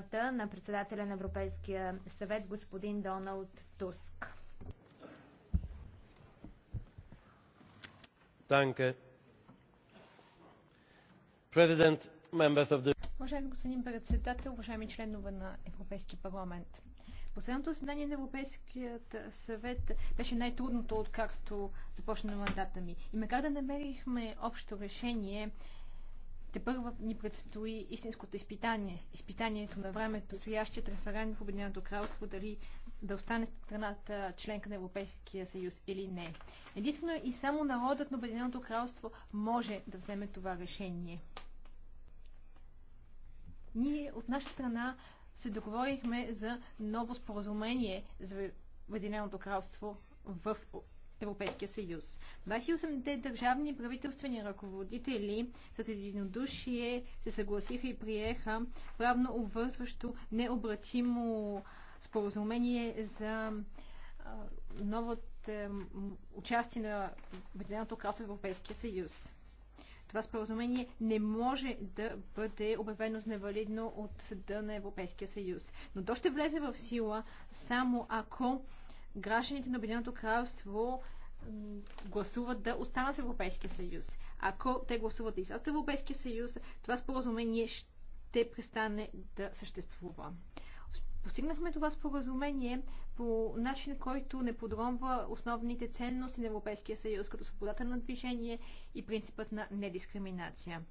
думата на председателя на Европейския съвет господин Доналд Туск. Данке. Президент, the... Уважаеми господин председател, уважаеми членове на Европейския парламент. Последното заседание на Европейският съвет беше най-трудното, откакто започна мандата ми. И макар да намерихме общо решение, те първа ни предстои истинското изпитание, изпитанието на времето, стоящият референдум в Обединеното кралство, дали да остане страната членка на Европейския съюз или не. Единствено и само народът на Обединеното кралство може да вземе това решение. Ние от наша страна се договорихме за ново споразумение за Обединеното кралство в Европейския съюз. 28-те държавни правителствени ръководители с единодушие се съгласиха и приеха правно обвързващо необратимо споразумение за новото участие на Обединеното кралство в Европейския съюз. Това споразумение не може да бъде обявено за невалидно от съда на Европейския съюз. Но то ще влезе в сила само ако гражданите на Обединеното кралство гласуват да останат в Европейския съюз. Ако те гласуват да излязат в Европейския съюз, това споразумение ще престане да съществува. Постигнахме това споразумение по начин, който не подромва основните ценности на Европейския съюз, като свободата на движение и принципът на недискриминация.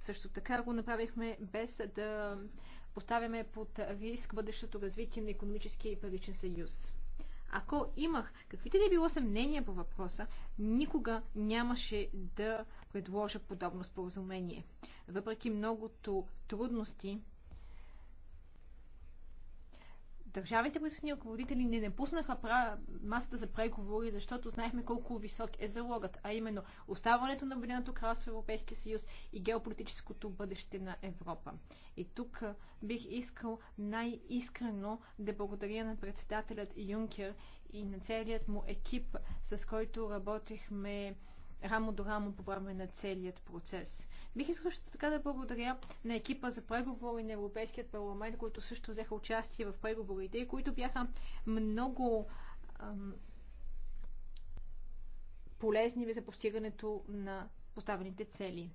Също така го направихме без да поставяме под риск бъдещото развитие на економическия и паричен съюз. Ако имах каквито да било съмнения по въпроса, никога нямаше да предложа подобно споразумение. Въпреки многото трудности, държавите, които ни ръководители не напуснаха масата за преговори, защото знаехме колко висок е залогът, а именно оставането на Обединеното кралство Европейския съюз и геополитическото бъдеще на Европа. И тук бих искал най-искрено да благодаря на председателят Юнкер и на целият му екип, с който работихме рамо до рамо по време на целият процес. Бих искал също така да благодаря на екипа за преговори на Европейският парламент, които също взеха участие в преговорите и които бяха много ам, полезни за постигането на поставените цели.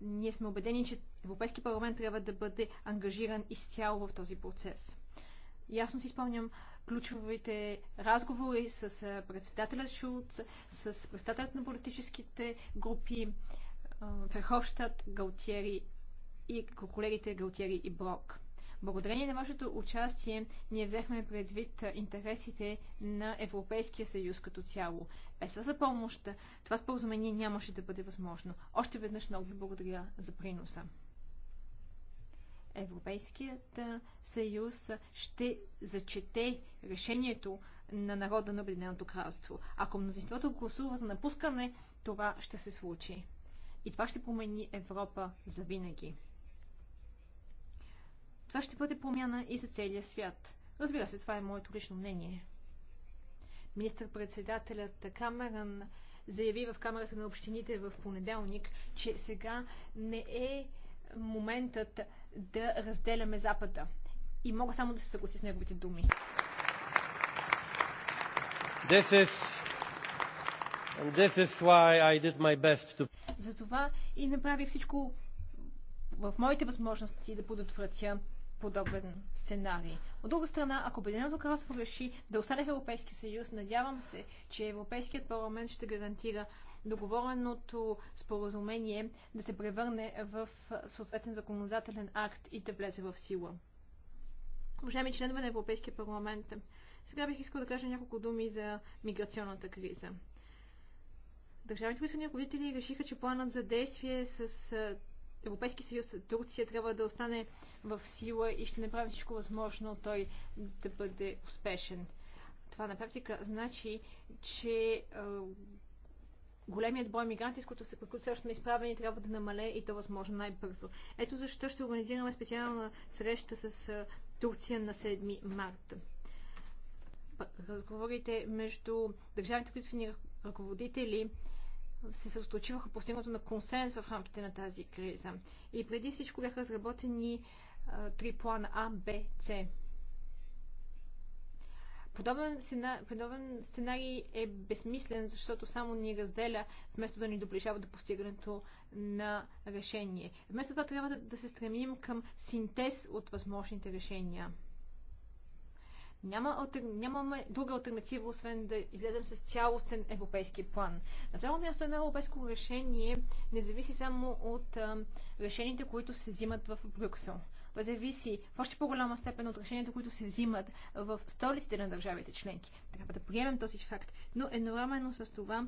Ние сме убедени, че Европейски парламент трябва да бъде ангажиран изцяло в този процес. Ясно си спомням ключовите разговори с председателя Шулц, с председателят на политическите групи Верховщад, Галтиери и колегите Галтиери и Брок. Благодарение на вашето участие ние взехме предвид интересите на Европейския съюз като цяло. Без за помощ това споразумение нямаше да бъде възможно. Още веднъж много ви благодаря за приноса. Европейският съюз ще зачете решението на народа на Обединеното кралство. Ако мнозинството гласува за напускане, това ще се случи. И това ще промени Европа за винаги. Това ще бъде промяна и за целия свят. Разбира се, това е моето лично мнение. Министър-председателят Камерън заяви в Камерата на общините в понеделник, че сега не е моментът да разделяме Запада. И мога само да се съгласи с неговите думи. This is, this is why I did my best to... Затова и направих всичко в моите възможности да подотвратя подобен сценарий. От друга страна, ако Обединеното кралство реши да остане в Европейския съюз, надявам се, че Европейският парламент ще гарантира договореното споразумение да се превърне в съответен законодателен акт и да влезе в сила. Уважаеми членове на Европейския парламент, сега бих искал да кажа няколко думи за миграционната криза. Държавните правителствени родители решиха, че планът за действие с Европейски съюз, Турция трябва да остане в сила и ще направи всичко възможно той да бъде успешен. Това на практика значи, че големият брой мигранти, с които се приключват сме изправени, трябва да намале и то възможно най-бързо. Ето защо ще организираме специална среща с Турция на 7 март. Разговорите между държавните правителствени ръководители се състочиваха по стигнато на консенс в рамките на тази криза. И преди всичко бяха разработени а, три плана А, Б, С. Подобен, сцена, подобен сценарий е безсмислен, защото само ни разделя, вместо да ни доближава до постигането на решение. Вместо това трябва да, да се стремим към синтез от възможните решения. Няма алтер... Нямаме друга альтернатива, освен да излезем с цялостен европейски план. На второ място едно европейско решение не зависи само от а, решените, които се взимат в Брюксел зависи в още по-голяма степен от решенията, които се взимат в столиците на държавите членки. Трябва да приемем този факт, но едновременно с това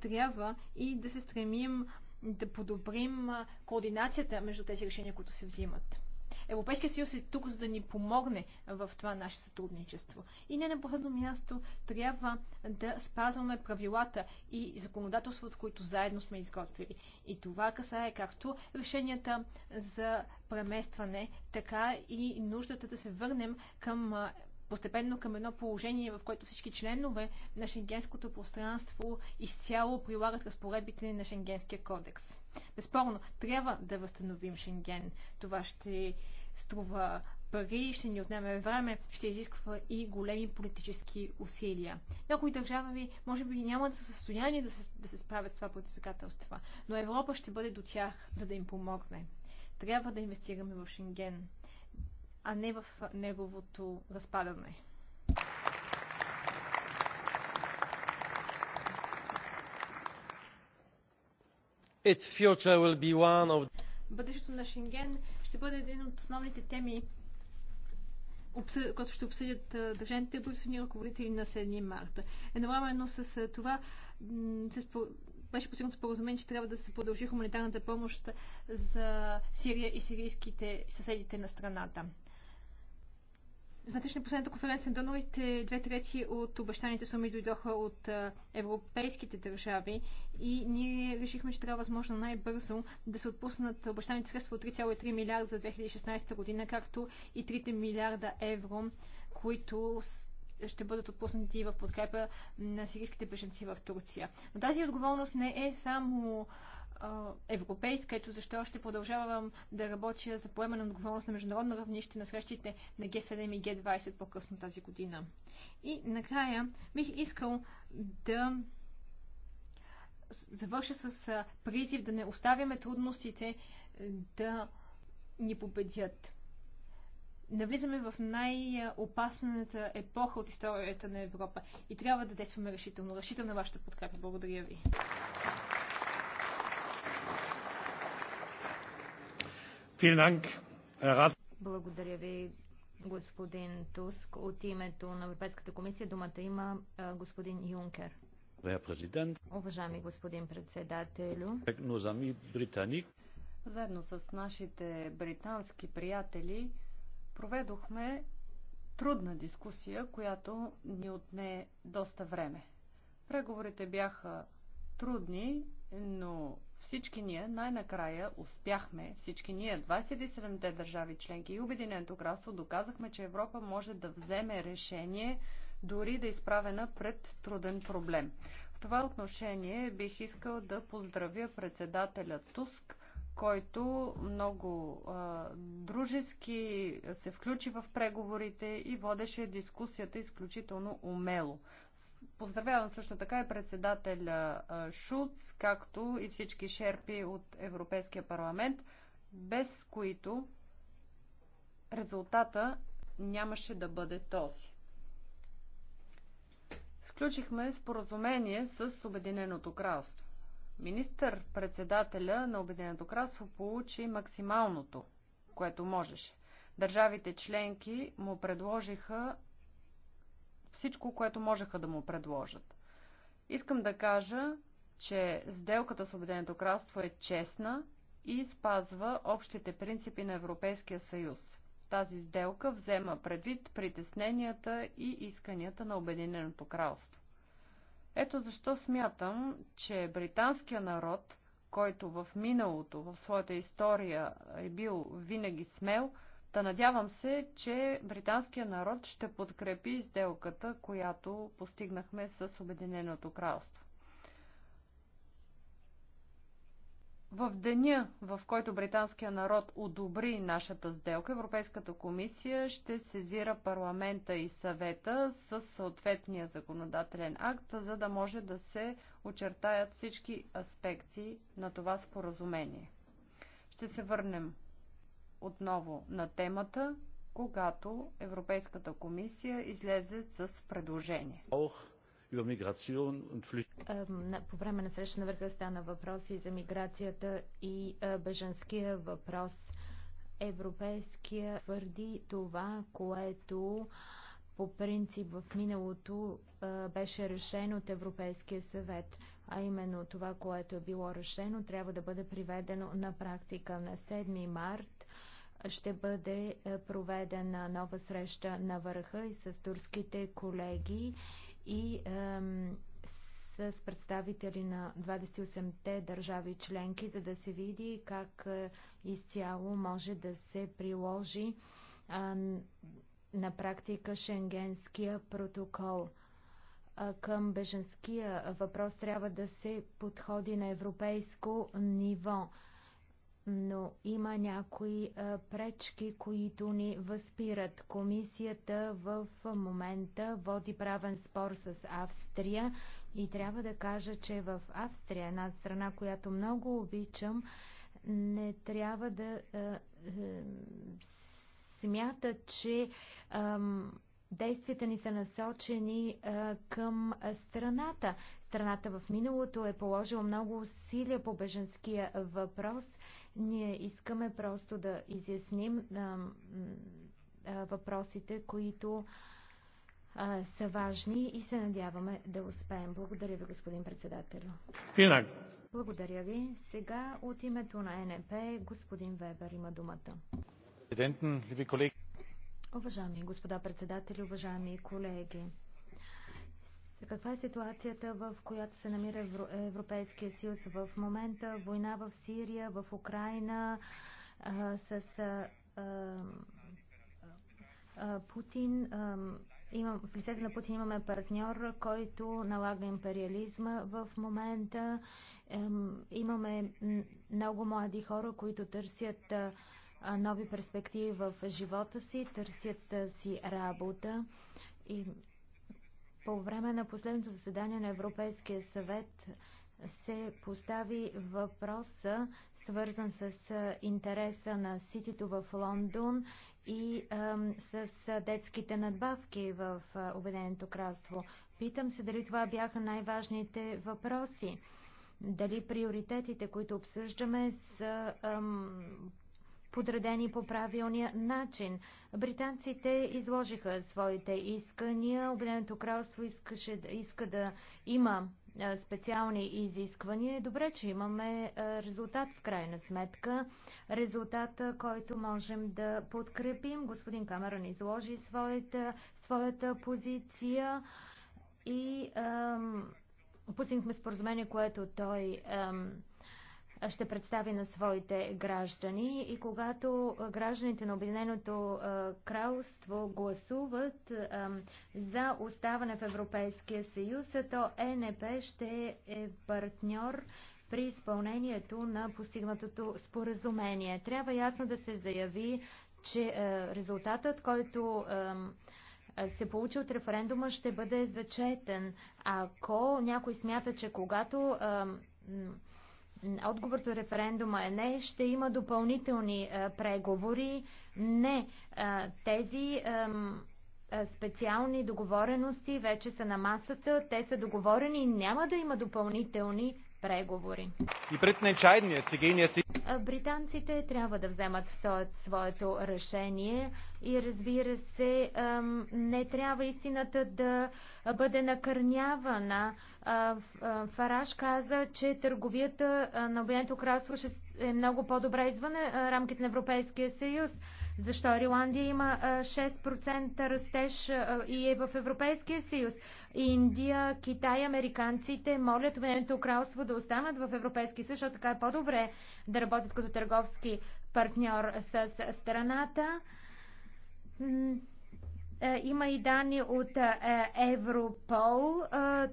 трябва и да се стремим да подобрим координацията между тези решения, които се взимат. Европейския съюз е тук, за да ни помогне в това наше сътрудничество. И не на последно място трябва да спазваме правилата и законодателството, които заедно сме изготвили. И това касае както решенията за преместване, така и нуждата да се върнем към постепенно към едно положение, в което всички членове на шенгенското пространство изцяло прилагат разпоредбите на шенгенския кодекс. Безспорно, трябва да възстановим Шенген. Това ще струва пари, ще ни отнеме време, ще изисква и големи политически усилия. Някои държави може би няма да са в състояние да се, да се справят с това предизвикателство, но Европа ще бъде до тях, за да им помогне. Трябва да инвестираме в Шенген, а не в неговото разпадане. Its will be one of... Бъдещето на Шенген ще бъде един от основните теми, който ще обсъдят държавните и ръководители на 7 марта. Едновременно с това се спор... беше постигнато споразумение, че трябва да се продължи хуманитарната помощ за Сирия и сирийските съседите на страната. Значи на последната конференция на донорите две трети от обещаните суми дойдоха от европейските държави и ние решихме, че трябва възможно най-бързо да се отпуснат обещаните средства от 3,3 милиарда за 2016 година, както и 3 милиарда евро, които ще бъдат отпуснати в подкрепа на сирийските беженци в Турция. Но тази отговорност не е само европейска. Ето защо ще продължавам да работя за поемане на отговорност на международно равнище на срещите на Г7 и Г20 по-късно тази година. И накрая бих искал да завърша с призив да не оставяме трудностите е, да ни победят. Навлизаме в най-опасната епоха от историята на Европа и трябва да действаме решително. на вашата подкрепа. Благодаря ви. Благодаря ви, господин Туск. От името на Европейската комисия думата има господин Юнкер. Уважаеми господин председателю, заедно с нашите британски приятели проведохме трудна дискусия, която ни отне доста време. Преговорите бяха трудни, но всички ние най-накрая успяхме, всички ние, 27-те държави членки и Обединеното кралство, доказахме, че Европа може да вземе решение, дори да е изправена пред труден проблем. В това отношение бих искал да поздравя председателя Туск, който много а, дружески се включи в преговорите и водеше дискусията изключително умело. Поздравявам също така и председателя Шуц, както и всички шерпи от Европейския парламент, без които резултата нямаше да бъде този. Сключихме споразумение с Обединеното кралство. Министър-председателя на Обединеното кралство получи максималното, което можеше. Държавите членки му предложиха всичко, което можеха да му предложат. Искам да кажа, че сделката с Обединеното кралство е честна и спазва общите принципи на Европейския съюз. Тази сделка взема предвид притесненията и исканията на Обединеното кралство. Ето защо смятам, че британския народ, който в миналото, в своята история е бил винаги смел, Та надявам се, че британския народ ще подкрепи сделката, която постигнахме с Обединеното кралство. В деня, в който британския народ одобри нашата сделка, Европейската комисия ще сезира парламента и съвета с съответния законодателен акт, за да може да се очертаят всички аспекти на това споразумение. Ще се върнем отново на темата, когато Европейската комисия излезе с предложение. По време на среща на върха стана въпроси за миграцията и беженския въпрос. Европейския твърди това, което по принцип в миналото беше решено от Европейския съвет, а именно това, което е било решено, трябва да бъде приведено на практика на 7 март ще бъде е, проведена нова среща на върха и с турските колеги и с представители на 28-те държави членки, за да се види как е, изцяло може да се приложи е, на практика Шенгенския протокол. към беженския въпрос трябва да се подходи на европейско ниво но има някои пречки, които ни възпират. Комисията в момента води правен спор с Австрия и трябва да кажа, че в Австрия, една страна, която много обичам, не трябва да а, смята, че а, действията ни са насочени а, към страната. Страната в миналото е положила много усилия по беженския въпрос ние искаме просто да изясним а, а, въпросите, които а, са важни и се надяваме да успеем. Благодаря ви, господин председател. Финак. Благодаря ви. Сега от името на НП господин Вебер има думата. Уважаеми господа председатели, уважаеми колеги, каква е ситуацията, в която се намира Европейския съюз в момента? Война в Сирия, в Украина, с Путин. имам, в лицето на Путин имаме партньор, който налага империализма в момента. имаме много млади хора, които търсят нови перспективи в живота си, търсят си работа. И по време на последното заседание на Европейския съвет се постави въпроса, свързан с интереса на ситито в Лондон и ем, с детските надбавки в Обединеното кралство. Питам се дали това бяха най-важните въпроси. Дали приоритетите, които обсъждаме, са подредени по правилния начин. Британците изложиха своите искания. Обединеното кралство искаше, иска да има специални изисквания. Е добре, че имаме резултат в крайна сметка. Резултата, който можем да подкрепим. Господин Камерон изложи своята, своята позиция и ам, пуснахме споразумение, което той ам, ще представи на своите граждани. И когато гражданите на Обединеното кралство гласуват за оставане в Европейския съюз, то ЕНП ще е партньор при изпълнението на постигнатото споразумение. Трябва ясно да се заяви, че резултатът, който се получи от референдума, ще бъде зачетен. Ако някой смята, че когато Отговорът от референдума е не, ще има допълнителни е, преговори, не. Е, тези е, специални договорености вече са на масата, те са договорени и няма да има допълнителни преговори. Британците трябва да вземат своето решение и разбира се, не трябва истината да бъде накърнявана. Фараш каза, че търговията на Обединеното кралство е много по-добра извън рамките на Европейския съюз. Защо Ирландия има 6% растеж и е в Европейския съюз? Индия, Китай, американците молят Обединеното кралство да останат в Европейския съюз, защото така е по-добре да работят като търговски партньор с страната. Има и данни от Европол.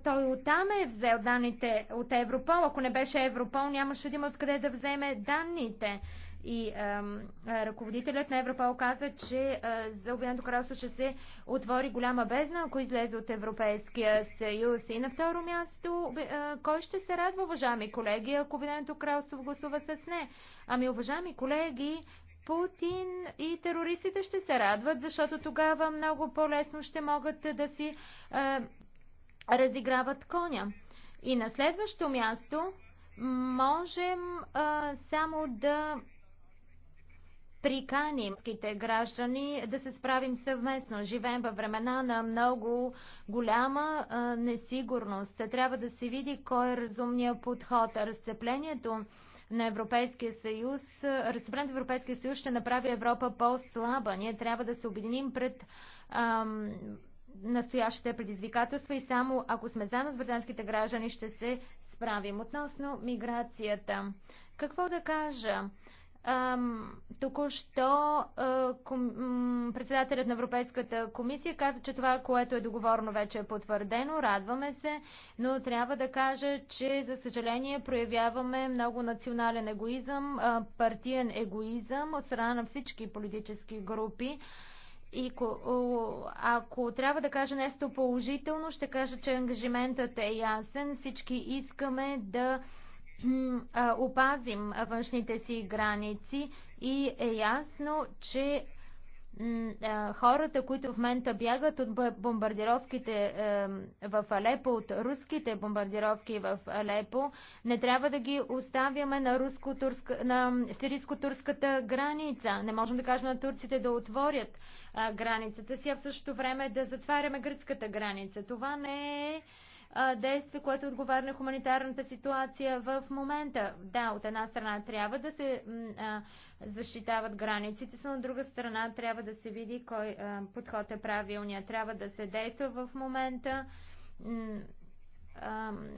Той оттам е взел данните от Европол. Ако не беше Европол, нямаше да има откъде да вземе данните. И а, ръководителят на Европол каза, че а, за Обединеното кралство ще се отвори голяма бездна, ако излезе от Европейския съюз. И на второ място, а, кой ще се радва, уважаеми колеги, ако Обединеното кралство гласува с не? Ами, уважаеми колеги, Путин и терористите ще се радват, защото тогава много по-лесно ще могат да си а, разиграват коня. И на следващо място можем а, само да приканим граждани да се справим съвместно. Живеем във времена на много голяма а, несигурност. Трябва да се види кой е разумният подход. Разцеплението на Европейския съюз, разцеплението в Европейския съюз ще направи Европа по-слаба. Ние трябва да се обединим пред ам, настоящите предизвикателства и само ако сме заедно с британските граждани ще се справим. Относно миграцията, какво да кажа? Току-що председателят на Европейската комисия каза, че това, което е договорно, вече е потвърдено. Радваме се, но трябва да кажа, че за съжаление проявяваме много национален егоизъм, партиен егоизъм от страна на всички политически групи. И ако трябва да кажа нещо положително, ще кажа, че ангажиментът е ясен. Всички искаме да опазим външните си граници и е ясно, че хората, които в момента бягат от бомбардировките е, в Алепо, от руските бомбардировки в Алепо, не трябва да ги оставяме на, на сирийско-турската граница. Не можем да кажем на турците да отворят границата си, а в същото време да затваряме гръцката граница. Това не е действие, което отговаря на хуманитарната ситуация в момента. Да, от една страна трябва да се защитават границите, но от друга страна трябва да се види кой подход е правилният. Трябва да се действа в момента.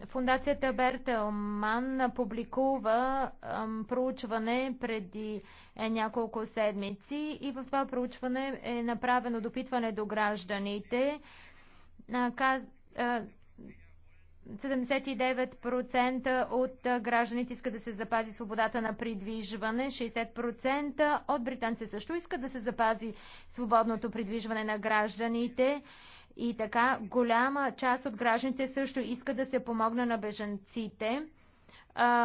Фундацията Бертелман публикува проучване преди е, няколко седмици и в това проучване е направено допитване до гражданите. 79% от гражданите искат да се запази свободата на придвижване, 60% от британци също искат да се запази свободното придвижване на гражданите. И така, голяма част от гражданите също искат да се помогне на бежанците.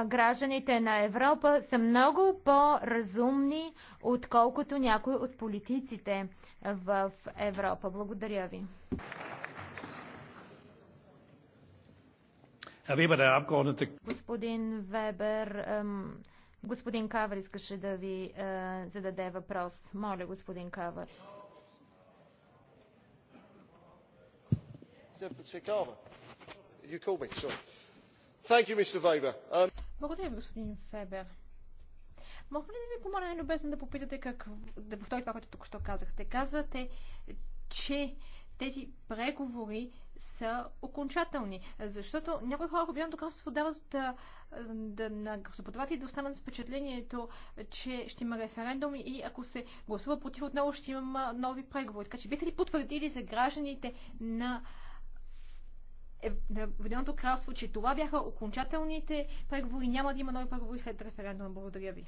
гражданите на Европа са много по-разумни, отколкото някои от политиците в Европа. Благодаря ви. Е господин Вебер, господин Кавър искаше да ви зададе въпрос. Моля, господин Кавър. Um, Благодаря ви, господин Вебер. Мога ли да ви помоля най-любезно да попитате как, да повторите това, което тук що казахте? Казвате, че тези преговори са окончателни. Защото някои хора в Обединеното кралство да, да, на и да останат с впечатлението, че ще има референдум и ако се гласува против отново ще има нови преговори. Така че бихте ли потвърдили за гражданите на е, на Обединеното кралство, че това бяха окончателните преговори, няма да има нови преговори след референдума. Благодаря ви.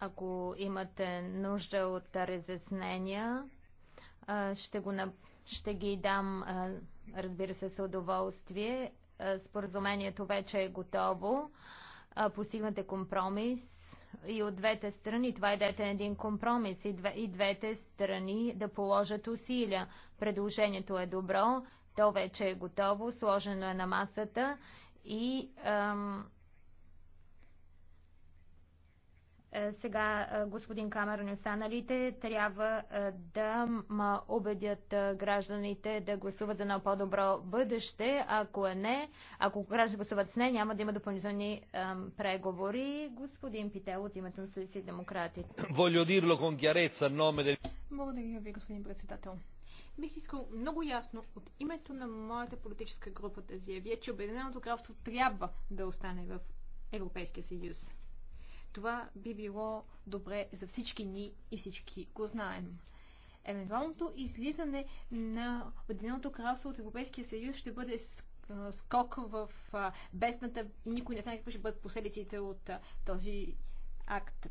Ако имате нужда от разяснения, ще, го, ще ги дам, разбира се, с удоволствие. Споразумението вече е готово. Постигнате компромис и от двете страни. Това е дете един компромис и, и двете страни да положат усилия. Предложението е добро, то вече е готово, сложено е на масата и ам, Е, сега е, господин Камерон и останалите трябва е, да убедят гражданите да гласуват за едно по-добро бъдеще. Ако е не, ако гражданите гласуват с не, няма да има допълнителни преговори. Господин Пител от името на Съюзи демократите. Благодаря ви, господин председател. Бих искал много ясно от името на моята политическа група да заявя, че Обединеното кралство трябва да остане в Европейския съюз. Това би било добре за всички ни и всички го знаем. Евентуалното излизане на Обединеното кралство от Европейския съюз ще бъде скок в бездната и никой не знае какво ще бъдат последиците от този акт.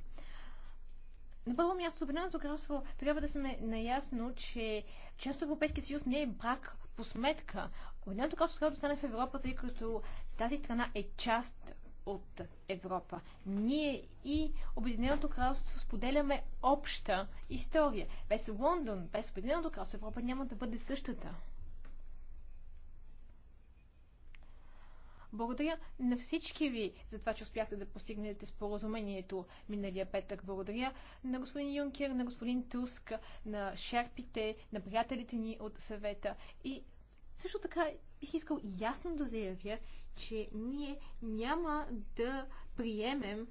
На първо място, Обединеното кралство трябва да сме наясно, че част от Европейския съюз не е брак по сметка. Обединеното кралство трябва да стане в Европа, тъй като тази страна е част от Европа. Ние и Обединеното кралство споделяме обща история. Без Лондон, без Обединеното кралство Европа няма да бъде същата. Благодаря на всички ви за това, че успяхте да постигнете споразумението миналия петък. Благодаря на господин Юнкер, на господин Туск, на шерпите, на приятелите ни от съвета. И също така бих искал ясно да заявя, че ние няма да приемем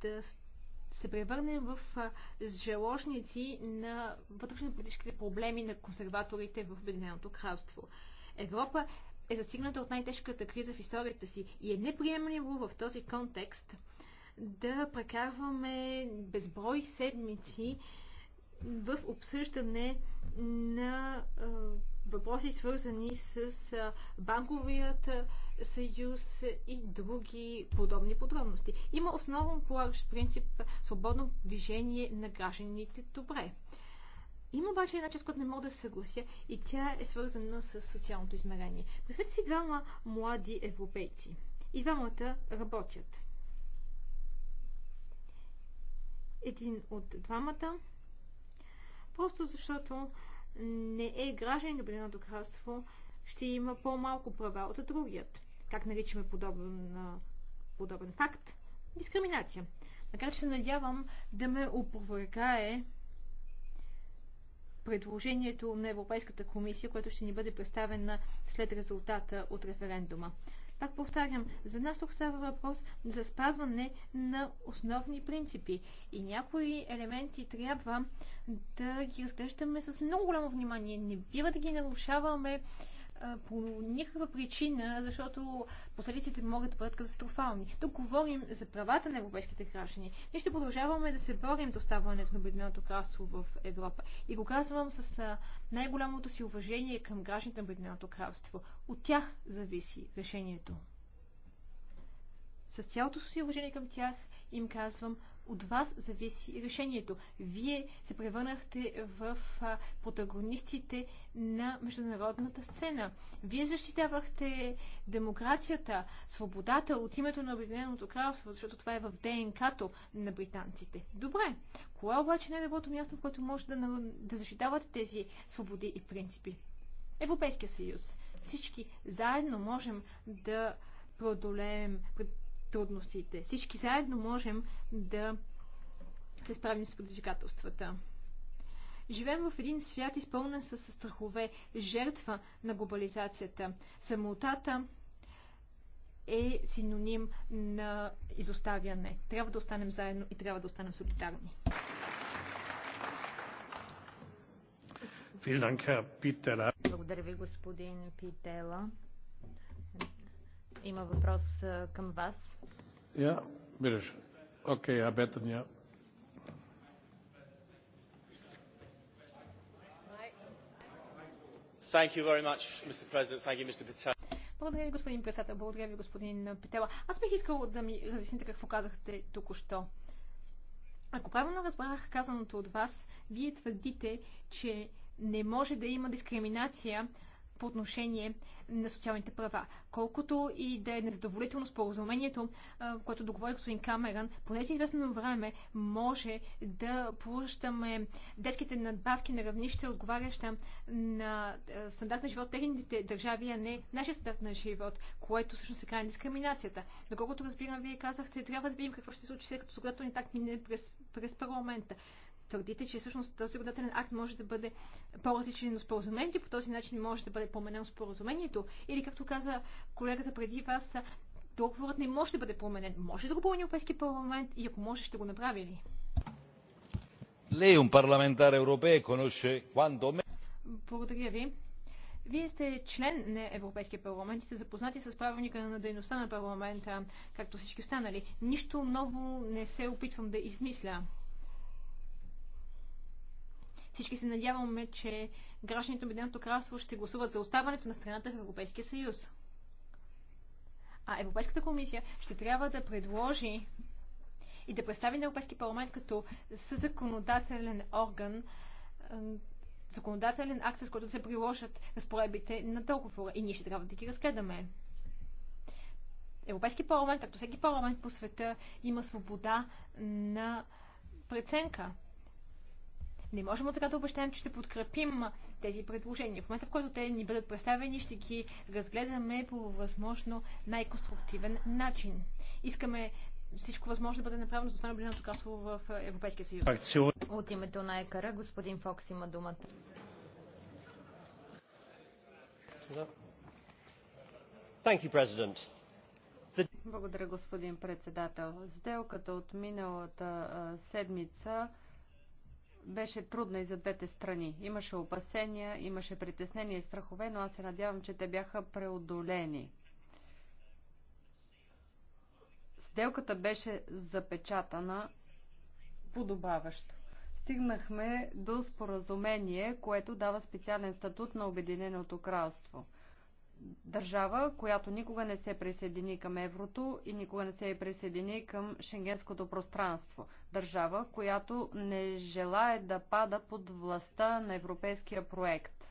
да се превърнем в заложници на вътрешно-политическите проблеми на консерваторите в Обединеното кралство. Европа е застигната от най-тежката криза в историята си и е неприемливо в този контекст да прекарваме безброй седмици в обсъждане на въпроси, свързани с банковият съюз и други подобни подробности. Има основно полагащ принцип свободно движение на гражданите. Добре. Има обаче една част, която не мога да се съглася и тя е свързана с социалното измерение. Представете си двама млади европейци. И двамата работят. Един от двамата, просто защото не е гражданин на Обединеното кралство, ще има по-малко права от другият как наричаме подобен, подобен факт, дискриминация. Така че се надявам да ме опровергае предложението на Европейската комисия, което ще ни бъде представено след резултата от референдума. Пак повтарям, за нас тук става въпрос за спазване на основни принципи и някои елементи трябва да ги разглеждаме с много голямо внимание. Не бива да ги нарушаваме по никаква причина, защото последиците могат да бъдат катастрофални. Тук говорим за правата на европейските граждани. Ние ще продължаваме да се борим за оставането на Обединеното кралство в Европа. И го казвам с най-голямото си уважение към гражданите на Обединеното кралство. От тях зависи решението. С цялото си уважение към тях им казвам от вас зависи решението. Вие се превърнахте в протагонистите на международната сцена. Вие защитавахте демокрацията, свободата от името на Обединеното кралство, защото това е в ДНК-то на британците. Добре. Кое обаче не е доброто място, в което може да, да защитавате тези свободи и принципи? Европейския съюз. Всички заедно можем да преодолеем трудностите. Всички заедно можем да се справим с предизвикателствата. Живеем в един свят, изпълнен с страхове, жертва на глобализацията. Самотата е синоним на изоставяне. Трябва да останем заедно и трябва да останем солидарни. Благодаря ви, господин Питела има въпрос към вас. Я, виждаш. Окей, а бетън Благодаря ви, господин председател. Благодаря ви, господин Петела. Аз бих искал да ми разясните какво казахте току-що. Ако правилно разбрах казаното от вас, вие твърдите, че не може да има дискриминация по отношение на социалните права. Колкото и да е незадоволително споразумението, което договори господин Камеран, поне с известно време може да получаме детските надбавки на равнище, отговаряща на стандарт на живот техните държави, а не нашия стандарт на живот, което всъщност се края дискриминацията. Доколкото разбирам, вие казахте, трябва да видим какво ще се случи, след като ни так мине през, през парламента твърдите, че всъщност този законодателен акт може да бъде по-различен от споразумението, по този начин може да бъде променено споразумението. Или, както каза колегата преди вас, договорът не може да бъде променен. Може да го промени Европейския парламент и ако може, ще го направи ли? Lei un parlamentare europeo conosce quanto me... Благодаря ви. Вие сте член на Европейския парламент и сте запознати с правилника на дейността на парламента, както всички останали. Нищо ново не се опитвам да измисля. Всички се надяваме, че гражданите на Обединеното кралство ще гласуват за оставането на страната в Европейския съюз. А Европейската комисия ще трябва да предложи и да представи на Европейски парламент като съзаконодателен орган законодателен акт, с който се приложат разпоредбите на договора. И ние ще трябва да ги разгледаме. Европейски парламент, както всеки парламент по света, има свобода на преценка. Не можем от сега да обещаем, че ще подкрепим тези предложения. В момента, в който те ни бъдат представени, ще ги разгледаме по възможно най-конструктивен начин. Искаме всичко възможно да бъде направено, за останалото стане кралство в Европейския съюз. От името на ЕКАРА господин Фокс има думата. Благодаря, господин председател. Сделката от миналата седмица беше трудна и за двете страни. Имаше опасения, имаше притеснения и страхове, но аз се надявам, че те бяха преодолени. Сделката беше запечатана подобаващо. Стигнахме до споразумение, което дава специален статут на Обединеното кралство държава, която никога не се присъедини към еврото и никога не се присъедини към шенгенското пространство. Държава, която не желае да пада под властта на европейския проект.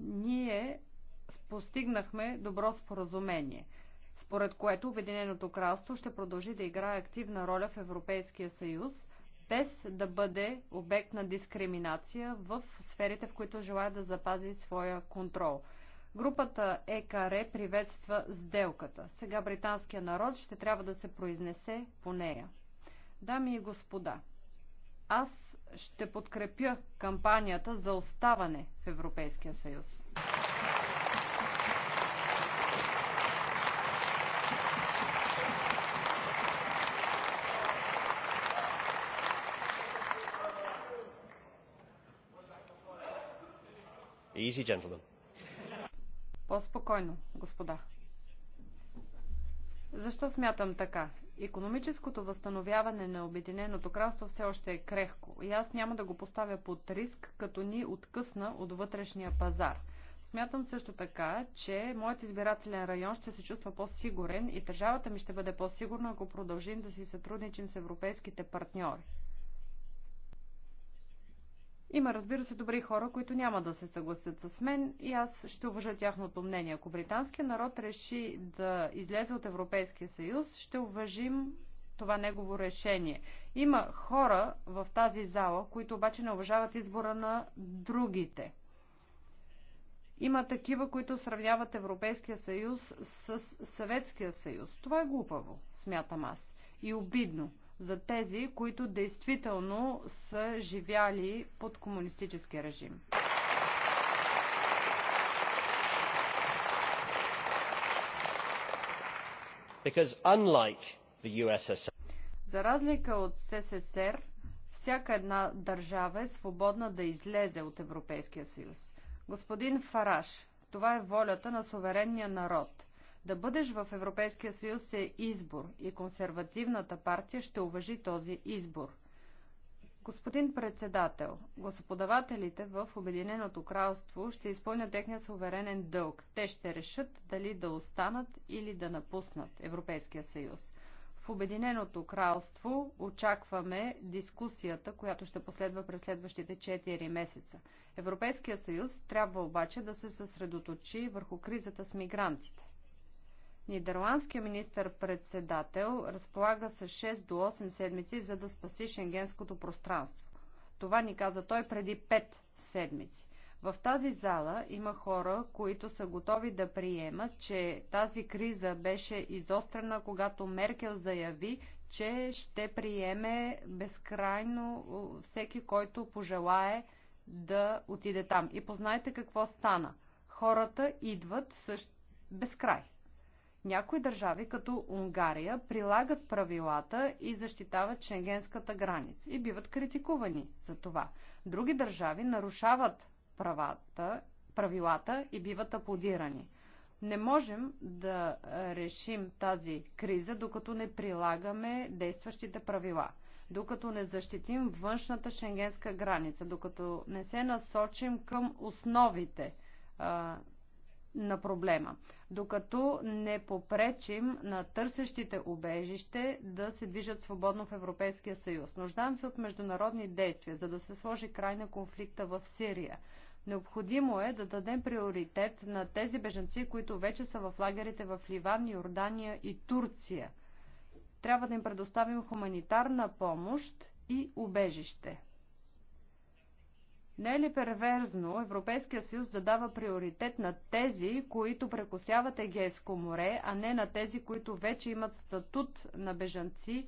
Ние постигнахме добро споразумение, според което Обединеното кралство ще продължи да играе активна роля в Европейския съюз, без да бъде обект на дискриминация в сферите, в които желая да запази своя контрол. Групата ЕКР приветства сделката. Сега британския народ ще трябва да се произнесе по нея. Дами и господа, аз ще подкрепя кампанията за оставане в Европейския съюз. Easy, gentlemen. По-спокойно, господа. Защо смятам така? Економическото възстановяване на Обединеното кралство все още е крехко и аз няма да го поставя под риск, като ни откъсна от вътрешния пазар. Смятам също така, че моят избирателен район ще се чувства по-сигурен и държавата ми ще бъде по-сигурна, ако продължим да си сътрудничим с европейските партньори. Има, разбира се, добри хора, които няма да се съгласят с мен и аз ще уважа тяхното мнение. Ако британският народ реши да излезе от Европейския съюз, ще уважим това негово решение. Има хора в тази зала, които обаче не уважават избора на другите. Има такива, които сравняват Европейския съюз с Съветския съюз. Това е глупаво, смятам аз. И обидно за тези, които действително са живяли под комунистически режим. Because unlike the USSR, за разлика от СССР, всяка една държава е свободна да излезе от Европейския съюз. Господин Фараш, това е волята на суверенния народ – да бъдеш в Европейския съюз е избор и консервативната партия ще уважи този избор. Господин председател, господавателите в Обединеното кралство ще изпълнят техния суверенен дълг. Те ще решат дали да останат или да напуснат Европейския съюз. В Обединеното кралство очакваме дискусията, която ще последва през следващите 4 месеца. Европейския съюз трябва обаче да се съсредоточи върху кризата с мигрантите. Нидерландския министр-председател разполага с 6 до 8 седмици, за да спаси шенгенското пространство. Това ни каза той преди 5 седмици. В тази зала има хора, които са готови да приемат, че тази криза беше изострена, когато Меркел заяви, че ще приеме безкрайно всеки, който пожелае да отиде там. И познайте какво стана. Хората идват също безкрай. Някои държави, като Унгария, прилагат правилата и защитават шенгенската граница и биват критикувани за това. Други държави нарушават правата, правилата и биват аплодирани. Не можем да решим тази криза, докато не прилагаме действащите правила, докато не защитим външната шенгенска граница, докато не се насочим към основите на проблема, докато не попречим на търсещите убежище да се движат свободно в Европейския съюз. Нуждаем се от международни действия, за да се сложи край на конфликта в Сирия. Необходимо е да дадем приоритет на тези беженци, които вече са в лагерите в Ливан, Йордания и Турция. Трябва да им предоставим хуманитарна помощ и убежище. Не е ли перверзно Европейския съюз да дава приоритет на тези, които прекосяват Егейско море, а не на тези, които вече имат статут на бежанци?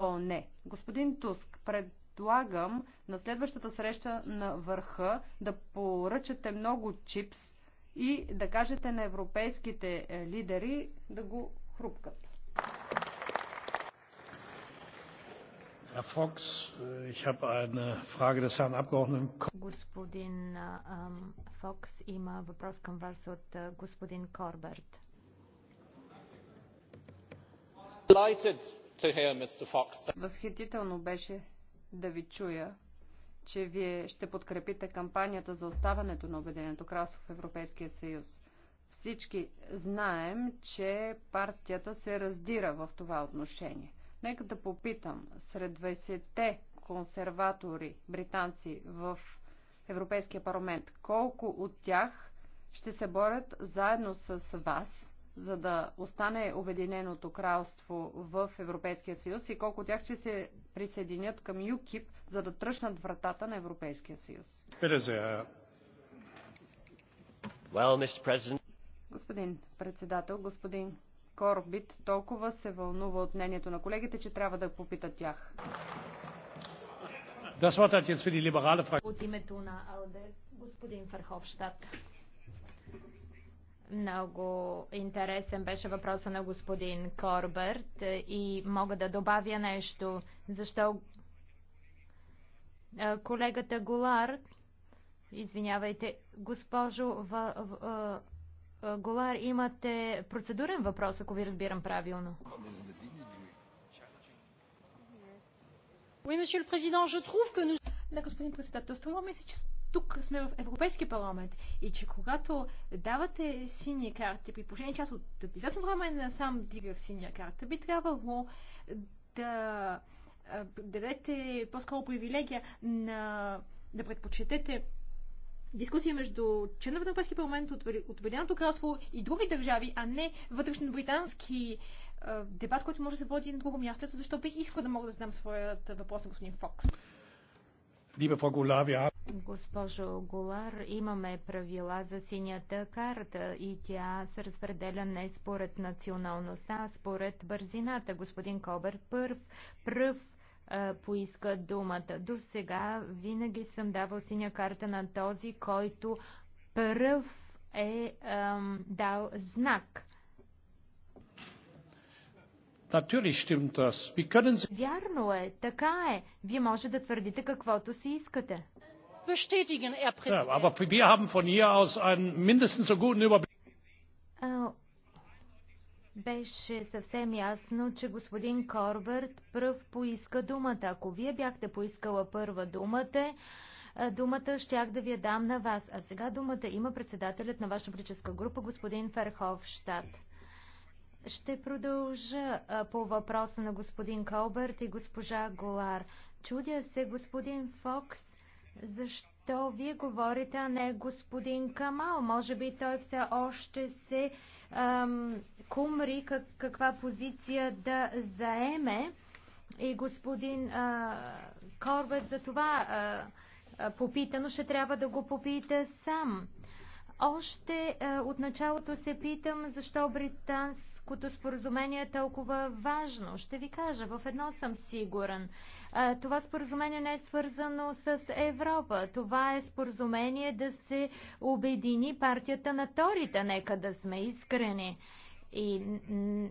О, не. Господин Туск, предлагам на следващата среща на върха да поръчате много чипс и да кажете на европейските е, лидери да го хрупкат. Fox. Ich habe eine Frage des Herrn Abgeordneten. Господин Фокс има въпрос към вас от господин Корберт. Възхитително беше да ви чуя, че вие ще подкрепите кампанията за оставането на Обединеното кралство в Европейския съюз. Всички знаем, че партията се раздира в това отношение. Нека да попитам, сред 20-те консерватори британци в Европейския парламент, колко от тях ще се борят заедно с вас, за да остане Обединеното кралство в Европейския съюз и колко от тях ще се присъединят към ЮКИП, за да тръщнат вратата на Европейския съюз? Well, Господин председател, господин Корбит толкова се вълнува от мнението на колегите, че трябва да попита тях. От името на АЛДЕ, господин Ферховштадт. Много интересен беше въпроса на господин Корберт и мога да добавя нещо. Защо колегата Голар, извинявайте, госпожо в, в, е, Голар, имате процедурен въпрос, ако ви разбирам правилно. Oui, Да, господин председател, това мисля, че тук сме в Европейски парламент и че когато давате синия карта, при положение част от известно време сам дигах синия карта, би трябвало да дадете по-скоро привилегия на да предпочетете дискусия между членове на Европейския парламент от Обединеното кралство и други държави, а не вътрешно-британски е, дебат, който може да се води на друго място. Ето защо бих искал да мога да задам своят въпрос на господин Фокс. Госпожо Голар, имаме правила за синята карта и тя се разпределя не според националността, а според бързината. Господин Кобер първ, пръв поиска думата. До сега винаги съм давал синя карта на този, който пръв е ам, дал знак. Вярно е, така е. Вие може да твърдите каквото си искате. Bestätigen, Herr Präsident. Ja, aber wir haben von hier aus einen mindestens so guten Überblick. Uh, беше съвсем ясно, че господин Корбърт пръв поиска думата. Ако вие бяхте поискала първа думата, думата щях да ви я дам на вас. А сега думата има председателят на ваша политическа група, господин Ферховщад. Ще продължа по въпроса на господин Колберт и госпожа Голар. Чудя се, господин Фокс, защо то вие говорите, а не господин Камал. Може би той все още се ам, кумри как, каква позиция да заеме. И господин а, Корбет за това а, ще трябва да го попита сам. Още а, от началото се питам защо британски търговското споразумение е толкова важно? Ще ви кажа, в едно съм сигурен. Това споразумение не е свързано с Европа. Това е споразумение да се обедини партията на Торите. Нека да сме искрени и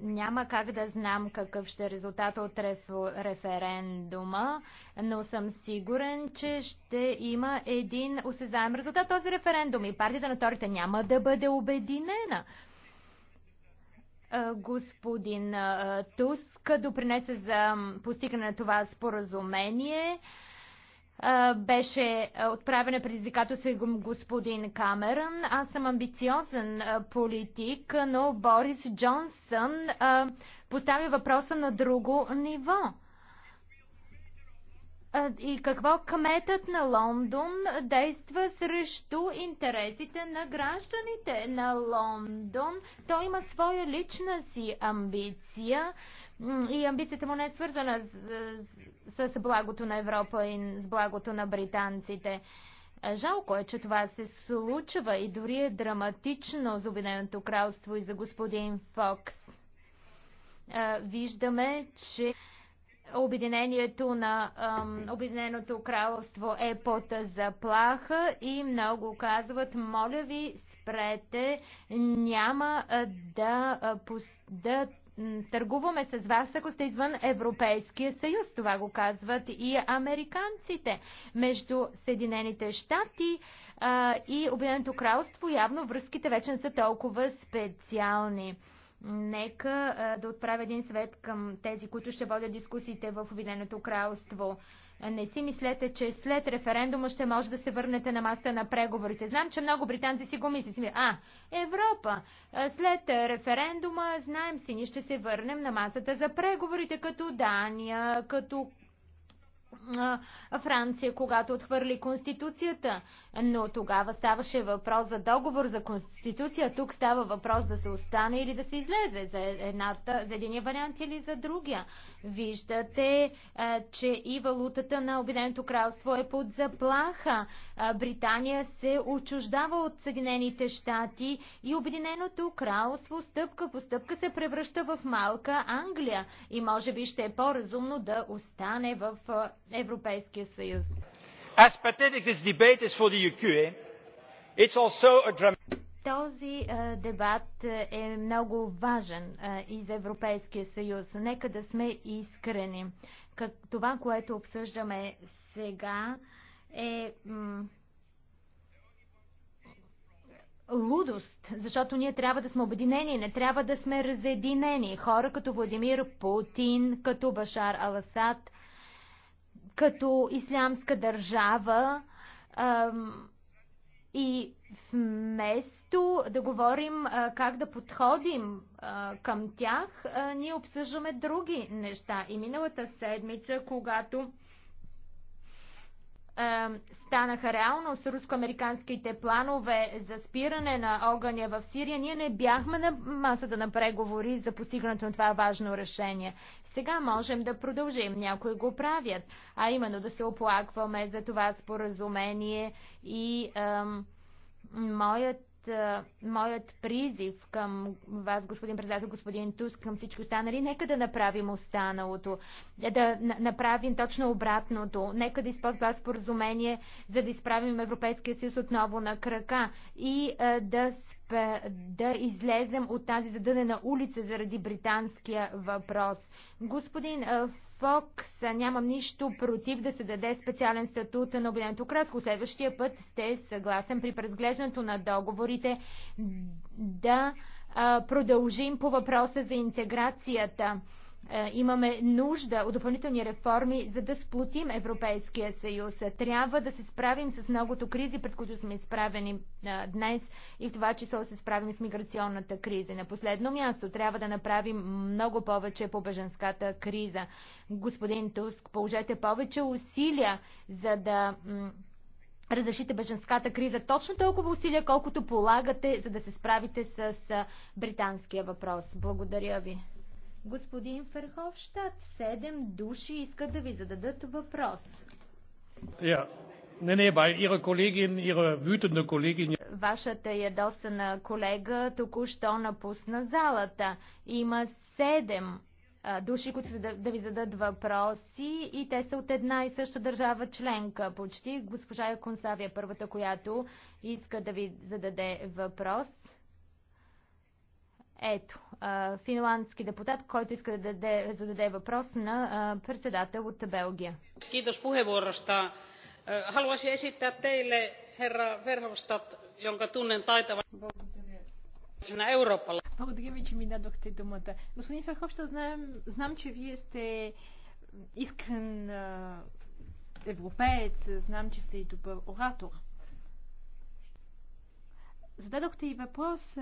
няма как да знам какъв ще е резултат от референдума, но съм сигурен, че ще има един осезаем резултат този референдум и партията на Торите няма да бъде обединена господин Туск допринесе за постигане на това споразумение. Беше отправена предизвикателство и господин Камерън. Аз съм амбициозен политик, но Борис Джонсън постави въпроса на друго ниво и какво кметът на Лондон действа срещу интересите на гражданите на Лондон. Той има своя лична си амбиция и амбицията му не е свързана с, с благото на Европа и с благото на британците. Жалко е, че това се случва и дори е драматично за Обединеното кралство и за господин Фокс. Виждаме, че Обединението на ам, Обединеното кралство е под заплаха и много казват, моля ви, спрете, няма да, да търгуваме с вас, ако сте извън Европейския съюз. Това го казват и американците. Между Съединените щати а, и Обединеното кралство явно връзките вече не са толкова специални. Нека а, да отправя един свет към тези, които ще водят дискусиите в Обединеното кралство. Не си мислете, че след референдума ще може да се върнете на маста на преговорите. Знам, че много британци си го мислят. А, Европа, след референдума, знаем си, ние ще се върнем на масата за преговорите, като Дания, като Франция, когато отхвърли Конституцията. Но тогава ставаше въпрос за договор за Конституция. Тук става въпрос да се остане или да се излезе за, едната, за единия вариант или за другия. Виждате, че и валутата на Обединеното кралство е под заплаха. Британия се очуждава от Съединените щати и Обединеното кралство стъпка по стъпка се превръща в малка Англия. И може би ще е по-разумно да остане в Европейския съюз. Eh, Този е, дебат е много важен е, и за Европейския съюз. Нека да сме искрени. това, което обсъждаме сега е лудост, защото ние трябва да сме обединени, не трябва да сме разединени. Хора като Владимир Путин, като Башар Аласад като ислямска държава и вместо да говорим как да подходим към тях, ние обсъждаме други неща. И миналата седмица, когато станаха реалност руско-американските планове за спиране на огъня в Сирия, ние не бяхме на масата на преговори за постигането на това важно решение. Сега можем да продължим, някои го правят, а именно да се оплакваме за това споразумение и е, моят е, моят призив към вас, господин председател, господин Туск, към всички останали, нека да направим останалото, е, да направим точно обратното, нека да използваме това споразумение, за да изправим Европейския съюз отново на крака и е, да, спе, да излезем от тази задънена улица заради британския въпрос. Господин Фокс, нямам нищо против да се даде специален статут на Обединеното кралство. Следващия път сте съгласен при презглеждането на договорите да а, продължим по въпроса за интеграцията. Е, имаме нужда от допълнителни реформи, за да сплотим Европейския съюз. Трябва да се справим с многото кризи, пред които сме изправени е, днес и в това число се справим с миграционната криза. На последно място трябва да направим много повече по беженската криза. Господин Туск, положете повече усилия, за да разрешите беженската криза. Точно толкова усилия, колкото полагате, за да се справите с е, британския въпрос. Благодаря ви. Господин Ферховщад, седем души искат да ви зададат въпрос. Yeah. Не, не, бай, ира колегин, ира wütende колегин. Вашата ядосана колега току-що напусна залата. Има седем души, които са да, да ви зададат въпроси и те са от една и съща държава членка почти. Госпожа Яконсавия, първата, която иска да ви зададе въпрос. Ето, финландски депутат, който иска да даде, зададе въпрос на председател от Белгия. Kiitos puheenvuorosta. Е, haluaisin esittää teille, herra Verhofstadt, jonka tunnen taitavana Euroopalla. Благодаря ви, че ми дадохте думата. Господин Верховща, знам, знам, че вие сте искрен европеец, знам, че сте и добър оратор. Зададохте и въпрос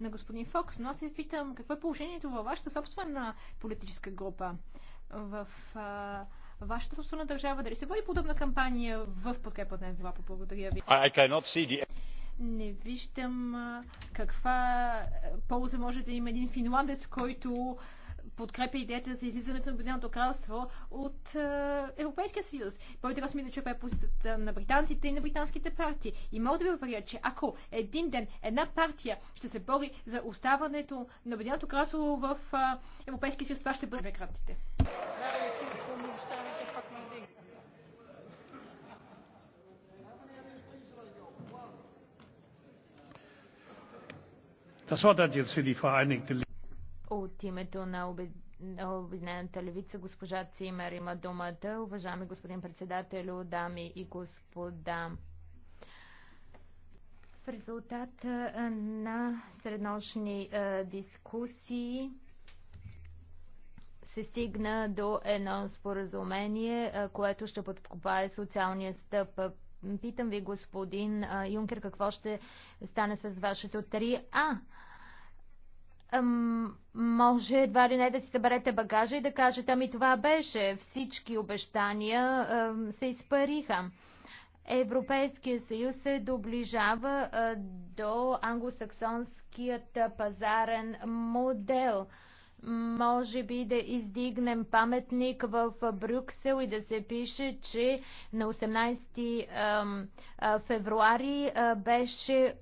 на господин Фокс, но аз се питам какво е положението във вашата собствена политическа група, в а, вашата собствена държава, дали се води подобна кампания в подкрепа на Европа? Благодаря ви. The... Не виждам каква полза може да има един финландец, който подкрепя идеята за излизането на Обединеното кралство от е, Европейския съюз. Първите раз да чуя позицията на британците и на британските партии. И мога да ви уверя, че ако един ден една партия ще се бори за оставането на Обединеното кралство в е, Европейския съюз, това ще бъде кратките. Das Wort hat jetzt für die Vereinigte от името на Обединената левица госпожа Цимер има думата. Уважаеми господин председател, дами и господа. В резултат е, на среднощни е, дискусии се стигна до едно споразумение, е, което ще подкопае социалния стъп. Питам ви, господин Юнкер, какво ще стане с вашето 3А? може едва ли не да си съберете багажа и да кажете, ами това беше, всички обещания се изпариха. Европейския съюз се доближава до англосаксонският пазарен модел. Може би да издигнем паметник в Брюксел и да се пише, че на 18 февруари беше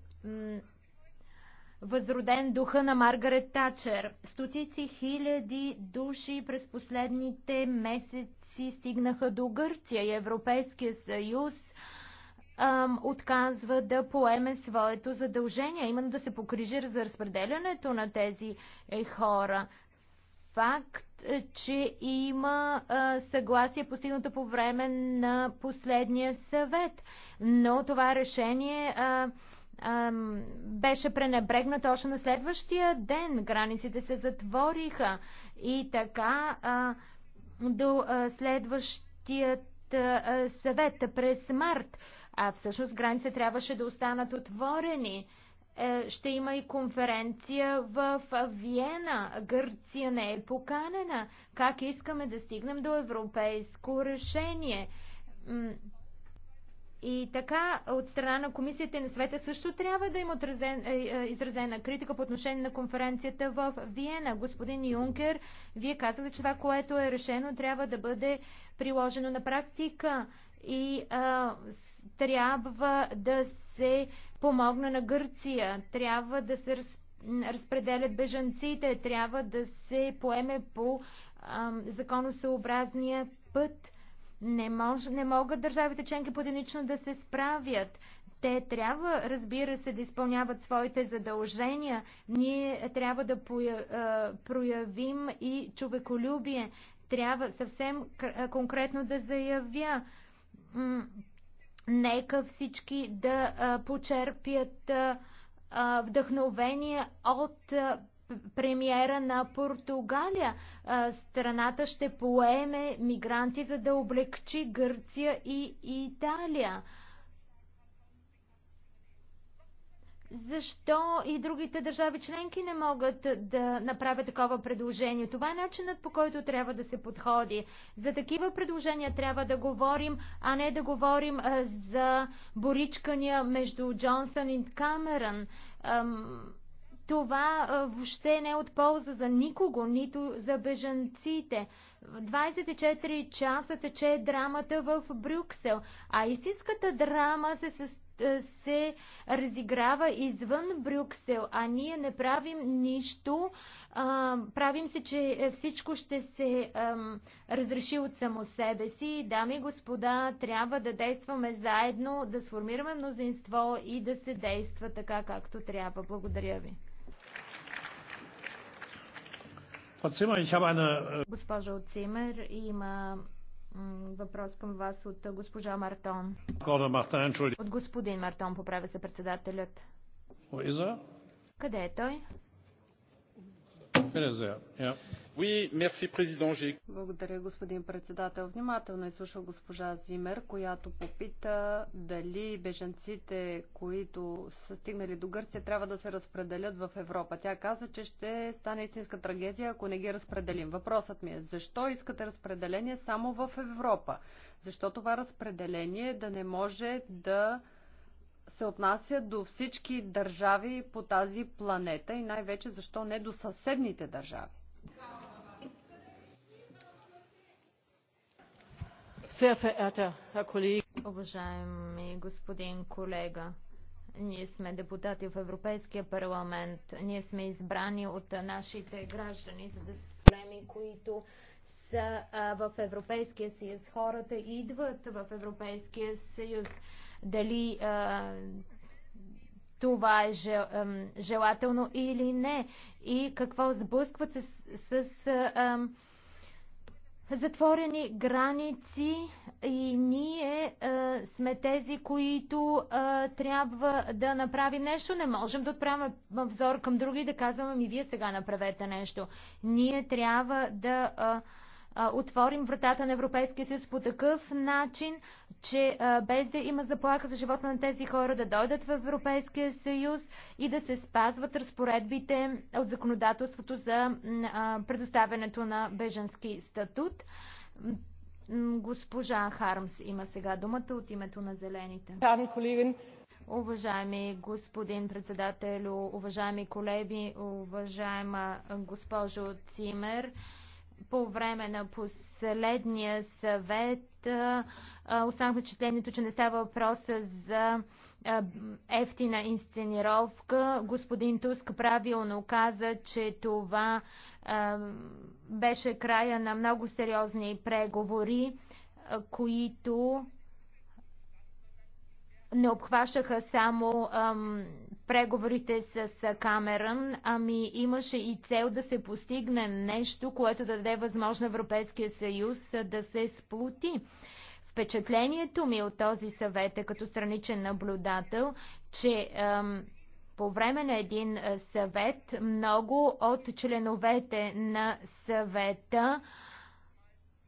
възроден духа на Маргарет Тачер. Стотици хиляди души през последните месеци стигнаха до Гърция и Европейския съюз ам, отказва да поеме своето задължение, именно да се покрижи за разпределянето на тези е, хора. Факт, е, че има а, съгласие постигнато по време на последния съвет, но това решение а, беше пренебрегната още на следващия ден. Границите се затвориха и така а, до а, следващият а, съвет през март. А всъщност границите трябваше да останат отворени. Е, ще има и конференция в Виена. Гърция не е поканена. Как искаме да стигнем до европейско решение? И така, от страна на комисията и на света също трябва да има отразен, е, е, изразена критика по отношение на конференцията в Виена. Господин Юнкер, вие казахте, че това, което е решено, трябва да бъде приложено на практика и а, трябва да се помогне на Гърция, трябва да се раз, разпределят бежанците, трябва да се поеме по а, законосъобразния път. Не, мож, не могат държавите членки поединично да се справят. Те трябва, разбира се, да изпълняват своите задължения. Ние трябва да проявим и човеколюбие. Трябва съвсем конкретно да заявя. Нека всички да почерпят вдъхновение от премиера на Португалия. Страната ще поеме мигранти, за да облегчи Гърция и Италия. Защо и другите държави членки не могат да направят такова предложение? Това е начинът по който трябва да се подходи. За такива предложения трябва да говорим, а не да говорим за боричкания между Джонсън и Камерън това въобще не е от полза за никого, нито за бежанците. 24 часа тече драмата в Брюксел, а истинската драма се състои се разиграва извън Брюксел, а ние не правим нищо. А, правим се, че е, всичко ще се а, разреши от само себе си. Дами и господа, трябва да действаме заедно, да сформираме мнозинство и да се действа така, както трябва. Благодаря ви. Äh, Госпожо Цимер, има въпрос към вас от госпожа Мартон. От господин Мартон поправя се председателят. Er? Къде е той? Къде е? Благодаря, господин председател. Внимателно изслуша госпожа Зимер, която попита дали беженците, които са стигнали до Гърция, трябва да се разпределят в Европа. Тя каза, че ще стане истинска трагедия, ако не ги разпределим. Въпросът ми е, защо искате разпределение само в Европа? Защо това разпределение да не може да се отнася до всички държави по тази планета и най-вече защо не до съседните държави? Уважаеми господин колега, ние сме депутати в Европейския парламент. Ние сме избрани от нашите граждани, за да са проблеми, които са в Европейския съюз. Хората идват в Европейския съюз. Дали а, това е жел, желателно или не. И какво сблъскват с, с а, затворени граници и ние а, е, сме тези, които а, е, трябва да направим нещо. Не можем да отправяме взор към други и да казваме ми вие сега направете нещо. Ние трябва да а, е, отворим вратата на Европейския съюз по такъв начин, че без да има заплаха за живота на тези хора да дойдат в Европейския съюз и да се спазват разпоредбите от законодателството за предоставянето на беженски статут. Госпожа Хармс има сега думата от името на Зелените. Уважаеми господин председател, уважаеми колеги, уважаема госпожо Цимер, по време на последния съвет останах впечатлението, че не става въпрос за ефтина инсценировка. Господин Туск правилно каза, че това беше края на много сериозни преговори, които не обхващаха само ам, преговорите с Камерън, ами имаше и цел да се постигне нещо, което да даде възможно Европейския съюз да се сплути. Впечатлението ми от този съвет е като страничен наблюдател, че ам, по време на един съвет много от членовете на съвета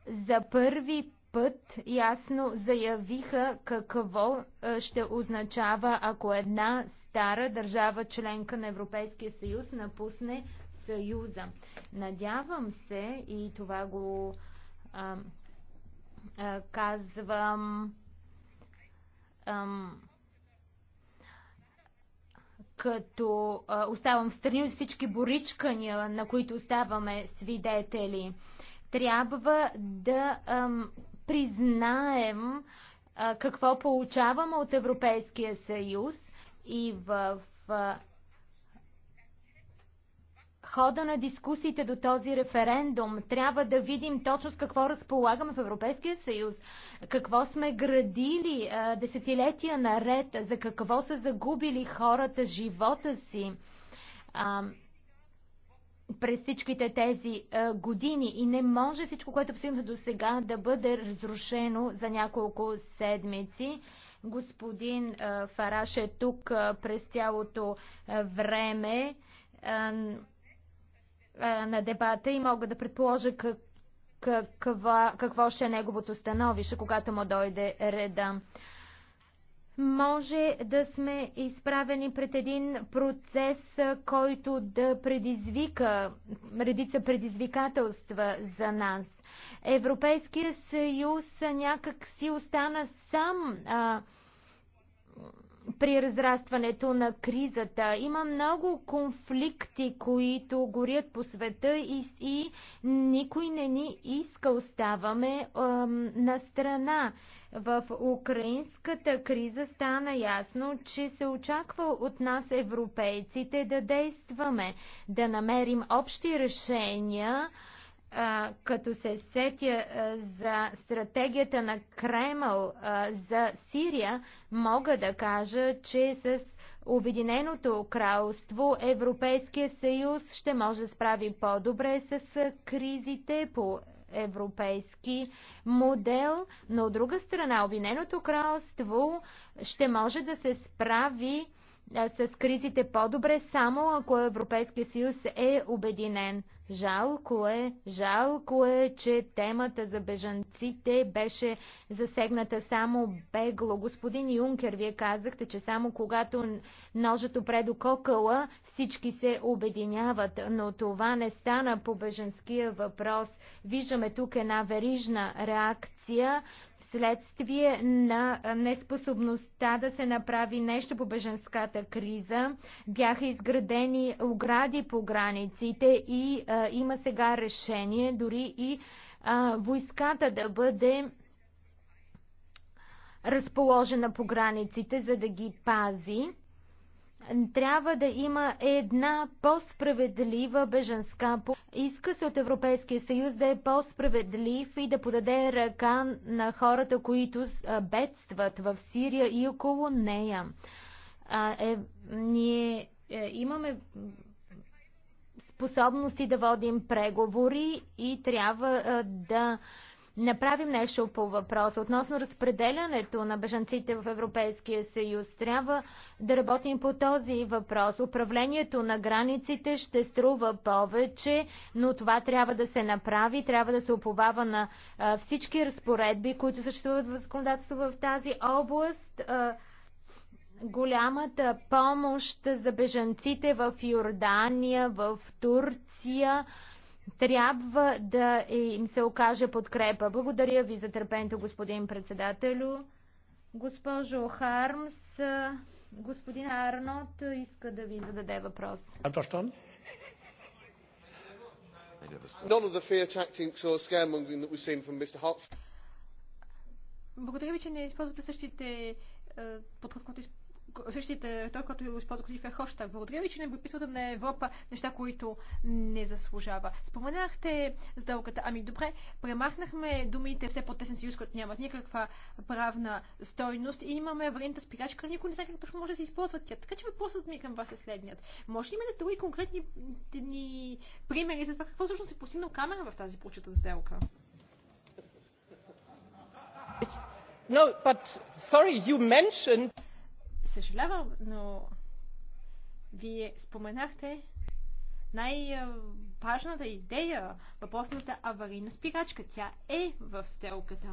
за първи път ясно заявиха какво е, ще означава, ако една стара държава членка на Европейския съюз напусне Съюза. Надявам се, и това го а, а, е, казвам Ам, като а, е, оставам в страни от всички боричкания, на които оставаме свидетели. Трябва да ам, признаем а, какво получаваме от Европейския съюз и в, в хода на дискусиите до този референдум трябва да видим точно с какво разполагаме в Европейския съюз, какво сме градили а, десетилетия наред, за какво са загубили хората живота си. А, през всичките тези а, е, години и не може всичко, което е постигнато до сега, да бъде разрушено за няколко седмици. Господин а, е, Фараш е тук а, е, през цялото а, време а, а, на дебата и мога да предположа как, каква, какво ще е неговото становище, когато му дойде реда може да сме изправени пред един процес, който да предизвика редица предизвикателства за нас. Европейския съюз някак си остана сам а, при разрастването на кризата. Има много конфликти, които горят по света и, и никой не ни иска. Оставаме ем, на страна. В украинската криза стана ясно, че се очаква от нас европейците да действаме, да намерим общи решения като се сетя за стратегията на Кремъл за Сирия, мога да кажа, че с Обединеното кралство Европейския съюз ще може да справи по-добре с кризите по европейски модел, но от друга страна Обединеното кралство ще може да се справи е, с кризите по-добре, само ако Европейския съюз е обединен. Жалко е, жалко е, че темата за бежанците беше засегната само бегло. Господин Юнкер, вие казахте, че само когато ножето Кокала всички се обединяват, но това не стана по бежанския въпрос. Виждаме тук една верижна реакция, следствие на неспособността да се направи нещо по беженската криза. Бяха изградени огради по границите и а, има сега решение дори и а, войската да бъде разположена по границите, за да ги пази. Трябва да има една по-справедлива беженска. Иска се от Европейския съюз да е по-справедлив и да подаде ръка на хората, които бедстват в Сирия и около нея. А, е, ние е, имаме способности да водим преговори и трябва е, да направим нещо по въпроса. Относно разпределянето на бежанците в Европейския съюз, трябва да работим по този въпрос. Управлението на границите ще струва повече, но това трябва да се направи, трябва да се оповава на всички разпоредби, които съществуват в законодателство в тази област голямата помощ за бежанците в Йордания, в Турция, трябва да им се окаже подкрепа. Благодаря ви за търпението, господин председателю. Госпожо Хармс, господин Арнот иска да ви зададе въпрос. Благодаря ви, че не използвате същите е, подход, който използвате същите той, който е използвах Крифер Хоштаг. Благодаря ви, че не приписвате на Европа неща, които не заслужава. Споменахте сделката. Ами добре, премахнахме думите все по-тесен съюз, които нямат никаква правна стойност и имаме аварийната спирачка, никой не знае как точно може да се използва тя. Така че въпросът ми към вас е следният. Може ли имате други конкретни ни, примери за това какво всъщност е постигнал камера в тази получата сделка? No, but sorry, you mentioned Съжалявам, но вие споменахте най-важната идея, въпросната аварийна спирачка. Тя е в стелката.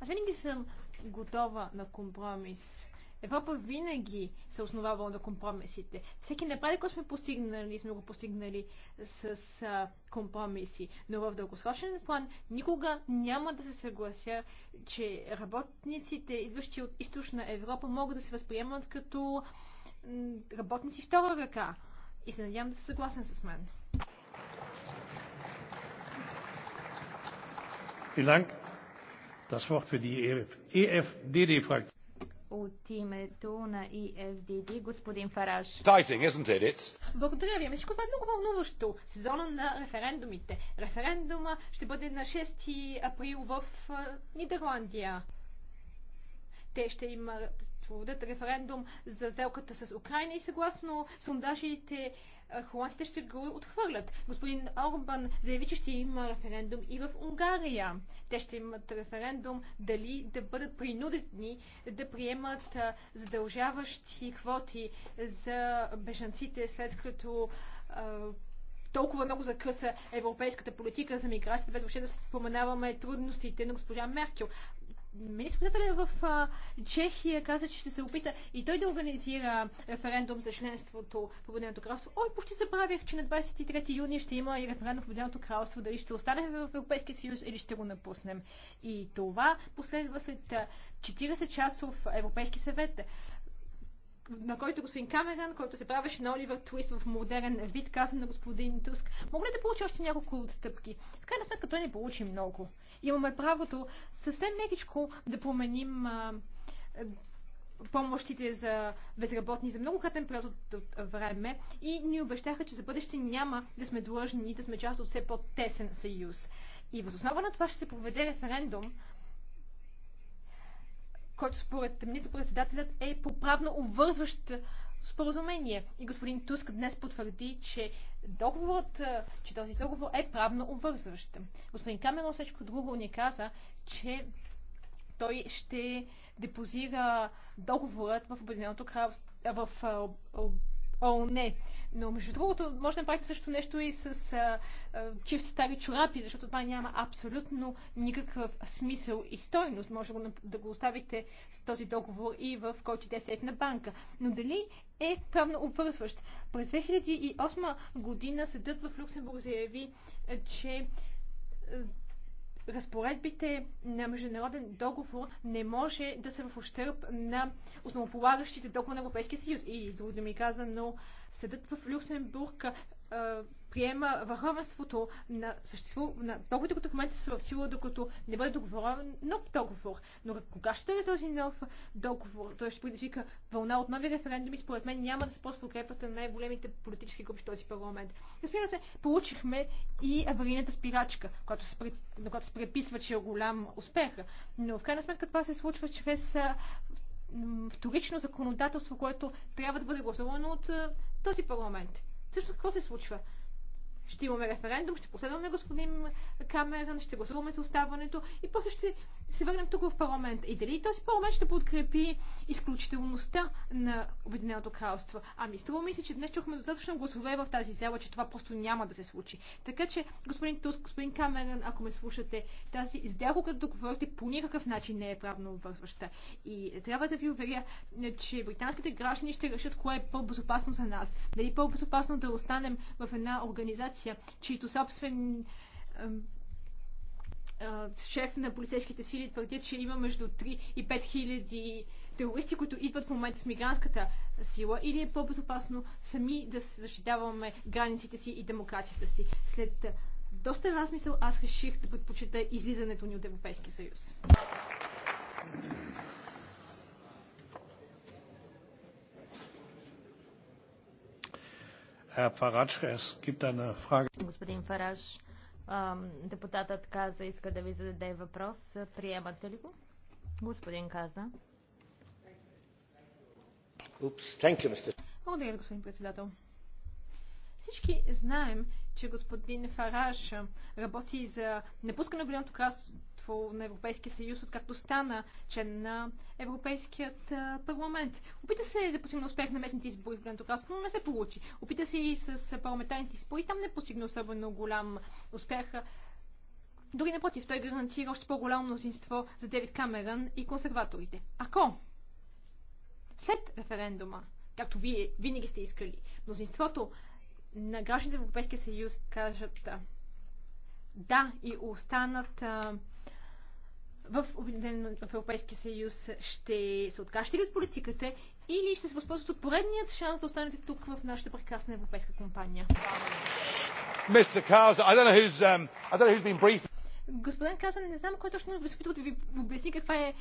Аз винаги съм готова на компромис. Европа винаги се основава на компромисите. Всеки напредък, който сме постигнали, сме го постигнали с а, компромиси. Но в дългосрочен план никога няма да се съглася, че работниците, идващи от източна Европа, могат да се възприемат като работници втора ръка. И се надявам да се съгласен с мен. Vielen Dank. Das Wort für die EFDD-Fraktion. E от името на EFDD, господин Фараш. Благодаря ви. Ами всичко това е много вълнуващо. Сезона на референдумите. Референдума ще бъде на 6 април в Нидерландия. Те ще имат проведат референдум за сделката с Украина и съгласно сондажите е, холандците ще го отхвърлят. Господин Орбан заяви, че ще има референдум и в Унгария. Те ще имат референдум дали да бъдат принудени да приемат е, задължаващи квоти за бежанците, след като е, толкова много закъса европейската политика за миграцията, без въобще да споменаваме трудностите на госпожа Меркел. Министър-председателя в Чехия каза, че ще се опита и той да организира референдум за членството в Обединеното кралство. Ой, почти забравях, че на 23 юни ще има и референдум в Обединеното кралство, дали ще останем в Европейския съюз или ще го напуснем. И това последва след 40-часов Европейски съвет на който господин Камеран, който се правеше на Оливър Твист в модерен вид, каза на господин Туск, мога ли да получи още няколко отстъпки? В крайна сметка той не получи много. Имаме правото съвсем мекичко да променим а, помощите за безработни за много хатен период от, от време и ни обещаха, че за бъдеще няма да сме длъжни да сме част от все по-тесен съюз. И въз основа на това ще се проведе референдум, който според министър-председателят е по правно обвързващ споразумение. И господин Туск днес потвърди, че договорът, че този договор е правно обвързващ. Господин Камерон всичко друго ни каза, че той ще депозира договорът в Обединеното кралство, в ООН. Но между другото, може да направите също нещо и с а, а, чифт стари чорапи, защото това няма абсолютно никакъв смисъл и стойност. Може да го, да го оставите с този договор и в който те сейф на банка. Но дали е правно обвързващ? През 2008 година съдът в Люксембург заяви, че разпоредбите на международен договор не може да са в ущърп на основополагащите договор на Европейския съюз. И, злодно ми каза, но съдът в Люксембург приема върховенството на, същество на договорите, които в момента са в сила, докато не бъде договорен нов договор. Но кога ще е този нов договор? Той ще предизвика вълна от нови референдуми. Според мен няма да се ползва подкрепата на най-големите политически групи в този парламент. Разбира се, получихме и аварийната спирачка, която се, на която се преписва, че е голям успех. Но в крайна сметка това се случва чрез вторично законодателство, което трябва да бъде гласувано от този парламент. Също какво се случва? ще имаме референдум, ще последваме господин Камерън, ще гласуваме за оставането и после ще се върнем тук в парламент. И дали този парламент ще подкрепи изключителността на Обединеното кралство? Ами струва ми се, че днес чухме достатъчно гласове в тази зала, че това просто няма да се случи. Така че, господин Туск, господин Камерън, ако ме слушате, тази сделка, като договорите, по никакъв начин не е правно обвързваща. И трябва да ви уверя, че британските граждани ще решат кое е по-безопасно за нас. Дали е по-безопасно да останем в една организация, чието собствен шеф на полицейските сили твърди, че има между 3 и 5 хиляди терористи, които идват в момента с мигрантската сила или е по-безопасно сами да защитаваме границите си и демокрацията си. След доста размисъл аз реших да предпочита излизането ни от Европейски съюз. Господин Фараж, Депутатът каза, иска да ви зададе въпрос. Приемате ли го? Господин каза. Благодаря господин председател. Всички знаем, че господин Фараш работи за напускане на голямото кралство законодателство на Европейския съюз, откакто стана член на Европейският парламент. Опита се да постигне успех на местните избори в Гранто кралство, но не се получи. Опита се и с парламентарните избори, там не постигна особено голям успех. Дори напротив, той гарантира още по-голямо мнозинство за Девид Камерън и консерваторите. Ако след референдума, както вие винаги сте искали, мнозинството на гражданите в Европейския съюз кажат да и останат а, в, в Европейския съюз ще се откажете ли от политиката или ще се възползват от поредният шанс да останете тук в нашата прекрасна европейска компания? Um, господин Казан, не знам кой точно ви се да ви обясни каква е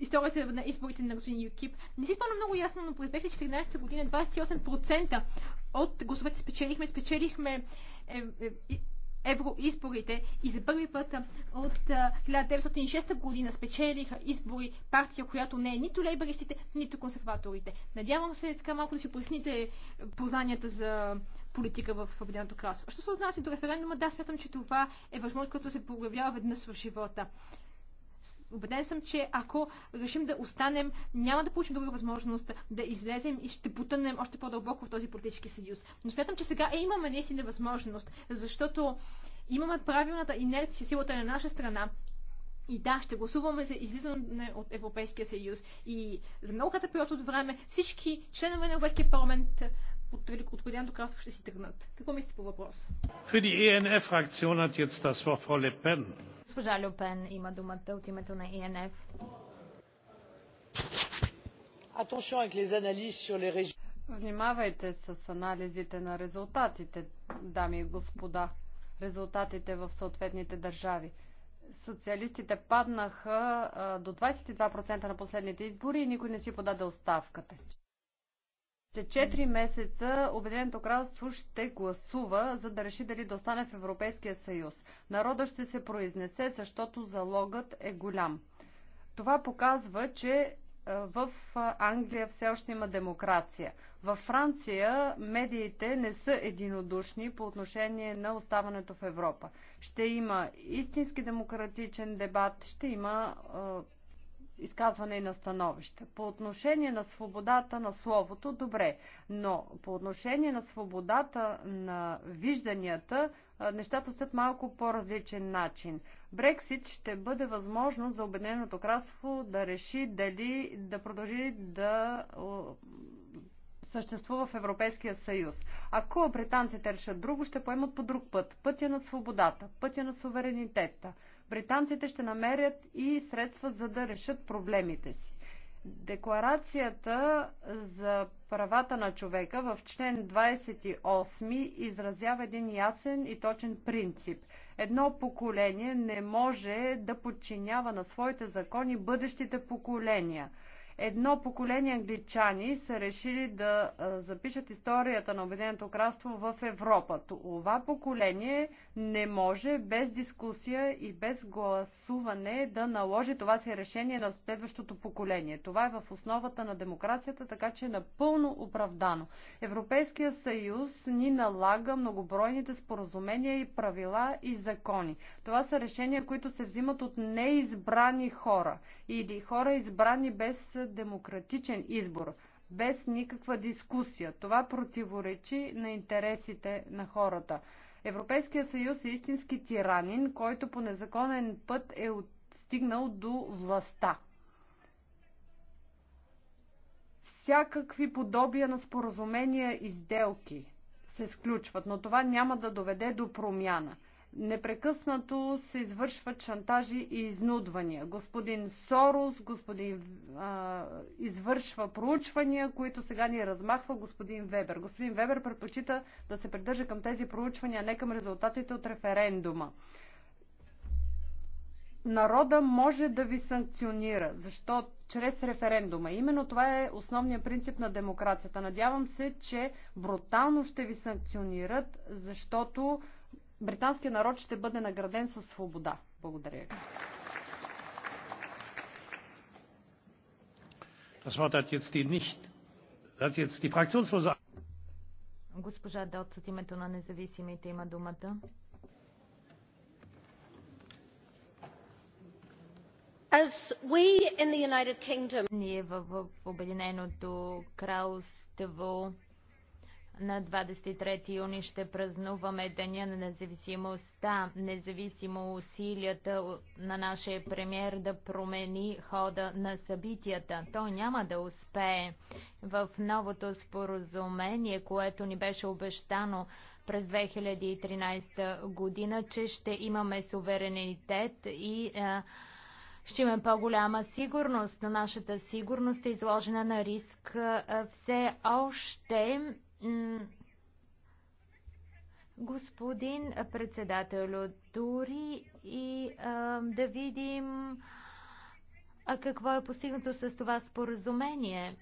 историята на изборите на господин Юкип. Не си спомня много ясно, но през 2014 година 28% от гласовете спечелихме, спечелихме е, е, евроизборите и за първи път от 1906 година спечелиха избори партия, която не е нито лейбаристите, нито консерваторите. Надявам се така малко да си поясните е, познанията за политика в Обединеното кралство. Що се отнася до референдума, да, смятам, че това е възможност, която се проявява веднъж в живота. Убеден съм, че ако решим да останем, няма да получим друга възможност да излезем и ще потънем още по-дълбоко в този политически съюз. Но смятам, че сега е, имаме наистина възможност, защото имаме правилната инерция, силата на наша страна, и да, ще гласуваме за излизане от Европейския съюз. И за много кратък период от време всички членове на Европейския парламент от Великобританното кралство ще си тръгнат. Какво мислите по въпроса? enf Frau Le Pen. Госпожа Люпен има думата от името на ИНФ. Внимавайте с анализите на резултатите, дами и господа. Резултатите в съответните държави. Социалистите паднаха до 22% на последните избори и никой не си подаде оставката. След 4 месеца Обединеното кралство ще гласува, за да реши дали да остане в Европейския съюз. Народа ще се произнесе, защото залогът е голям. Това показва, че е, в Англия все още има демокрация. Във Франция медиите не са единодушни по отношение на оставането в Европа. Ще има истински демократичен дебат, ще има е, изказване и на становище. По отношение на свободата на словото, добре, но по отношение на свободата на вижданията, нещата стоят малко по-различен начин. Брексит ще бъде възможно за Обединеното кралство да реши дали да продължи да съществува в Европейския съюз. Ако британците решат друго, ще поемат по друг път. Пътя на свободата, пътя на суверенитета – британците ще намерят и средства за да решат проблемите си. Декларацията за правата на човека в член 28 изразява един ясен и точен принцип. Едно поколение не може да подчинява на своите закони бъдещите поколения. Едно поколение англичани са решили да запишат историята на Обединеното кралство в Европа. Това поколение не може без дискусия и без гласуване да наложи това си решение на следващото поколение. Това е в основата на демокрацията, така че е напълно оправдано. Европейския съюз ни налага многобройните споразумения и правила и закони. Това са решения, които се взимат от неизбрани хора или хора избрани без демократичен избор, без никаква дискусия. Това противоречи на интересите на хората. Европейския съюз е истински тиранин, който по незаконен път е стигнал до властта. Всякакви подобия на споразумения и сделки се сключват, но това няма да доведе до промяна непрекъснато се извършват шантажи и изнудвания. Господин Сорос, господин а, извършва проучвания, които сега ни размахва господин Вебер. Господин Вебер предпочита да се придържа към тези проучвания, а не към резултатите от референдума. Народа може да ви санкционира, защото чрез референдума. Именно това е основният принцип на демокрацията. Надявам се, че брутално ще ви санкционират, защото британския народ ще бъде награден със свобода. Благодаря ви. Госпожа Дот от името на независимите има думата. Ние в Обединеното кралство на 23 юни ще празнуваме Деня на независимостта, независимо усилията на нашия премьер да промени хода на събитията. Той няма да успее. В новото споразумение, което ни беше обещано през 2013 година, че ще имаме суверенитет и ще имаме по-голяма сигурност, но нашата сигурност е изложена на риск все още Господин председател, дори и а, да видим а какво е постигнато с това споразумение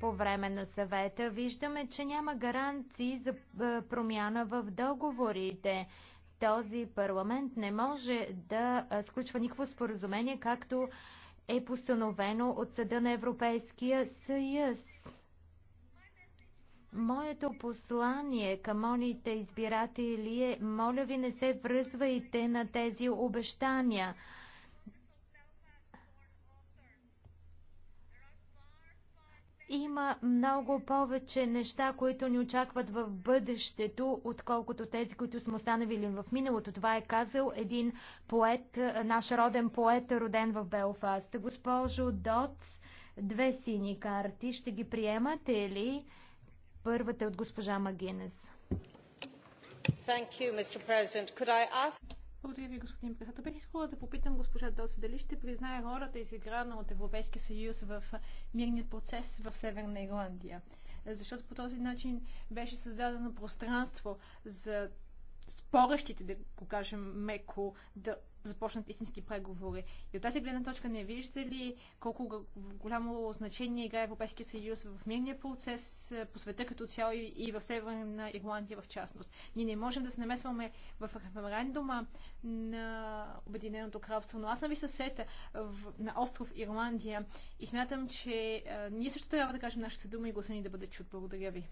по време на съвета, виждаме, че няма гаранции за промяна в договорите. Този парламент не може да сключва никакво споразумение, както е постановено от Съда на Европейския съюз Моето послание към моите избиратели е, моля ви не се връзвайте на тези обещания. Има много повече неща, които ни очакват в бъдещето, отколкото тези, които сме останали в миналото. Това е казал един поет, наш роден поет, роден в Белфаст. Госпожо Доц, две сини карти. Ще ги приемате ли? Първата е от госпожа Магинес. Благодаря ви, господин председател. Бих искала да попитам госпожа Доси дали ще признае ролята изиграна от Европейския съюз в мирния процес в Северна Ирландия. Защото по този начин беше създадено пространство за спорещите, да го кажем меко, да започнат истински преговори. И от тази гледна точка не вижда ли колко голямо значение играе Европейския съюз в мирния процес е, по света като цяло и в Северна Ирландия в частност. Ние не можем да се намесваме в референдума на Обединеното кралство, но аз на ви съсета е, в, на остров Ирландия и смятам, че а, е, ние също трябва да кажем нашите думи и гласа ни да бъде чут. Благодаря ви.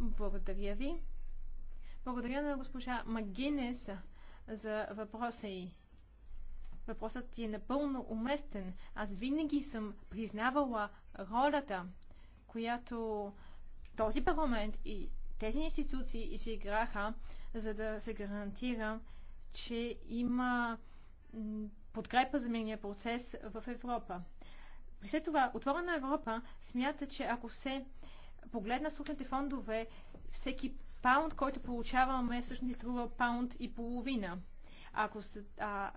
Благодаря ви. Благодаря на госпожа Магинес за въпроса и. Въпросът ти е напълно уместен. Аз винаги съм признавала ролята, която този парламент и тези институции изиграха, за да се гарантира, че има подкрепа за мирния процес в Европа. При след това, отворена Европа смята, че ако се погледна сухните фондове, всеки паунд, който получаваме, всъщност струва паунд и половина. Ако се, а,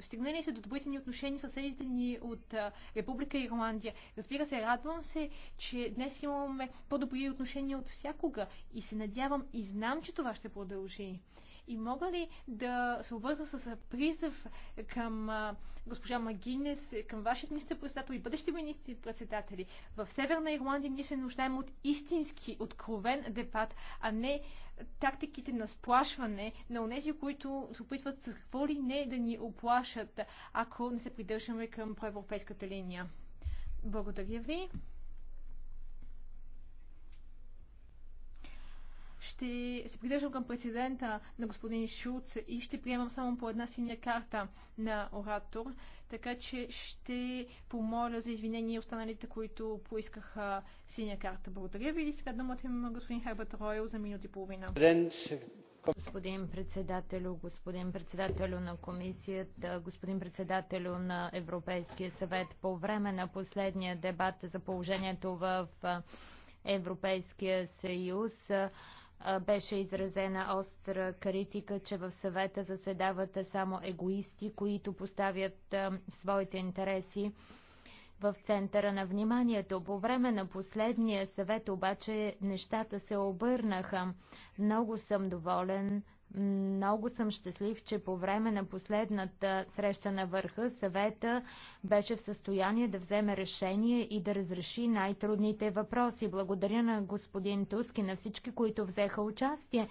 стигнали се до добрите ни отношения с съседите ни от а, Република Ирландия. Разбира се, радвам се, че днес имаме по-добри отношения от всякога и се надявам и знам, че това ще продължи. И мога ли да се обърна с призъв към госпожа Магинес, към вашите министър председател и бъдещи министри председатели В Северна Ирландия ние се нуждаем от истински, откровен дебат, а не тактиките на сплашване на онези, които се опитват с какво ли не да ни оплашат, ако не се придържаме към проевропейската линия. Благодаря ви. ще се придържам към прецедента на господин Шулц и ще приемам само по една синя карта на оратор, така че ще помоля за извинение останалите, които поискаха синя карта. Благодаря ви и сега думата има господин Херберт Ройл за минути и половина. Господин председателю, господин председателю на комисията, господин председателю на Европейския съвет, по време на последния дебат за положението в Европейския съюз, беше изразена остра критика, че в съвета заседават само егоисти, които поставят своите интереси в центъра на вниманието. По време на последния съвет обаче нещата се обърнаха. Много съм доволен много съм щастлив, че по време на последната среща на върха съвета беше в състояние да вземе решение и да разреши най-трудните въпроси. Благодаря на господин Туски, на всички, които взеха участие.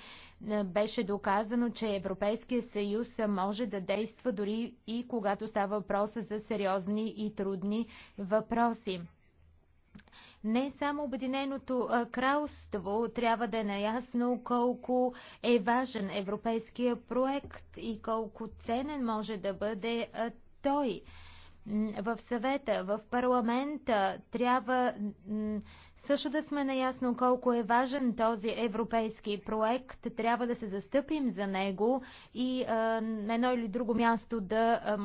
Е, беше доказано, че Европейския съюз може да действа дори и когато става въпроса за сериозни и трудни въпроси. Не само Обединеното кралство трябва да е наясно колко е важен европейския проект и колко ценен може да бъде той. В съвета, в парламента трябва също да сме наясно колко е важен този европейски проект. Трябва да се застъпим за него и на едно или друго място да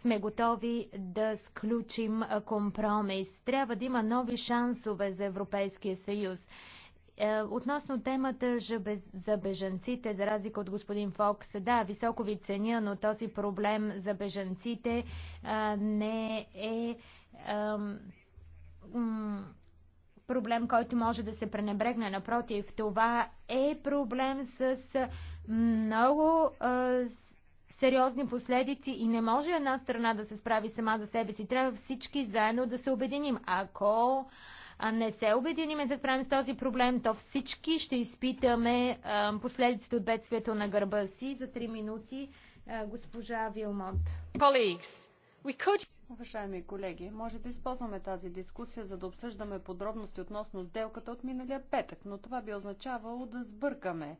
сме готови да сключим компромис. Трябва да има нови шансове за Европейския съюз. Е, относно темата за бежанците, за разлика от господин Фокс, да, високо ви ценя, но този проблем за бежанците е, не е проблем, който може да се пренебрегне. Напротив, това е проблем с много сериозни последици и не може една страна да се справи сама за себе си. Трябва всички заедно да се обединим. Ако не се обединим и да справим с този проблем, то всички ще изпитаме последиците от бедствието на гърба си. За три минути госпожа Вилмонт. Уважаеми колеги, може да използваме тази дискусия, за да обсъждаме подробности относно сделката от миналия петък, но това би означавало да сбъркаме.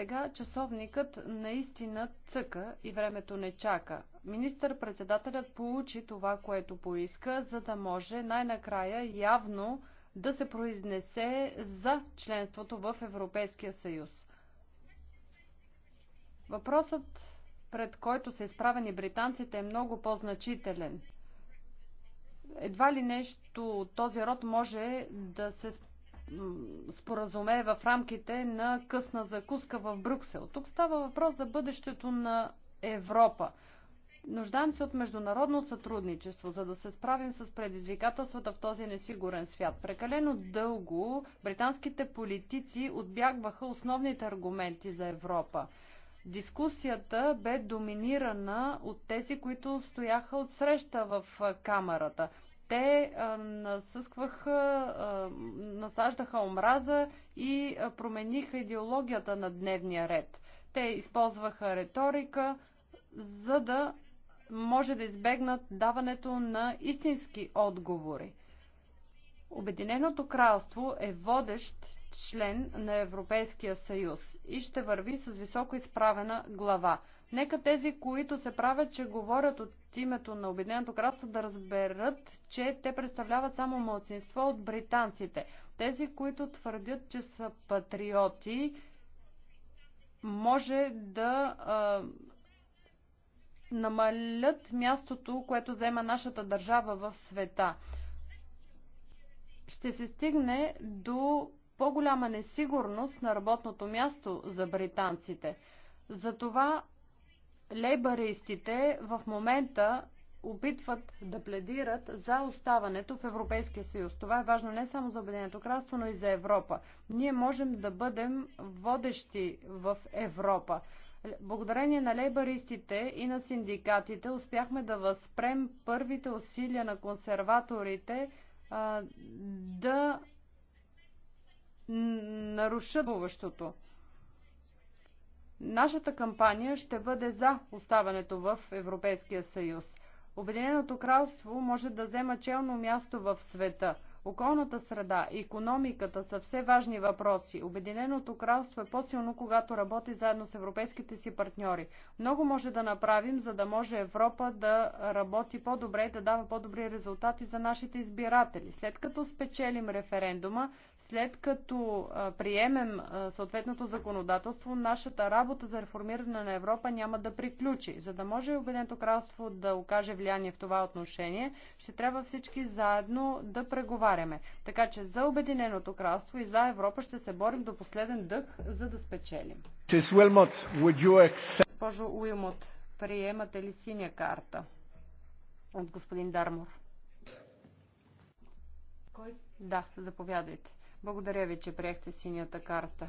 Сега часовникът наистина цъка и времето не чака. Министър-председателят получи това, което поиска, за да може най-накрая явно да се произнесе за членството в Европейския съюз. Въпросът, пред който са изправени британците, е много по-значителен. Едва ли нещо този род може да се споразуме в рамките на късна закуска в Брюксел. Тук става въпрос за бъдещето на Европа. Нуждаем се от международно сътрудничество, за да се справим с предизвикателствата в този несигурен свят. Прекалено дълго британските политици отбягваха основните аргументи за Европа. Дискусията бе доминирана от тези, които стояха от среща в камерата те насъскваха, насаждаха омраза и промениха идеологията на дневния ред. Те използваха риторика, за да може да избегнат даването на истински отговори. Обединеното кралство е водещ член на Европейския съюз и ще върви с високо изправена глава. Нека тези, които се правят, че говорят от името на Обединеното кралство, да разберат, че те представляват само младсинство от британците. Тези, които твърдят, че са патриоти, може да а, намалят мястото, което заема нашата държава в света. Ще се стигне до по-голяма несигурност на работното място за британците. Затова лейбаристите в момента опитват да пледират за оставането в Европейския съюз. Това е важно не само за Обединеното кралство, но и за Европа. Ние можем да бъдем водещи в Европа. Благодарение на лейбаристите и на синдикатите успяхме да възпрем първите усилия на консерваторите а, да нарушат буващото. Нашата кампания ще бъде за оставането в Европейския съюз. Обединеното кралство може да взема челно място в света. Околната среда, економиката са все важни въпроси. Обединеното кралство е по-силно, когато работи заедно с европейските си партньори. Много може да направим, за да може Европа да работи по-добре и да дава по-добри резултати за нашите избиратели. След като спечелим референдума, след като приемем съответното законодателство, нашата работа за реформиране на Европа няма да приключи. За да може Обединеното кралство да окаже влияние в това отношение, ще трябва всички заедно да преговаряме. Така че за Обединеното кралство и за Европа ще се борим до последен дъх, за да спечелим. Госпожо Уилмот, приемате ли синя карта от господин Дармор? Кой? Да, заповядайте. Благодаря ви, че приехте синята карта.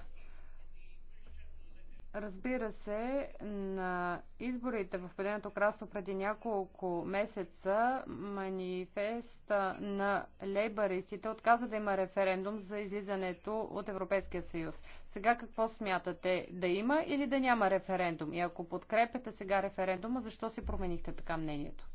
Разбира се, на изборите в Педеното красно преди няколко месеца манифеста на лейбаристите отказа да има референдум за излизането от Европейския съюз. Сега какво смятате? Да има или да няма референдум? И ако подкрепяте сега референдума, защо си променихте така мнението?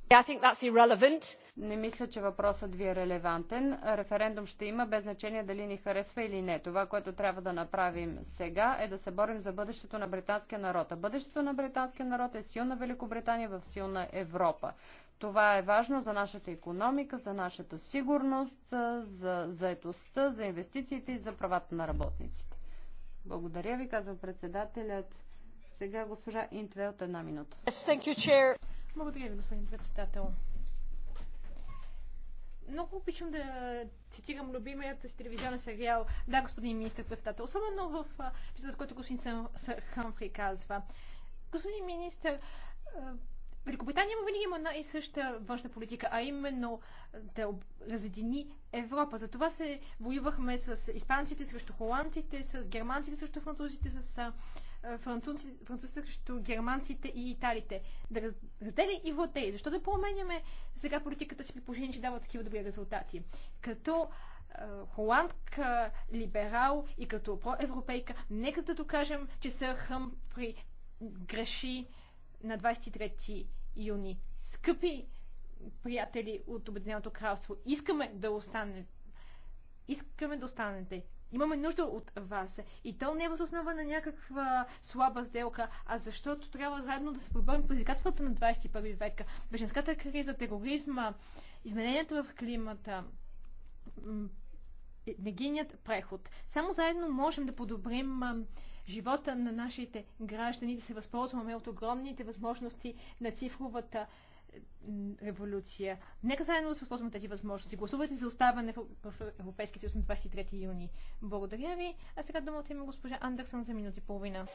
не мисля, че въпросът ви е релевантен. Референдум ще има без значение дали ни харесва или не. Това, което трябва да направим сега е да се борим за бъдещето на британския народ. А бъдещето на британския народ е силна Великобритания в силна Европа. Това е важно за нашата економика, за нашата сигурност, за заетостта, за инвестициите и за правата на работниците. Благодаря ви, казва председателят. Сега госпожа Интвелт една минута. Yes, thank you, chair. Благодаря ви, господин председател. Много обичам да цитирам любимият си телевизионен сериал Да, господин министр-председател, особено в епизодът, който господин Хамфри казва. Господин министр, Великобритания винаги има една и съща външна политика, а именно да разедини Европа. За това се воювахме с испанците срещу холандците, с германците срещу французите, с француз, французите срещу германците и италите. Да раз, раздели и владей. Защо да променяме сега политиката си при положение, че дава такива добри резултати? Като холандка, либерал и като проевропейка, нека да докажем, че сър Хъмфри греши на 23 юни. Скъпи приятели от Обединеното кралство, искаме да останете. Искаме да останете Имаме нужда от вас. И то не е въз основа на някаква слаба сделка, а защото трябва заедно да се преборим предизвикателствата на 21 века. Беженската криза, тероризма, измененията в климата, е енергийният преход. Само заедно можем да подобрим живота на нашите граждани, да се възползваме от огромните възможности на цифровата революция. Нека заедно да се използваме тези възможности. Гласувайте за оставане в Европейския съюз на 23 юни. Благодаря ви. А сега думата има госпожа Андерсън за минути и половина.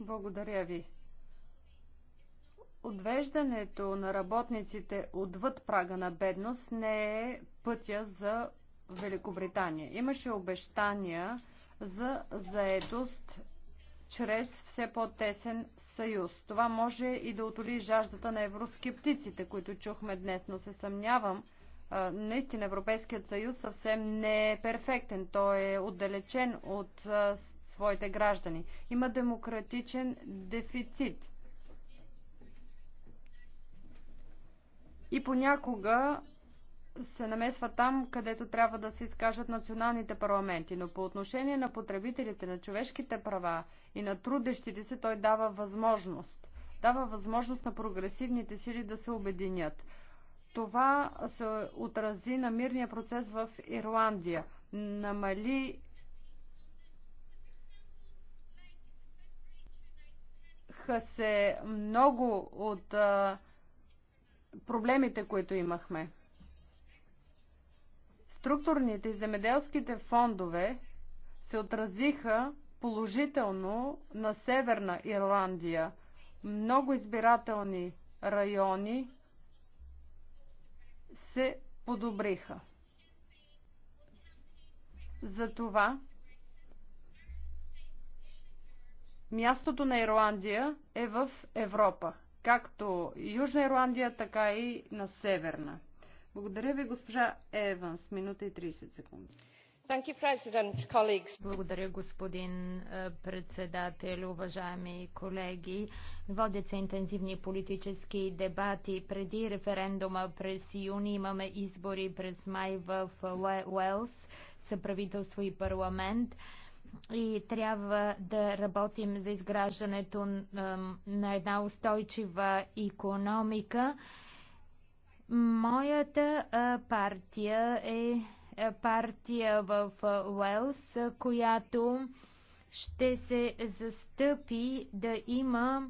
Благодаря ви. Отвеждането на работниците отвъд прага на бедност не е пътя за Великобритания. Имаше обещания за заедост чрез все по-тесен съюз. Това може и да отоли жаждата на евроскептиците, които чухме днес, но се съмнявам, наистина Европейският съюз съвсем не е перфектен. Той е отдалечен от своите граждани. Има демократичен дефицит. И понякога се намесва там, където трябва да се изкажат националните парламенти, но по отношение на потребителите, на човешките права и на трудещите се, той дава възможност. Дава възможност на прогресивните сили да се обединят. Това се отрази на мирния процес в Ирландия. Намали се много от а, проблемите, които имахме. Структурните и земеделските фондове се отразиха положително на Северна Ирландия. Много избирателни райони се подобриха. Затова мястото на Ирландия е в Европа, както Южна Ирландия, така и на Северна. Благодаря ви, госпожа Еванс. Минута и 30 секунди. Благодаря, господин е, председател, уважаеми колеги. Водят се интензивни политически дебати. Преди референдума през юни имаме избори през май в Уелс, съправителство и парламент и трябва да работим за изграждането на една устойчива економика. Моята партия е партия в Уелс, която ще се застъпи да има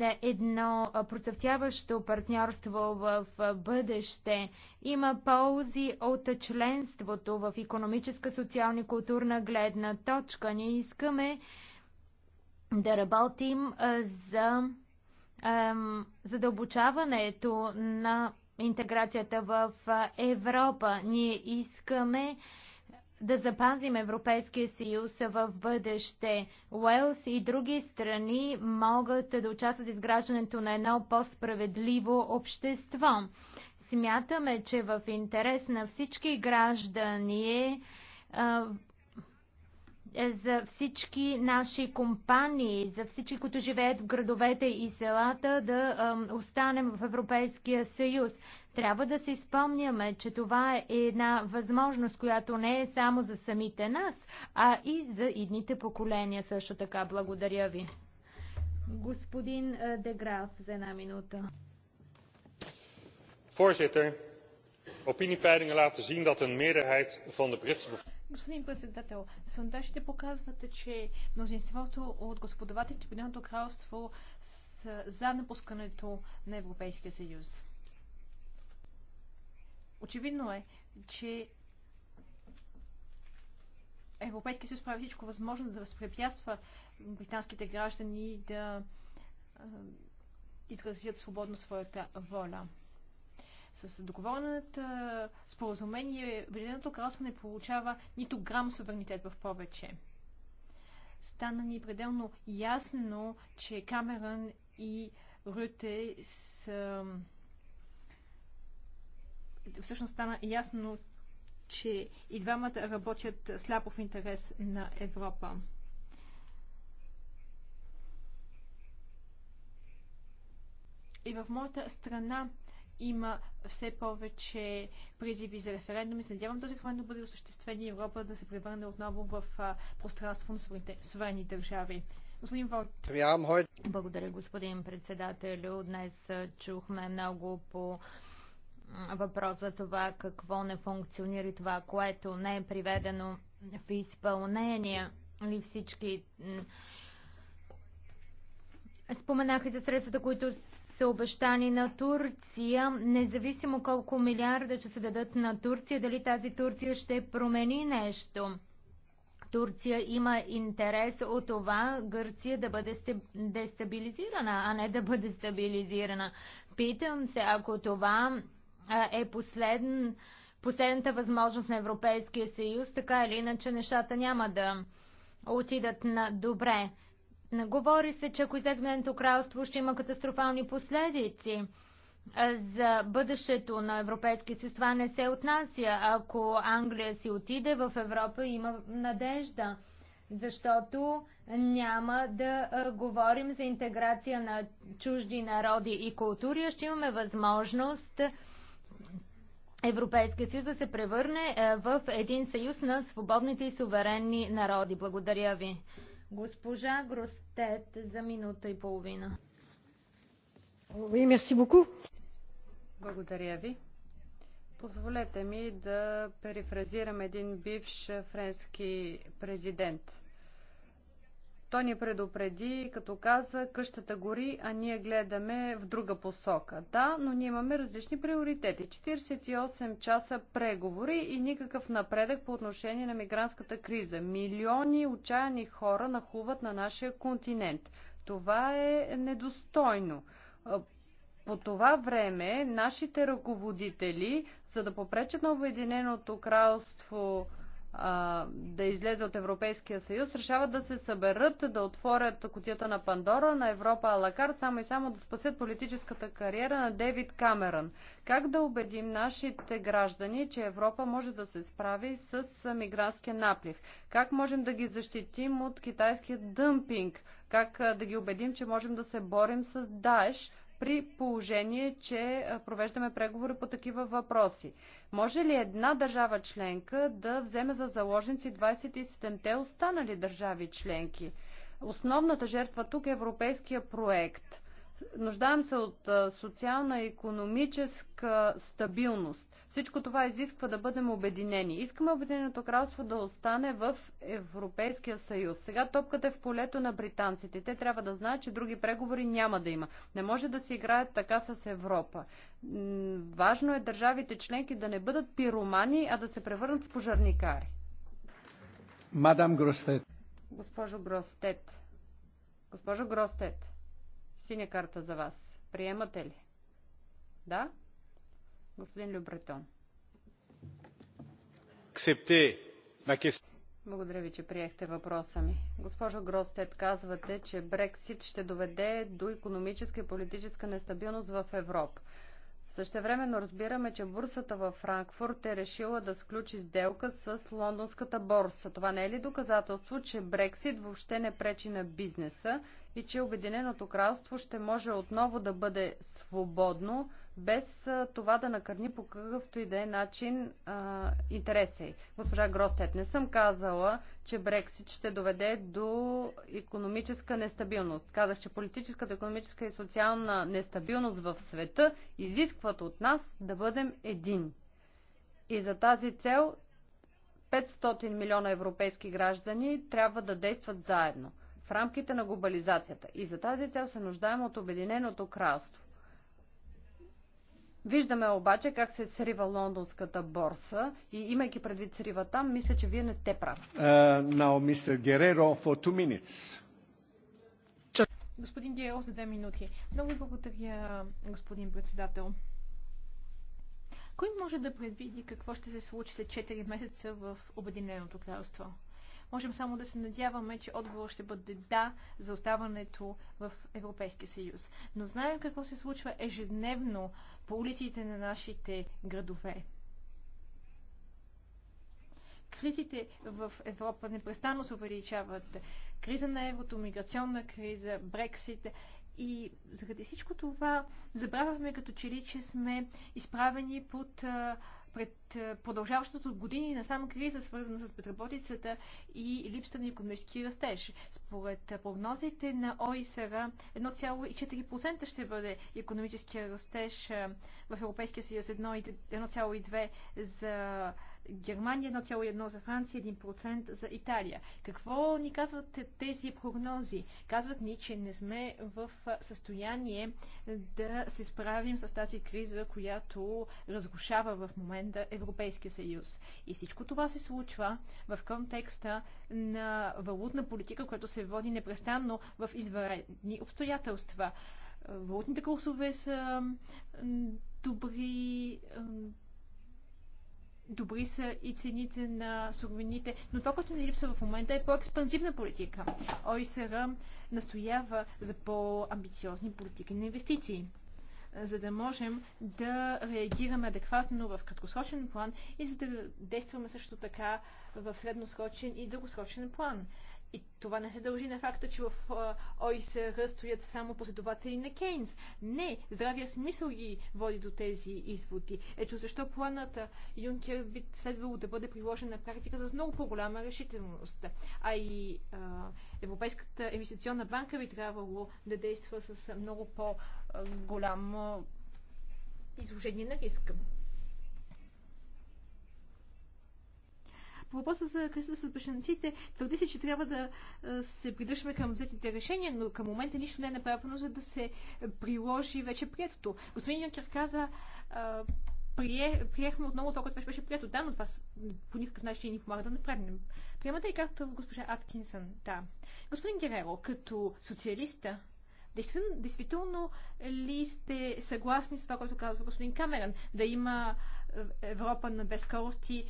е, едно процъфтяващо партньорство в бъдеще. Има ползи от членството в економическа, социална и културна гледна точка. Ние искаме да работим за задълбочаването на интеграцията в Европа. Ние искаме да запазим Европейския съюз в бъдеще. Уелс и други страни могат да участват в изграждането на едно по-справедливо общество. Смятаме, че в интерес на всички граждани е е за всички наши компании, за всички, които живеят в градовете и селата, да останем в Европейския съюз. Трябва да си спомняме, че това е една възможност, която не е само за самите нас, а и за идните поколения също така. Благодаря ви. Господин Деграф, за една минута. Voorzitter, opiniepeilingen laten zien dat een meerderheid van de Britse bevolking. Господин председател, сондажите показват, че мнозинството от господавателите в Обединеното кралство са за напускането на Европейския съюз. Очевидно е, че Европейския съюз прави всичко възможно да възпрепятства британските граждани да изразят свободно своята воля. С договорената споразумение Обединеното кралство не получава нито грам суверенитет в повече. Стана ни пределно ясно, че Камерън и Рюте са... Всъщност стана ясно, че и двамата работят сляпо в интерес на Европа. И в моята страна има все повече призиви за референдум и се надявам този референдум бъде осъществен и Европа да се превърне отново в пространство на суверенни държави. Господин Волт. Благодаря, господин председател. Днес чухме много по въпрос за това какво не функционира и това, което не е приведено в изпълнение или всички Споменаха и за средствата, които са обещани на Турция, независимо колко милиарда ще се дадат на Турция, дали тази Турция ще промени нещо. Турция има интерес от това Гърция да бъде дестабилизирана, а не да бъде стабилизирана. Питам се, ако това е последен, последната възможност на Европейския съюз, така или иначе нещата няма да отидат на добре. Говори се, че ако излезе Обединеното кралство, ще има катастрофални последици. За бъдещето на Европейския съюз това не се отнася. Ако Англия си отиде в Европа, има надежда, защото няма да говорим за интеграция на чужди народи и култури, а ще имаме възможност Европейския съюз да се превърне в един съюз на свободните и суверенни народи. Благодаря ви. Госпожа Гростет за минута и половина. Oui, Благодаря ви. Позволете ми да перифразирам един бивш френски президент – той ни предупреди, като каза, къщата гори, а ние гледаме в друга посока. Да, но ние имаме различни приоритети. 48 часа преговори и никакъв напредък по отношение на мигрантската криза. Милиони отчаяни хора нахуват на нашия континент. Това е недостойно. По това време нашите ръководители, за да попречат на Обединеното кралство да излезе от Европейския съюз, решават да се съберат, да отворят котията на Пандора, на Европа Алакарт, само и само да спасят политическата кариера на Дейвид Камерън. Как да убедим нашите граждани, че Европа може да се справи с мигрантския наплив? Как можем да ги защитим от китайския дъмпинг? Как да ги убедим, че можем да се борим с Даеш? при положение, че провеждаме преговори по такива въпроси. Може ли една държава членка да вземе за заложници 27-те останали държави членки? Основната жертва тук е европейския проект. Нуждаем се от социална и економическа стабилност. Всичко това изисква да бъдем обединени. Искаме Обединеното кралство да остане в Европейския съюз. Сега топката е в полето на британците. Те трябва да знаят, че други преговори няма да има. Не може да се играят така с Европа. Важно е държавите членки да не бъдат пиромани, а да се превърнат в пожарникари. Мадам Гростет. Госпожо Гростет. Госпожо Гростет. Синя карта за вас. Приемате ли? Да? Господин Любретон. Благодаря ви, че приехте въпроса ми. Госпожо Гростет, казвате, че Брексит ще доведе до економическа и политическа нестабилност в Европа. Същевременно разбираме, че бурсата във Франкфурт е решила да сключи сделка с лондонската борса. Това не е ли доказателство, че Брексит въобще не пречи на бизнеса и че Обединеното кралство ще може отново да бъде свободно, без това да накърни по какъвто и да е начин а, интереса й. Госпожа Гростет, не съм казала, че Брексит ще доведе до економическа нестабилност. Казах, че политическата, економическа и социална нестабилност в света изискват от нас да бъдем един. И за тази цел 500 милиона европейски граждани трябва да действат заедно в рамките на глобализацията. И за тази цел се нуждаем от Обединеното кралство. Виждаме обаче как се срива лондонската борса и имайки предвид срива там, мисля, че вие не сте прав. Uh, now, Mr. Guerrero, for two minutes. Господин Герро, за две минути. Много благодаря, господин председател. Кой може да предвиди какво ще се случи след 4 месеца в Обединеното кралство? Можем само да се надяваме, че отговор ще бъде да за оставането в Европейския съюз. Но знаем какво се случва ежедневно по улиците на нашите градове. Кризите в Европа непрестанно се увеличават. Криза на еврото, миграционна криза, Брексит и заради всичко това забравяме като че ли, че сме изправени под а, пред е, продължаващото от години сам криза, свързана с безработицата и липсата на економически растеж. Според прогнозите на ОИСР, 1,4% ще бъде економическия растеж е, в Европейския съюз, 1,2% за Германия 1,1%, за Франция 1%, за Италия. Какво ни казват тези прогнози? Казват ни, че не сме в състояние да се справим с тази криза, която разрушава в момента Европейския съюз. И всичко това се случва в контекста на валутна политика, която се води непрестанно в извънредни обстоятелства. Валутните курсове са добри добри са и цените на суровините, но това, което ни липсва в момента е по-експанзивна политика. ОИСР настоява за по-амбициозни политики на инвестиции за да можем да реагираме адекватно в краткосрочен план и за да действаме също така в средносрочен и дългосрочен план. И това не се дължи на факта, че в ОИСР стоят само последователи на Кейнс. Не, здравия смисъл ги води до тези изводи. Ето защо планата Юнкер би следвало да бъде приложена на практика с много по-голяма решителност. А и а, Европейската инвестиционна банка би трябвало да действа с много по-голям изложение на риска. По въпроса за кризата с бешенците, твърди се, че трябва да се придържаме към взетите решения, но към момента нищо не е направено, за да се приложи вече приетото. Господин Йонкер каза, прие, приехме отново това, което беше, прието. Да, но това по никакъв начин ни помага да направим. Приемате и както госпожа Аткинсън? Да. Господин Гереро, като социалиста, действително, действително ли сте съгласни с това, което казва господин Камеран? Да има Европа на две скорости,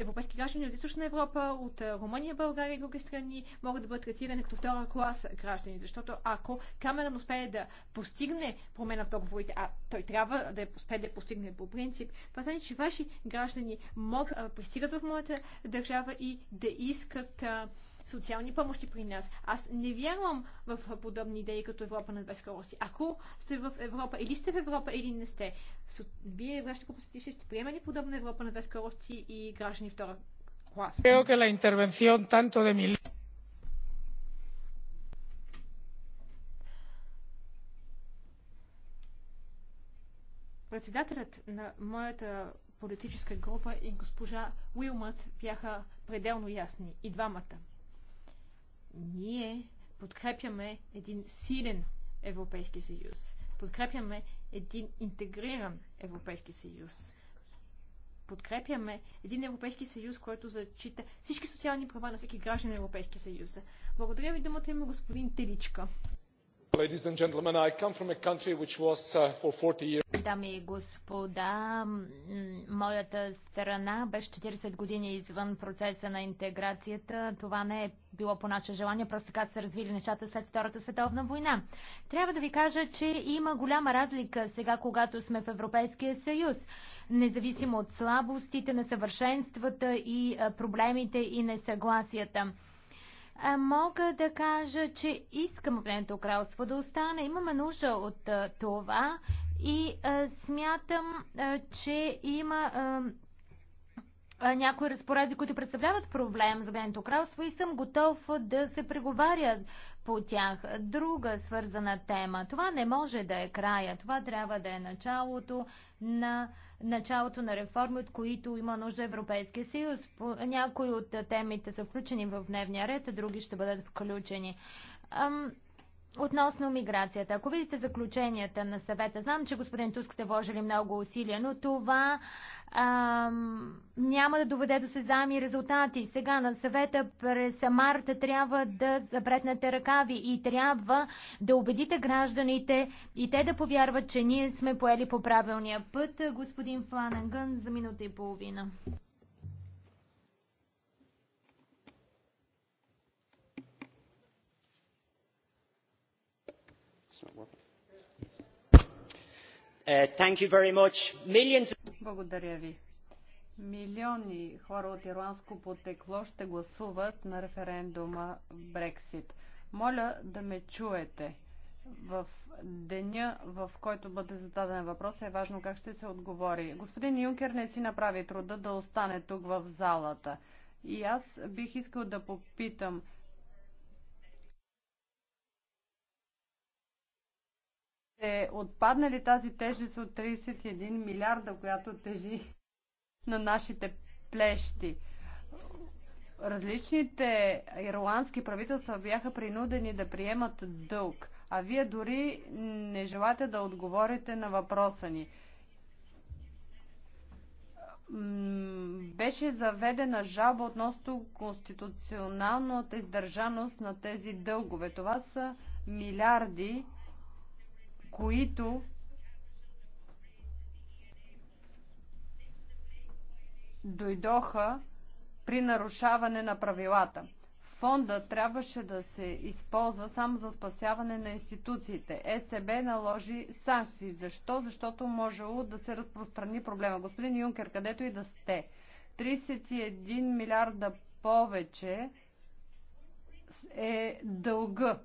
европейски граждани от Източна Европа, от е, Румъния, България и други страни могат да бъдат третирани като втора класа граждани. Защото ако Камерън успее да постигне промена в договорите, а той трябва да успее да постигне по принцип, това значи, че ваши граждани могат да пристигат в моята държава и да искат социални помощи при нас. Аз не вярвам в подобни идеи като Европа на две скорости. Ако сте в Европа, или сте в Европа, или не сте, вие, вашите посетители, ще приема ли подобна Европа на две скорости и граждани втора клас? Creo que la intervención tanto de Председателят на моята политическа група и госпожа Уилмът бяха пределно ясни. И двамата. Ние подкрепяме един силен Европейски съюз. Подкрепяме един интегриран Европейски съюз. Подкрепяме един Европейски съюз, който зачита всички социални права на всеки граждан на Европейски съюз. Благодаря ви думата има господин Теличка. Дами и господа, моята страна беше 40 години извън процеса на интеграцията. Това не е било по наше желание, просто така са развили нещата след Втората световна война. Трябва да ви кажа, че има голяма разлика сега, когато сме в Европейския съюз независимо от слабостите, несъвършенствата и проблемите и несъгласията а, мога да кажа, че искам Обединеното кралство да остане. Имаме нужда от а, това и а, смятам, а, че има някои разпорези, които представляват проблем за Бенето кралство и съм готов да се преговаря по тях. Друга свързана тема. Това не може да е края. Това трябва да е началото на началото на реформи, от които има нужда Европейския съюз. Някои от темите са включени в дневния ред, а други ще бъдат включени. Относно миграцията, ако видите заключенията на съвета, знам, че господин Туск сте вложили много усилия, но това ам, няма да доведе до сезами резултати. Сега на съвета през марта трябва да запретнете ръкави и трябва да убедите гражданите и те да повярват, че ние сме поели по правилния път. Господин Фланенгън, за минута и половина. Uh, Благодаря ви. Милиони хора от ирландско потекло ще гласуват на референдума Брексит. Моля да ме чуете. В деня, в който бъде зададен въпрос, е важно как ще се отговори. Господин Юнкер не си направи труда да остане тук в залата. И аз бих искал да попитам, сте отпаднали тази тежест от 31 милиарда, която тежи на нашите плещи. Различните ирландски правителства бяха принудени да приемат дълг, а вие дори не желате да отговорите на въпроса ни беше заведена жалба относно конституционалната издържаност на тези дългове. Това са милиарди които дойдоха при нарушаване на правилата. Фонда трябваше да се използва само за спасяване на институциите. ЕЦБ наложи санкции. Защо? Защото можело да се разпространи проблема. Господин Юнкер, където и да сте, 31 милиарда повече е дълга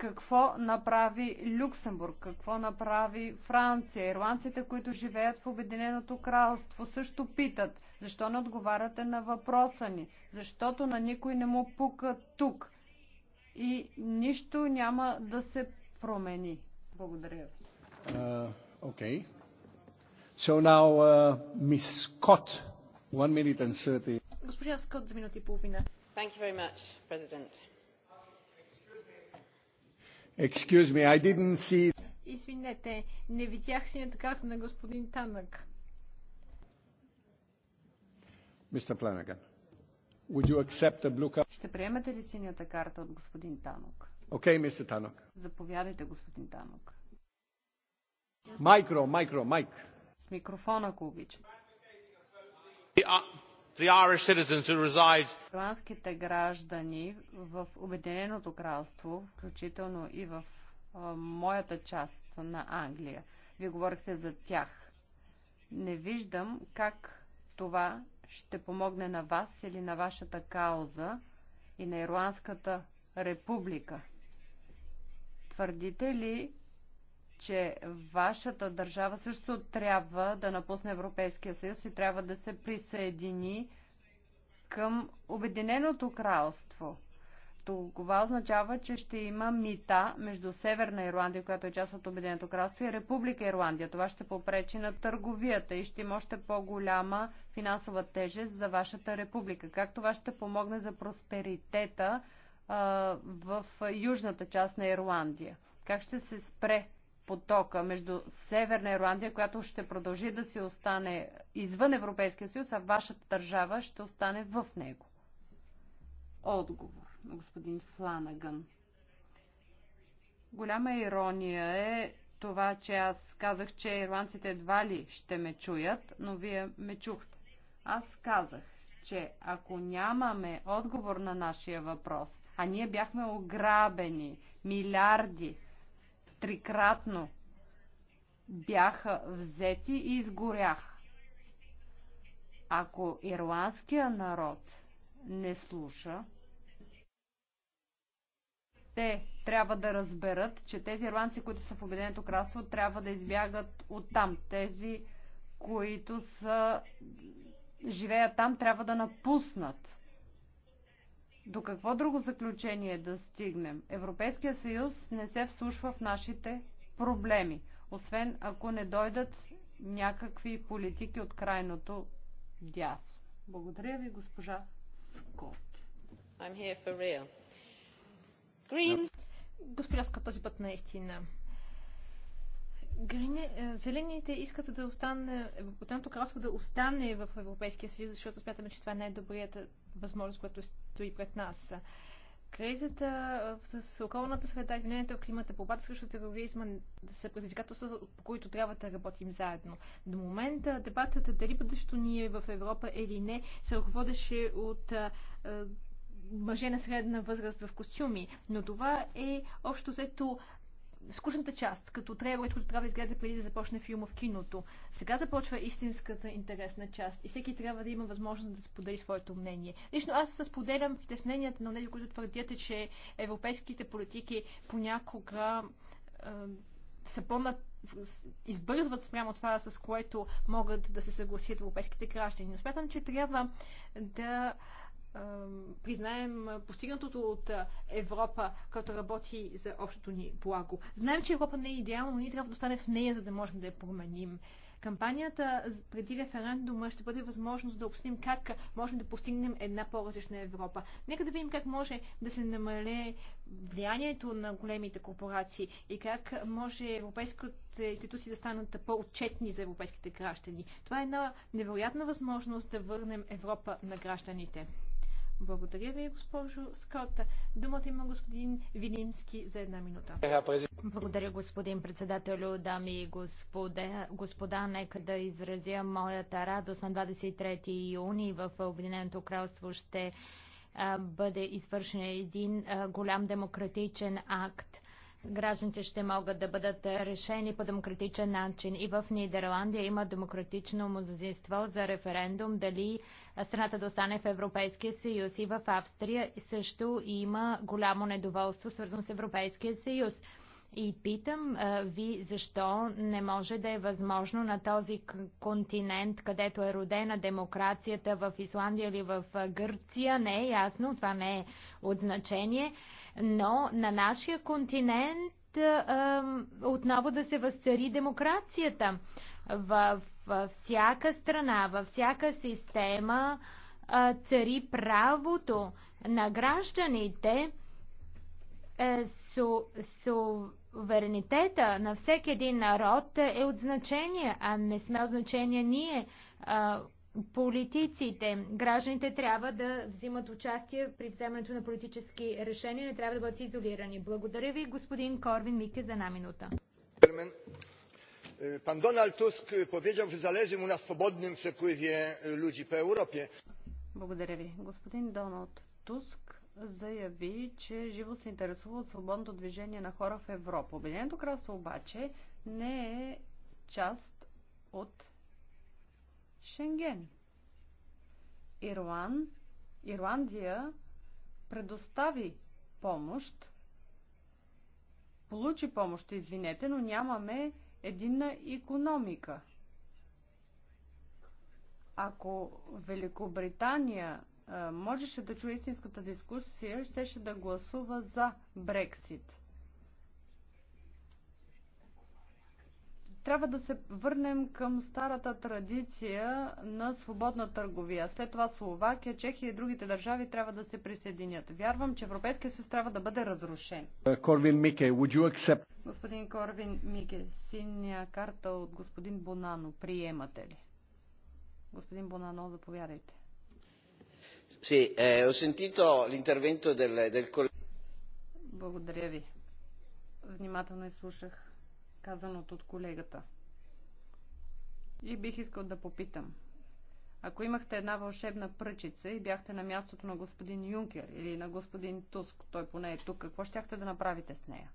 какво направи Люксембург, какво направи Франция. Ирландците, които живеят в Обединеното кралство, също питат, защо не отговаряте на въпроса ни, защото на никой не му пука тук. И нищо няма да се промени. Благодаря ви. Uh, okay. So now, uh, Miss Scott, one minute and 30. Госпожа Скот за минути и половина. Thank you very much, President. Excuse me, I didn't see... Извинете, не видях синята карта на господин Танък. Мистер Фленаган, would you accept a blue card? Ще приемете ли синята карта от господин Танък? Окей, мистер Танък. Заповядайте, господин Танък. Майкро, майкро, майк. С микрофона, ако обичате. Ирландските граждани в Обединеното кралство, включително и в моята част на Англия. Вие говорихте за тях. Не виждам как това ще помогне на вас или на вашата кауза и на Ирландската република. Твърдите ли, че вашата държава също трябва да напусне Европейския съюз и трябва да се присъедини към Обединеното кралство. Това означава, че ще има мита между Северна Ирландия, която е част от Обединеното кралство, и Република Ирландия. Това ще попречи на търговията и ще има още по-голяма финансова тежест за вашата република. Как това ще помогне за просперитета а, в южната част на Ирландия? Как ще се спре потока между Северна Ирландия, която ще продължи да си остане извън Европейския съюз, а вашата държава ще остане в него? Отговор на господин Фланаган. Голяма ирония е това, че аз казах, че ирландците едва ли ще ме чуят, но вие ме чухте. Аз казах, че ако нямаме отговор на нашия въпрос, а ние бяхме ограбени, милиарди, трикратно бяха взети и изгорях. Ако ирландския народ не слуша, те трябва да разберат, че тези ирландци, които са в Обединеното кралство, трябва да избягат от там. Тези, които са, живеят там, трябва да напуснат до какво друго заключение да стигнем? Европейския съюз не се вслушва в нашите проблеми, освен ако не дойдат някакви политики от крайното дясно. Благодаря ви, госпожа Скот. I'm here for real. Greens... Госпожа Скот, този път наистина. Грине, зелените искат да остане, Обединеното кралство да остане в Европейския съюз, защото смятаме, че това е най-добрият възможност, която стои пред нас. Кризата с околната среда, изменението в климата, борбата срещу тероризма са предизвикателства, по които трябва да работим заедно. До момента дебатът дали бъдещето ни е в Европа или не се ръководеше от мъже на средна възраст в костюми. Но това е общо взето скучната част, като трейлерът, който трябва да изгледа преди да започне филма в киното. Сега започва истинската интересна част и всеки трябва да има възможност да сподели своето мнение. Лично аз се споделям притесненията на тези, които твърдят, че европейските политики понякога е, са по на избързват спрямо това, с което могат да се съгласят европейските граждани. Но смятам, че трябва да признаем постигнатото от Европа, като работи за общото ни благо. Знаем, че Европа не е идеална, но ние трябва да остане в нея, за да можем да я променим. Кампанията преди референдума ще бъде възможност да обясним как можем да постигнем една по-различна Европа. Нека да видим как може да се намале влиянието на големите корпорации и как може европейските институции да станат по-отчетни за европейските граждани. Това е една невероятна възможност да върнем Европа на гражданите. Благодаря ви, госпожо Скот. Думата има господин Вилински за една минута. Благодаря, господин председателю, дами и господа. господа. Нека да изразя моята радост на 23 юни в Обединеното кралство ще бъде извършен един голям демократичен акт гражданите ще могат да бъдат решени по демократичен начин. И в Нидерландия има демократично мнозинство за референдум дали страната да остане в Европейския съюз. И в Австрия също има голямо недоволство, свързано с Европейския съюз. И питам а, ви защо не може да е възможно на този континент, където е родена демокрацията в Исландия или в Гърция, не е ясно, това не е от значение но на нашия континент отново да се възцари демокрацията. В всяка страна, във всяка система цари правото на гражданите е, су, суверенитета на всеки един народ е от значение, а не сме от значение ние. Политиците, гражданите трябва да взимат участие при вземането на политически решения, не трябва да бъдат изолирани. Благодаря ви, господин Корвин Мике, за една минута. Е, пан Доналд Туск поведал, че залежи му на свободним przepływie люди по Европе. Благодаря ви. Господин Доналд Туск заяви, че живо се интересува от свободното движение на хора в Европа. Обединеното кралство обаче не е част от Шенген. Ирланд, Ирландия предостави помощ, получи помощ, извинете, но нямаме единна економика. Ако Великобритания можеше да чуе истинската дискусия, щеше да гласува за Брексит. трябва да се върнем към старата традиция на свободна търговия. След това Словакия, Чехия и другите държави трябва да се присъединят. Вярвам, че Европейския съюз трябва да бъде разрушен. Корвин Мике, would you accept? Господин Корвин Мике, синя карта от господин Бонано. Приемате ли? Господин Бонано, заповядайте. Sì, eh, ho sentito l'intervento del, del... Благодаря ви. Внимателно изслушах казаното от колегата. И бих искал да попитам. Ако имахте една вълшебна пръчица и бяхте на мястото на господин Юнкер или на господин Туск, той поне е тук, какво щяхте да направите с нея?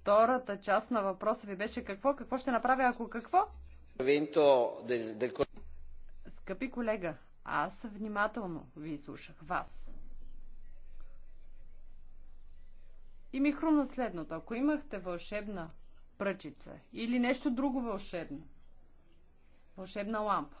Втората част на въпроса ви беше какво? Какво ще направя ако какво? Скъпи колега, аз внимателно ви слушах вас. И ми хрумна следното. Ако имахте вълшебна пръчица или нещо друго вълшебно, вълшебна лампа,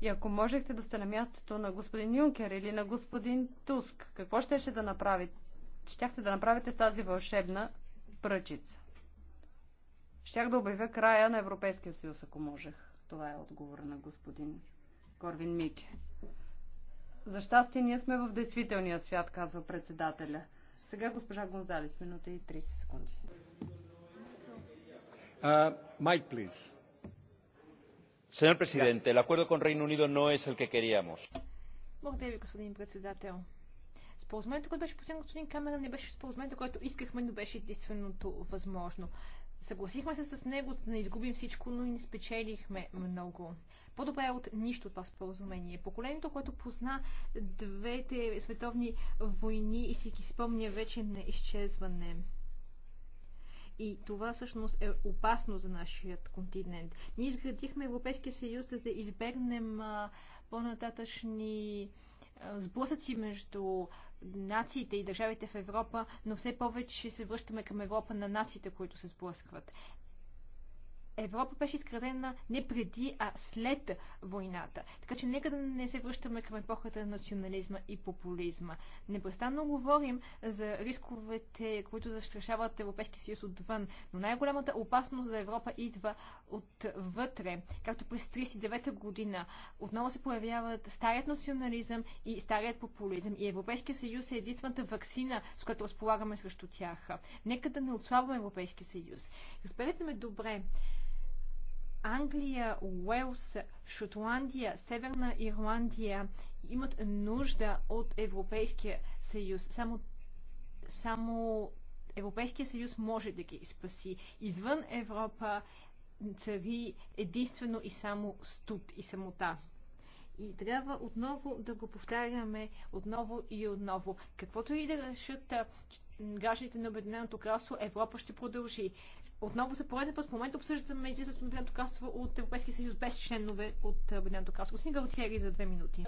И ако можехте да сте на мястото на господин Юнкер или на господин Туск, какво щеше да направите? Щяхте да направите с тази вълшебна пръчица. Щях да обявя края на Европейския съюз, ако можех. Това е отговор на господин Корвин Мике. За щастие ние сме в действителния свят, казва председателя. Сега госпожа Гонзалес, минута и 30 секунди. Майк, uh, Señor presidente, el acuerdo con Reino Unido no es el que queríamos. Благодаря ви, господин председател. Споразумението, което беше последно, господин Камера, не беше споразумението, което искахме, но беше единственото възможно. Съгласихме се с него, за да не изгубим всичко, но и не спечелихме много. По-добре е от нищо това споразумение. Поколението, което позна двете световни войни и си ги спомня вече на изчезване. И това всъщност е опасно за нашият континент. Ние изградихме Европейския съюз, за да избегнем по-нататъчни сблъсъци между нациите и държавите в Европа, но все повече се връщаме към Европа на нациите, които се сблъскват. Европа беше изградена не преди, а след войната. Така че нека да не се връщаме към епохата на национализма и популизма. Непрестанно говорим за рисковете, които застрашават Европейския съюз отвън, но най-голямата опасност за Европа идва отвътре. Както през 1939 година отново се появяват старият национализъм и старият популизъм. И Европейския съюз е единствената вакцина, с която разполагаме срещу тях. Нека да не отслабваме Европейския съюз. Разберете ме добре. Англия, Уелс, Шотландия, Северна Ирландия имат нужда от Европейския съюз. Само, само Европейския съюз може да ги спаси. Извън Европа цари единствено и само студ и самота. И трябва отново да го повтаряме отново и отново. Каквото и да решат гражданите на Обединеното кралство, Европа ще продължи отново за пореден път в момента обсъждаме единството на Обединеното Касово от Европейския съюз без членове от Обединеното кралство. Господин Галтиери за две минути.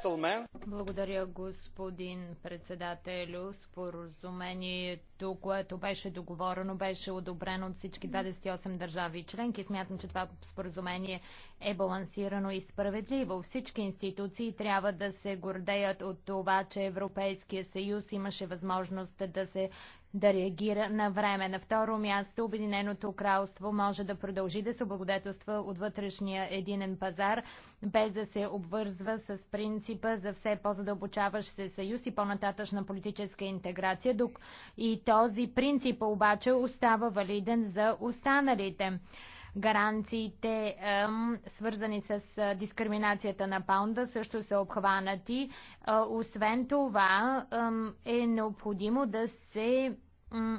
Благодаря, господин председателю. Споразумението, което беше договорено, беше одобрено от всички 28 държави членки. Смятам, че това споразумение е балансирано и справедливо. Всички институции трябва да се гордеят от това, че Европейския съюз имаше възможност да се да реагира на време. На второ място Обединеното кралство може да продължи да се благодетелства от вътрешния единен пазар, без да се обвързва с принципа за все по-задълбочаващ се съюз и по-нататъчна политическа интеграция. Док и този принцип обаче остава валиден за останалите гаранциите, свързани с е, дискриминацията на паунда, също са обхванати. Е, освен това е необходимо да се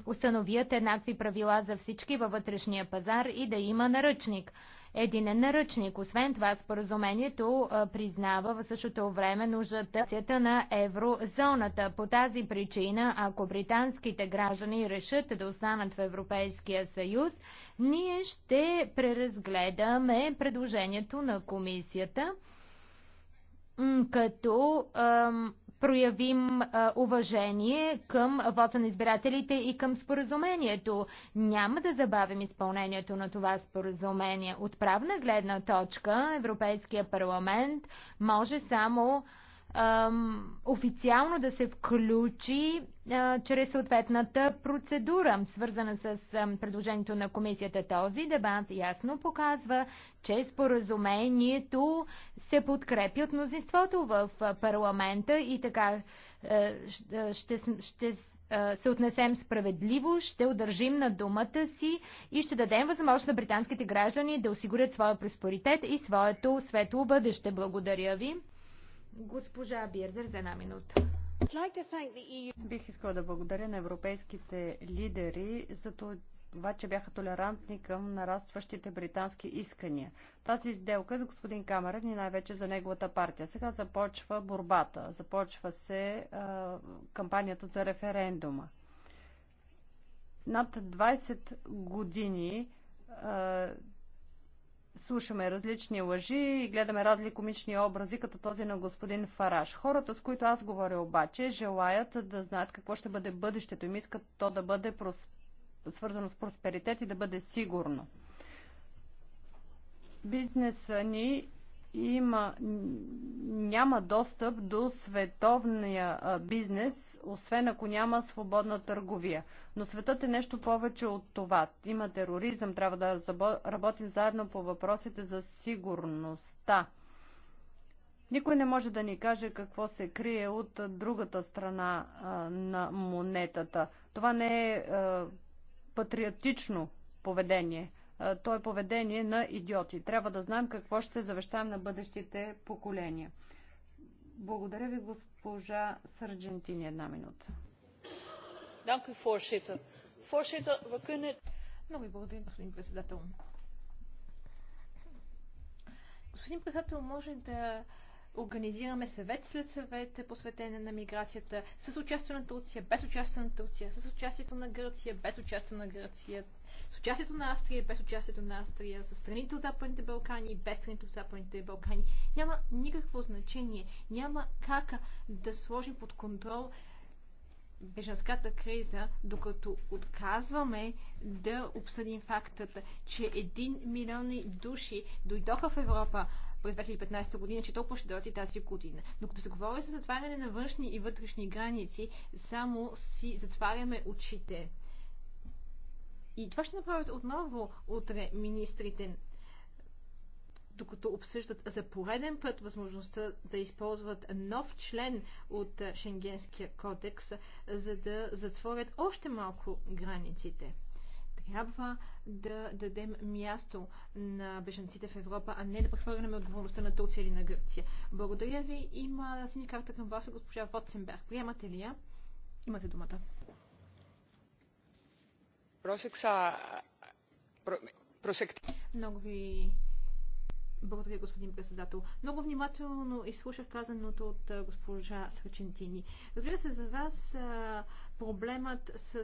установят еднакви правила за всички във вътрешния пазар и да има наръчник. Единен наръчник. Освен това, споразумението признава в същото време нуждата на еврозоната. По тази причина, ако британските граждани решат да останат в Европейския съюз, ние ще преразгледаме предложението на комисията, като проявим а, уважение към вота на избирателите и към споразумението. Няма да забавим изпълнението на това споразумение. От правна гледна точка Европейския парламент може само официално да се включи а, чрез съответната процедура, свързана с предложението на комисията. Този дебат ясно показва, че споразумението се подкрепи от мнозинството в парламента и така а, ще, ще се отнесем справедливо, ще удържим на думата си и ще дадем възможност на британските граждани да осигурят своя проспоритет и своето светло бъдеще. Благодаря ви. Госпожа Бирзер за една минута. E Бих искала да благодаря на европейските лидери за това, че бяха толерантни към нарастващите британски искания. Тази изделка за господин Камерън и най-вече за неговата партия. Сега започва борбата, започва се а, кампанията за референдума. Над 20 години а, слушаме различни лъжи и гледаме разли комични образи, като този на господин Фараш. Хората, с които аз говоря обаче, желаят да знаят какво ще бъде бъдещето им, искат то да бъде прос... свързано с просперитет и да бъде сигурно. Бизнеса ни има, няма достъп до световния бизнес, освен ако няма свободна търговия. Но светът е нещо повече от това. Има тероризъм, трябва да работим заедно по въпросите за сигурността. Никой не може да ни каже какво се крие от другата страна а, на монетата. Това не е а, патриотично поведение то е поведение на идиоти. Трябва да знаем какво ще завещаем на бъдещите поколения. Благодаря ви, госпожа Сърджентини. Една минута. Много ви благодаря, господин председател. Господин председател, може да организираме съвет след съвет, посветен на миграцията, с участие на Турция, без участие на Турция, с участието на Гърция, без участие на Гърция, с участието на Австрия, без участието на Австрия, с страните от Западните Балкани, без страните от Западните Балкани. Няма никакво значение. Няма как да сложим под контрол беженската криза, докато отказваме да обсъдим фактата, че един милион души дойдоха в Европа, през 2015 година, че толкова ще дойдат и тази година. Но като се говори за затваряне на външни и вътрешни граници, само си затваряме очите. И това ще направят отново утре министрите докато обсъждат за пореден път възможността да използват нов член от Шенгенския кодекс, за да затворят още малко границите. Трябва да дадем място на бежанците в Европа, а не да прехвърляме отговорността на Турция или на Гърция. Благодаря ви. Има сини карта към вас, госпожа Воценберг. Приемате ли я? Имате думата. Просекса... Просек... Много ви благодаря, господин председател. Много внимателно изслушах казаното от госпожа Сръчентини. Разбира се, за вас проблемът с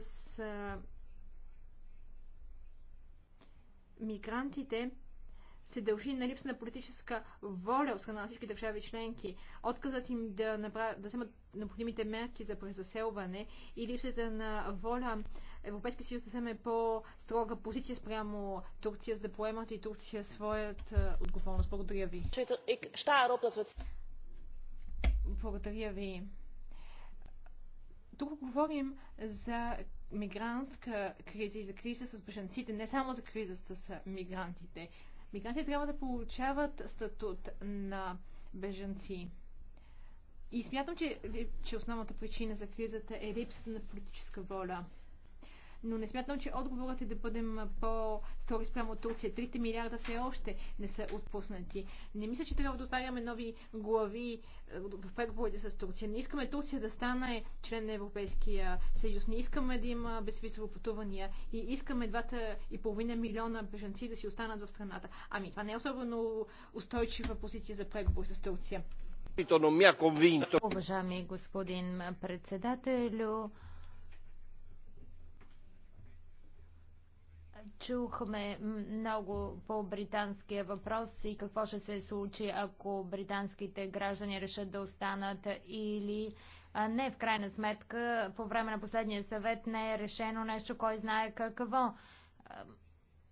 мигрантите се дължи на липса на политическа воля от страна на всички държави членки, отказът им да, направ... да вземат необходимите мерки за презаселване и липсата на воля Европейския съюз да вземе по-строга позиция спрямо Турция, за да поемат и Турция своят отговорност. Благодаря ви. Благодаря ви. Тук говорим за мигрантска криза и за криза с бежанците, не само за криза с мигрантите. Мигрантите трябва да получават статут на бежанци. И смятам, че, че основната причина за кризата е липсата на политическа воля но не смятам, че отговорът е да бъдем по-стори спрямо Турция. Трите милиарда все още не са отпуснати. Не мисля, че трябва да отваряме нови глави е, в преговорите с Турция. Не искаме Турция да стане член на Европейския съюз. Не искаме да има безвизово пътувания и искаме двата и половина милиона бежанци да си останат в страната. Ами, това не е особено устойчива позиция за преговори с Турция. Уважаеми господин председателю, Чухме много по британския въпрос и какво ще се случи, ако британските граждани решат да останат или не. В крайна сметка, по време на последния съвет не е решено нещо, кой знае какво.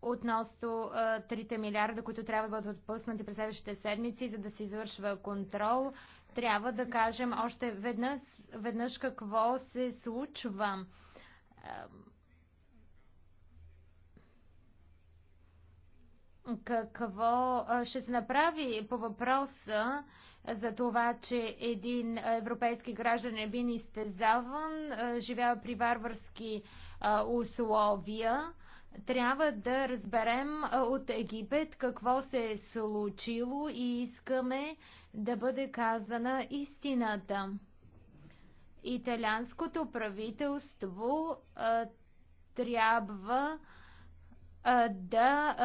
Относно 3 милиарда, които трябва да бъдат отпуснати през следващите седмици, за да се извършва контрол, трябва да кажем още веднъж, веднъж какво се случва какво ще се направи по въпроса за това, че един европейски граждан е бил изтезаван, живява при варварски условия. Трябва да разберем от Египет какво се е случило и искаме да бъде казана истината. Италианското правителство трябва да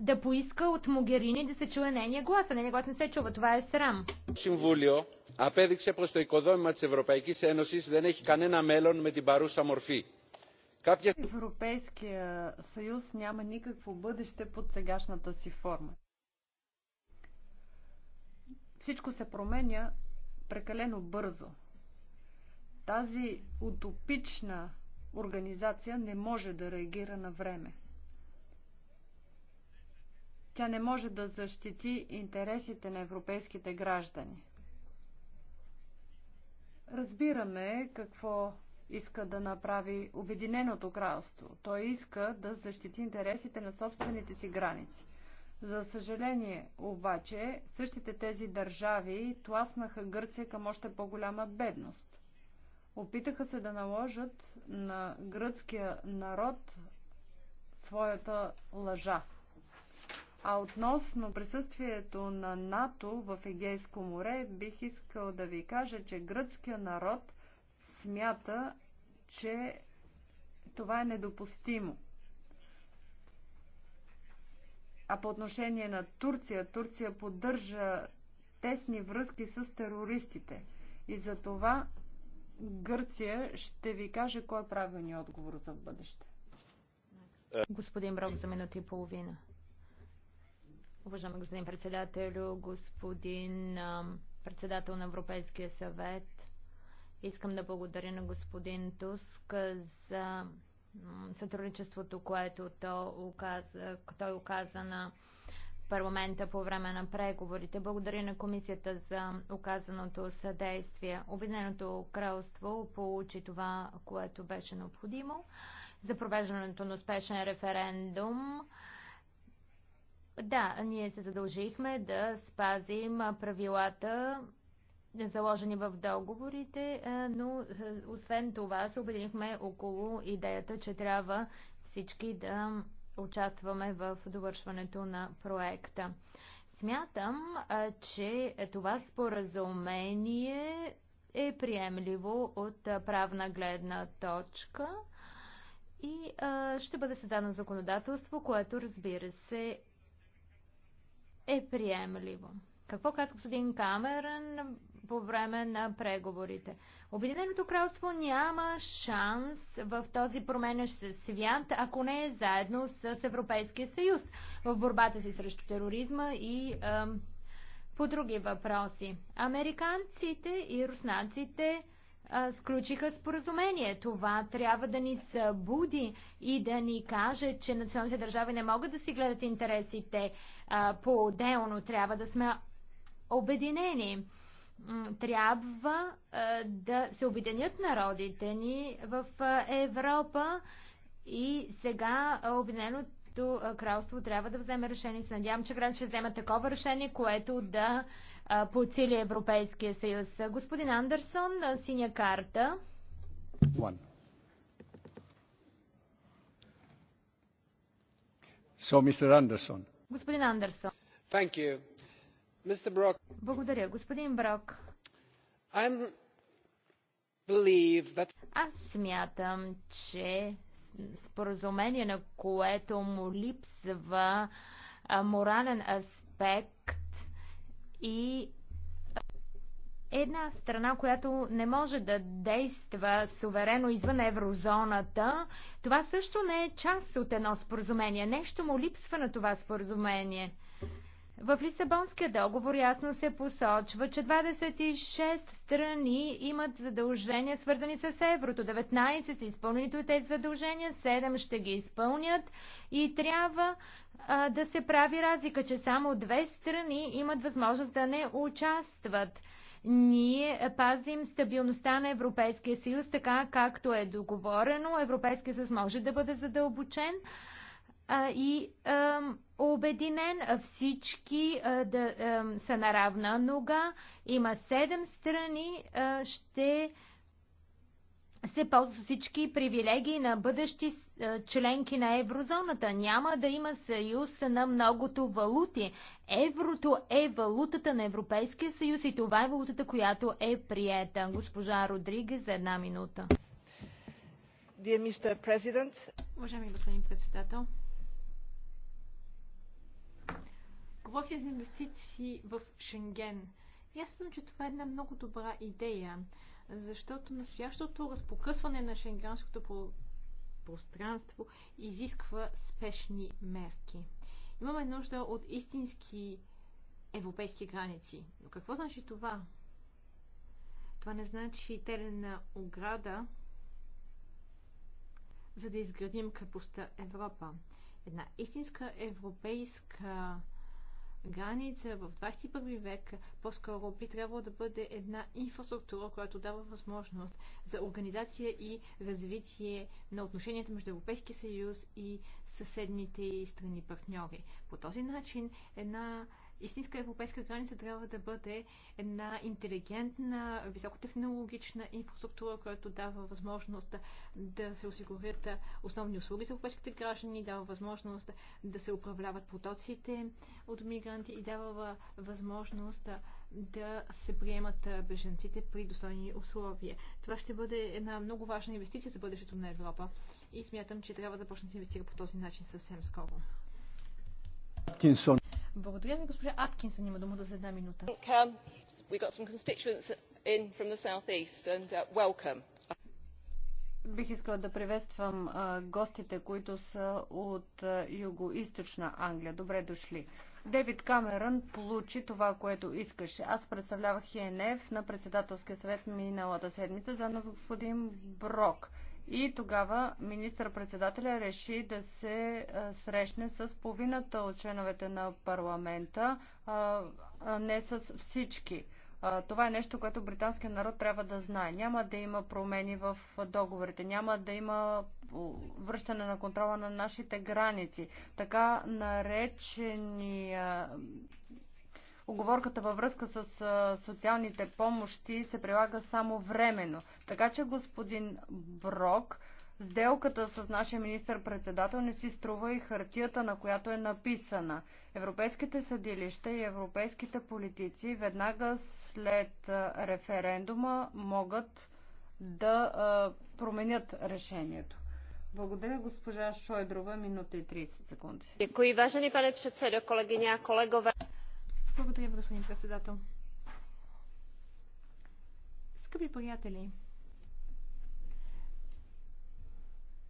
да поиска от Могерини да се чуе нейния глас, а нейния глас не се чува. Това е срам. Συμβούλιο απέδειξε προς το οικοδόμημα της Ευρωπαϊκής Ένωσης δεν έχει κανένα μέλλον με την παρούσα μορφή. Κάποια... Европейския съюз няма никакво бъдеще под сегашната си форма. Всичко се променя прекалено бързо. Тази утопична организация не може да реагира на време. Тя не може да защити интересите на европейските граждани. Разбираме какво иска да направи Обединеното кралство. Той иска да защити интересите на собствените си граници. За съжаление, обаче, същите тези държави тласнаха Гърция към още по-голяма бедност. Опитаха се да наложат на гръцкия народ своята лъжа. А относно присъствието на НАТО в Егейско море, бих искал да ви кажа, че гръцкия народ смята, че това е недопустимо. А по отношение на Турция, Турция поддържа тесни връзки с терористите. И за това Гърция ще ви каже кой е правилният отговор за бъдеще. Господин Брок, за минута и половина. Уважаеми господин председател, господин председател на Европейския съвет, искам да благодаря на господин Туск за сътрудничеството, което оказа, той оказа на парламента по време на преговорите. Благодаря на комисията за оказаното съдействие. Обединеното кралство получи това, което беше необходимо за провеждането на успешен референдум. Да, ние се задължихме да спазим правилата, заложени в договорите, е, но е, освен това се обединихме около идеята, че трябва всички да участваме в довършването на проекта. Смятам, е, че това споразумение е приемливо от правна гледна точка и ще бъде създадено законодателство, което разбира се е приемливо. Какво каза господин Камерън по време на преговорите? Обединеното кралство няма шанс в този променящ се свят, ако не е заедно с Европейския съюз в борбата си срещу тероризма и ам, по други въпроси. Американците и руснаците сключиха споразумение. Това трябва да ни събуди и да ни каже, че националните държави не могат да си гледат интересите по-отделно. Трябва да сме обединени. Трябва да се обединят народите ни в Европа и сега Обединеното Кралство трябва да вземе решение. Се надявам, че Гранд ще взема такова решение, което да по целия Европейския съюз. Господин Андерсон, синя карта. So, Mr. Anderson. Господин Андерсон. Thank you. Mr. Brock. Благодаря, господин Брок. I'm believe that... Аз смятам, че споразумение, на което му липсва морален аспект, и една страна, която не може да действа суверено извън еврозоната, това също не е част от едно споразумение. Нещо му липсва на това споразумение. В Лисабонския договор ясно се посочва, че 26 страни имат задължения свързани с еврото. 19 са изпълнени от тези задължения, 7 ще ги изпълнят и трябва а, да се прави разлика, че само две страни имат възможност да не участват. Ние пазим стабилността на Европейския съюз така, както е договорено. Европейския съюз може да бъде задълбочен и обединен, всички да са на равна нога. Има седем страни, ще се ползва всички привилегии на бъдещи членки на еврозоната. Няма да има съюз на многото валути. Еврото е валутата на Европейския съюз и това е валутата, която е приета. Госпожа Родриге, за една минута. Уважаеми господин председател, Говорите за инвестиции в Шенген. И аз съм, че това е една много добра идея, защото настоящото разпокъсване на шенгенското пространство изисква спешни мерки. Имаме нужда от истински европейски граници. Но какво значи това? Това не значи телена ограда, за да изградим крепостта Европа. Една истинска европейска граница в 21 век по-скоро би трябвало да бъде една инфраструктура, която дава възможност за организация и развитие на отношенията между Европейския съюз и съседните страни партньори. По този начин една истинска европейска граница трябва да бъде една интелигентна, високотехнологична инфраструктура, която дава възможност да се осигурят основни услуги за европейските граждани, дава възможност да се управляват потоците от мигранти и дава възможност да се приемат беженците при достойни условия. Това ще бъде една много важна инвестиция за бъдещето на Европа и смятам, че трябва да почне да се инвестира по този начин съвсем скоро. Аткинсон. Благодаря ви, госпожа Аткинсон. Има дума да за една минута. Uh, Бих искала да приветствам гостите, които са от юго-источна Англия. Добре дошли. Девид Камерън получи това, което искаше. Аз представлявах е ЕНФ на председателския съвет миналата седмица заедно с господин Брок. И тогава министър-председателя реши да се срещне с половината от членовете на парламента, а не с всички. Това е нещо, което британският народ трябва да знае. Няма да има промени в договорите, няма да има връщане на контрола на нашите граници. Така наречения оговорката във връзка с социалните помощи се прилага само временно. Така че, господин Брок, Сделката с нашия министър-председател не си струва и хартията, на която е написана. Европейските съдилища и европейските политици веднага след референдума могат да променят решението. Благодаря, госпожа Шойдрова. Минута и 30 секунди. Děkuji, vážený pane předsedo, kolegyně a kolegové. Благодаря, господин председател. Скъпи приятели,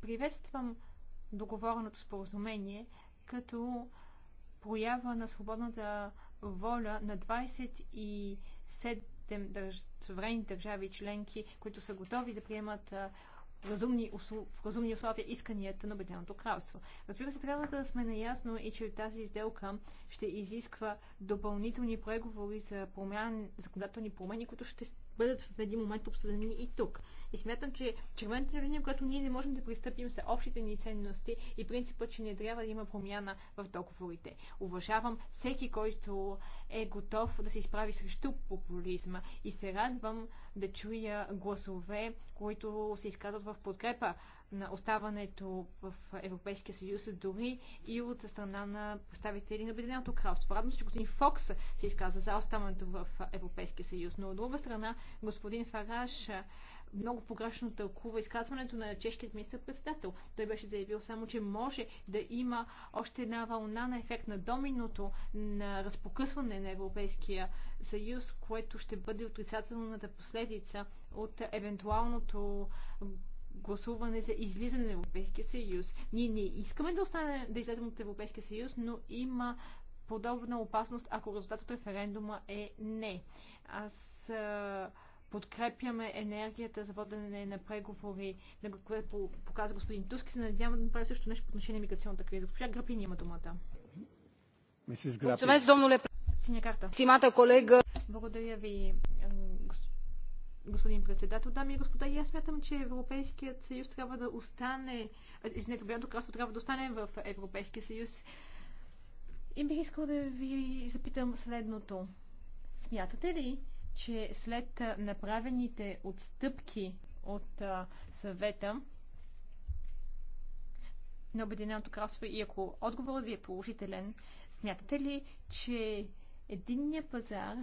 приветствам договореното споразумение като проява на свободната воля на 27 държ... суверени държави членки, които са готови да приемат разумни, услов... в разумни условия исканията на Обединеното кралство. Разбира се, трябва да сме наясно и че тази сделка ще изисква допълнителни преговори за промяни, законодателни промени, които ще бъдат в един момент обсъдени и тук. И смятам, че червената линия, която ние не можем да пристъпим са общите ни ценности и принципа, че не трябва да има промяна в договорите. Уважавам всеки, който е готов да се изправи срещу популизма и се радвам да чуя гласове, които се изказват в подкрепа на оставането в Европейския съюз, дори и от страна на представители на Обединеното кралство. Радно, че господин Фокс се изказа за оставането в Европейския съюз, но от друга страна господин Фараш много погрешно тълкува изказването на чешкият министр-председател. Той беше заявил само, че може да има още една вълна на ефект на доминото на разпокъсване на Европейския съюз, което ще бъде отрицателната последица от евентуалното гласуване за излизане на Европейския съюз. Ние не искаме да, остане, да излезем от Европейския съюз, но има подобна опасност, ако резултат от референдума е не. Аз а, подкрепяме енергията за водене на преговори, на което показа господин Туски. Се надявам да направи също нещо по отношение на миграционната криза. Госпожа Грапини има думата. Мисис Грапини. Синя карта. Стимата колега. Благодаря ви, господин председател. Дами и господа, и аз смятам, че Европейският съюз трябва да остане, извинете, Обединеното кралство трябва да остане в Европейския съюз. И бих искала да ви запитам следното. Смятате ли, че след направените отстъпки от а, съвета на Обединеното кралство и ако отговорът ви е положителен, смятате ли, че единния пазар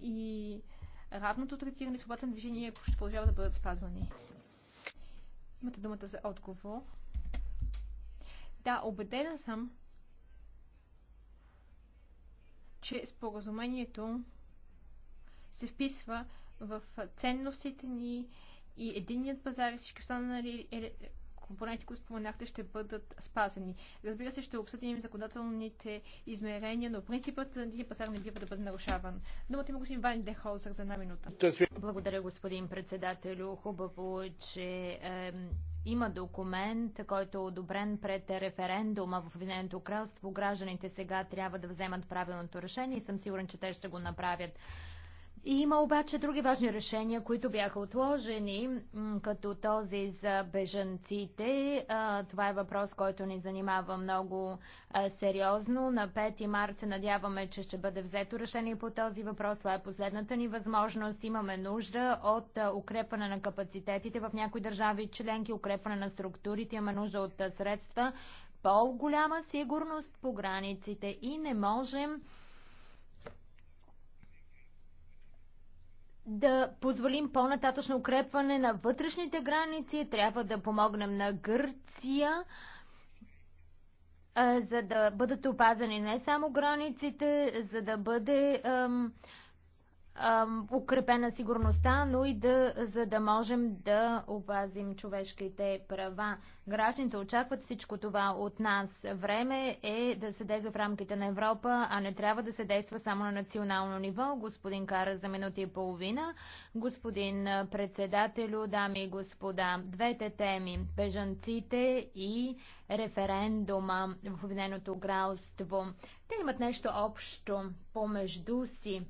и равното третиране и свободата на движение ще продължават да бъдат спазвани. Имате думата за отговор. Да, убедена съм, че споразумението се вписва в ценностите ни и единният пазар и всички останали компоненти, които споменахте, ще бъдат спазени. Разбира се, ще обсъдим законодателните измерения, но принципът на един пазар не бива да бъде нарушаван. Думата има господин Вани Дехолзър за една минута. Благодаря, господин председателю. Хубаво, е, че е, има документ, който е одобрен пред референдума в Обединеното кралство. Гражданите сега трябва да вземат правилното решение и съм сигурен, че те ще го направят. И Има обаче други важни решения, които бяха отложени, като този за бежанците. Това е въпрос, който ни занимава много сериозно. На 5 март се надяваме, че ще бъде взето решение по този въпрос. Това е последната ни възможност. Имаме нужда от укрепване на капацитетите в някои държави членки, укрепване на структурите, имаме нужда от средства, по-голяма сигурност по границите и не можем да позволим по-нататъчно укрепване на вътрешните граници, трябва да помогнем на Гърция, за да бъдат опазани не само границите, за да бъде укрепена сигурността, но и да, за да можем да опазим човешките права. Гражданите очакват всичко това от нас. Време е да се действа в рамките на Европа, а не трябва да се действа само на национално ниво. Господин Кара за минута и половина. Господин председателю, дами и господа, двете теми – бежанците и референдума в Обединеното гралство. Те имат нещо общо помежду си.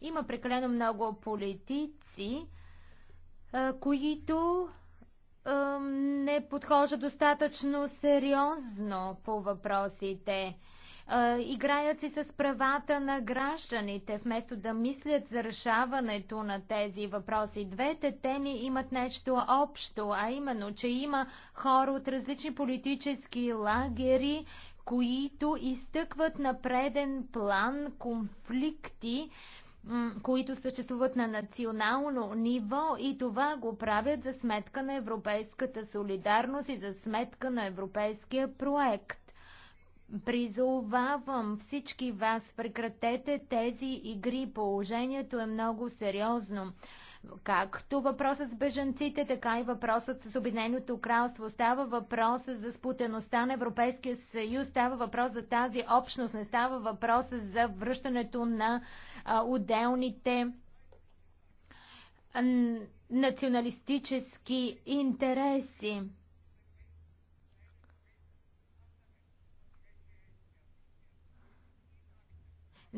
Има прекалено много политици, които не подхожат достатъчно сериозно по въпросите. Играят си с правата на гражданите, вместо да мислят за решаването на тези въпроси. Двете теми имат нещо общо, а именно, че има хора от различни политически лагери, които изтъкват на преден план конфликти, които съществуват на национално ниво и това го правят за сметка на европейската солидарност и за сметка на европейския проект. Призовавам всички вас, прекратете тези игри. Положението е много сериозно. Както въпросът с бежанците, така и въпросът с Обединеното кралство. Става въпрос за спутеността на Европейския съюз, става въпрос за тази общност, не става въпрос за връщането на а, отделните националистически интереси.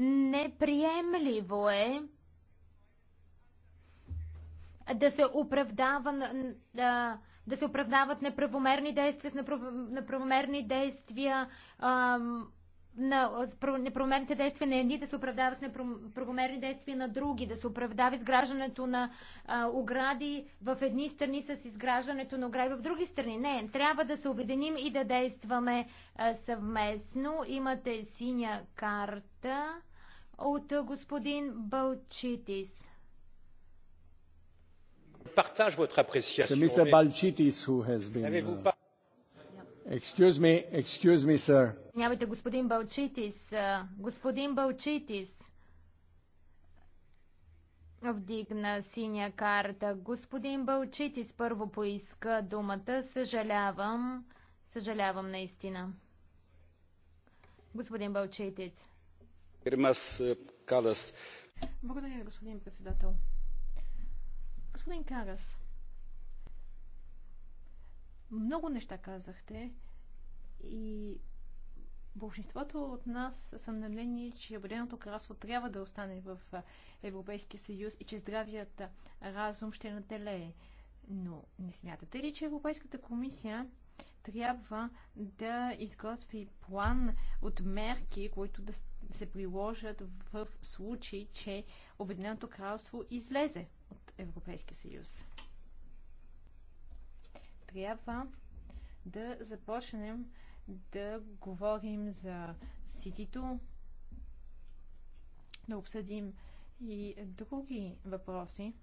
Неприемливо е да се оправдава да, да се оправдават неправомерни действия с неправомерни действия на неправомерните действия на едни да се оправдава с неправомерни действия на други, да се оправдава изграждането на а, огради в едни страни с изграждането на огради в други страни. Не, трябва да се обединим и да действаме а, съвместно. Имате синя карта от господин Бълчитис partage votre appréciation. Uh, excuse me, excuse me, sir. господин Балчитис. Господин Балчитис вдигна синя карта. Господин Балчитис първо поиска думата. Съжалявам. Съжалявам наистина. Господин Балчитис. Благодаря, господин председател. Господин Карас, много неща казахте и Большинството от нас са на мнение, че Обеденото кралство трябва да остане в Европейския съюз и че здравият разум ще наделее. Но не смятате ли, че Европейската комисия трябва да изготви план от мерки, които да се приложат в случай, че Обединеното кралство излезе от Европейския съюз. Трябва да започнем да говорим за ситито, да обсъдим и други въпроси,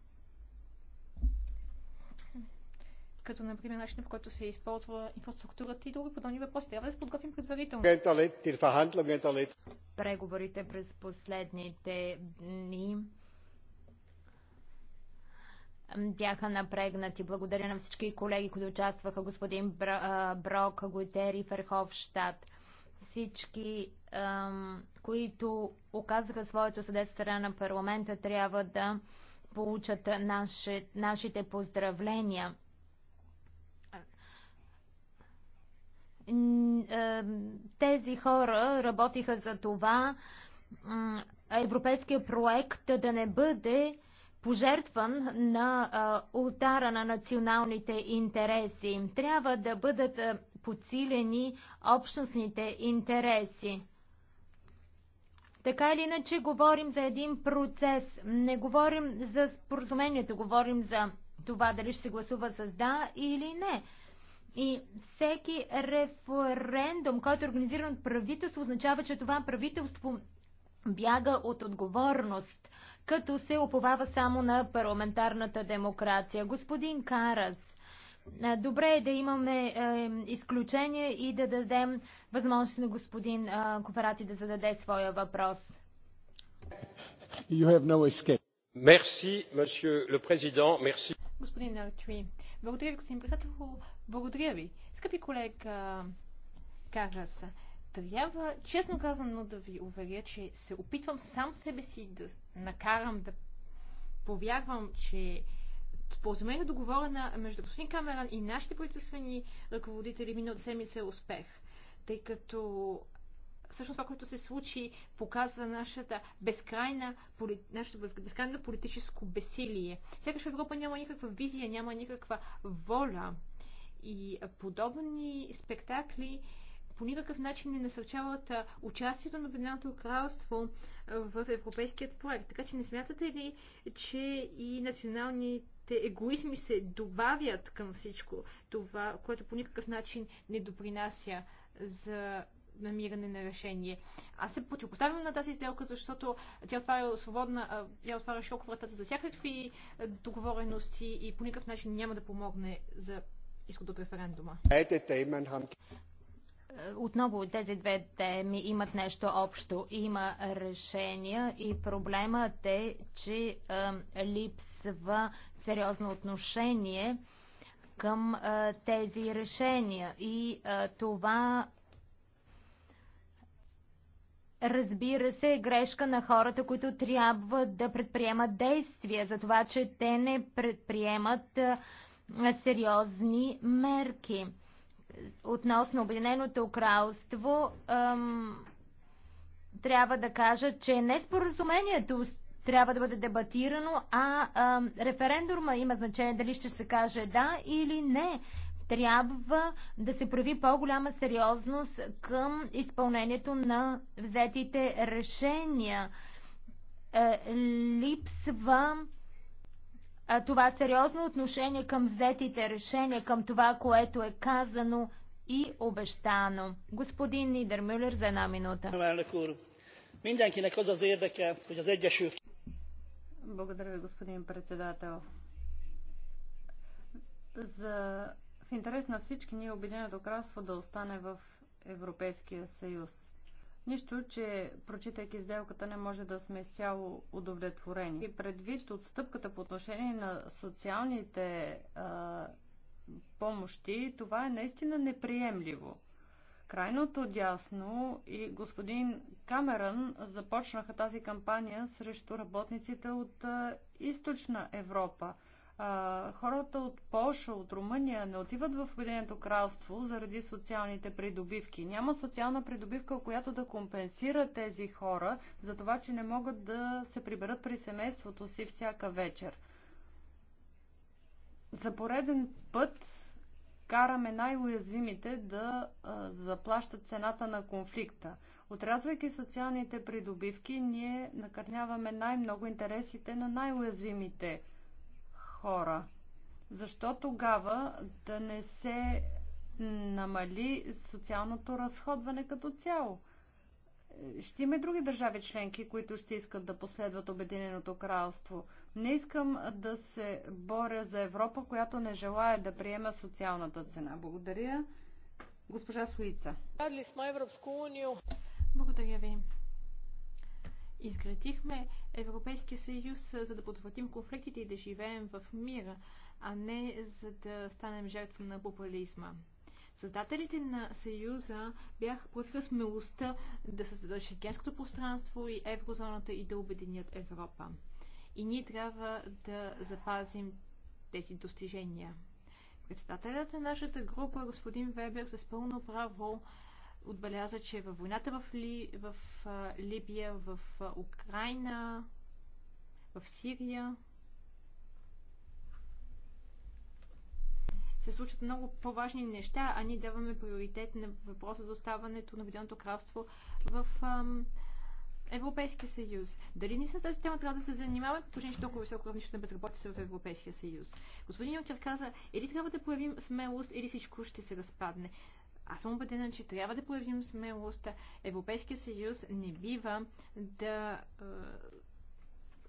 като например начинът по който се използва инфраструктурата и други подобни въпроси. Трябва да се подготвим предварително. Преговорите през последните дни бяха напрегнати. Благодаря на всички колеги, които участваха, господин Брок, Гуйтери, Ферховщад, всички, които оказаха своето съдействие страна на парламента, трябва да получат нашите поздравления. Тези хора работиха за това европейския проект да не бъде пожертван на ултара на националните интереси. Трябва да бъдат подсилени общностните интереси. Така или иначе говорим за един процес. Не говорим за споразумението, говорим за това дали ще се гласува с да или не. И всеки референдум, който е организиран от правителство, означава, че това правителство бяга от отговорност като се оповава само на парламентарната демокрация. Господин Карас, е, добре е да имаме е, изключение и да дадем възможност на господин е, Кооперати да зададе своя въпрос. You have no escape. Merci, monsieur le président. Merci. Господин Артюи, благодаря ви, господин председател. Благодаря ви. Скъпи колега Карас, трябва, честно казано, да ви уверя, че се опитвам сам себе си да накарам да повярвам, че споразумение е договорена между господин Камеран и нашите правителствени ръководители миналата седмица е успех. Тъй като всъщност това, което се случи, показва нашата безкрайна, поли, нашето безкрайно политическо бесилие. Сякаш в Европа няма никаква визия, няма никаква воля. И подобни спектакли по никакъв начин не насърчават участието на Обединеното кралство в европейският проект. Така че не смятате ли, че и националните егоизми се добавят към всичко това, което по никакъв начин не допринася за намиране на решение. Аз се противопоставям на тази сделка, защото тя отваря свободна, тя отваря широко вратата за всякакви договорености и по никакъв начин няма да помогне за изход от референдума отново тези две теми имат нещо общо. Има решения и проблемът е, че е, липсва сериозно отношение към е, тези решения. И е, това разбира се, е грешка на хората, които трябва да предприемат действия за това, че те не предприемат сериозни мерки относно Обединеното кралство, ам, трябва да кажа, че не споразумението трябва да бъде дебатирано, а ам, референдума има значение дали ще се каже да или не. Трябва да се прави по-голяма сериозност към изпълнението на взетите решения. Е, липсва а, това сериозно отношение към взетите решения, към това, което е казано и обещано. Господин Нидермюлер за една минута. Благодаря ви, господин председател. За... В интерес на всички ние Обединеното кралство да остане в Европейския съюз. Нищо, че прочитайки сделката не може да сме изцяло удовлетворени. И предвид отстъпката по отношение на социалните а, помощи, това е наистина неприемливо. Крайното дясно и господин Камерън започнаха тази кампания срещу работниците от а, източна Европа – а, хората от Польша, от Румъния не отиват в Обединеното кралство заради социалните придобивки. Няма социална придобивка, която да компенсира тези хора за това, че не могат да се приберат при семейството си всяка вечер. За пореден път караме най-уязвимите да а, заплащат цената на конфликта. Отрязвайки социалните придобивки, ние накърняваме най-много интересите на най-уязвимите хора. Защо тогава да не се намали социалното разходване като цяло? ще има и други държави членки, които ще искат да последват Обединеното кралство. Не искам да се боря за Европа, която не желая да приема социалната цена. Благодаря. Госпожа Суица. Благодаря ви изградихме Европейския съюз, за да предотвратим конфликтите и да живеем в мира, а не за да станем жертва на популизма. Създателите на Съюза бяха проявиха смелостта да създадат шенгенското пространство и еврозоната и да обединят Европа. И ние трябва да запазим тези достижения. Председателят на нашата група, господин Вебер, с пълно право отбеляза, че във войната в, Ли, в Либия, в Украина, в Сирия се случват много по-важни неща, а ние даваме приоритет на въпроса за оставането на Обединеното кралство в ам, Европейския съюз. Дали ни с тази тема трябва да се занимаваме, по положение, че толкова високо равнище на безработица в Европейския съюз? Господин Йокер каза, или трябва да проявим смелост, или всичко ще се разпадне. Аз съм убедена, че трябва да проявим смелост. Европейския съюз не бива да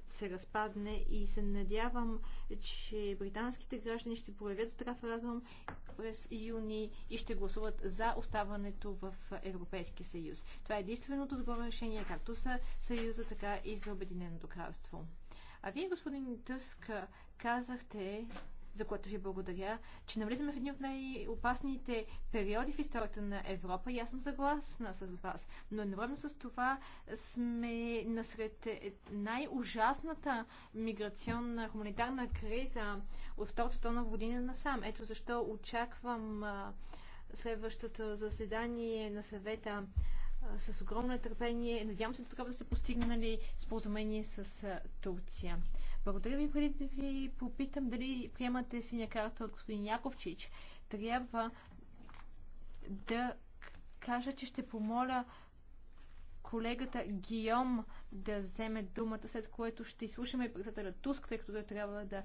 се разпадне и се надявам, че британските граждани ще проявят здрав разум през юни и ще гласуват за оставането в Европейския съюз. Това е единственото добро решение както за съюза, така и за Обединеното кралство. А вие, господин Тъск, казахте, за което ви благодаря, че навлизаме в един от най-опасните периоди в историята на Европа и аз съм съгласна с вас. Но едновременно с това сме насред най-ужасната миграционна хуманитарна криза от Втората стона година насам. Ето защо очаквам следващото заседание на съвета с огромно търпение. Надявам се до тогава да са постигнали споразумение с Турция. Благодаря ви, преди да ви попитам дали приемате синя карта от господин Яковчич. Трябва да кажа, че ще помоля колегата Гиом да вземе думата, след което ще изслушаме и председателя Туск, тъй като той трябва да,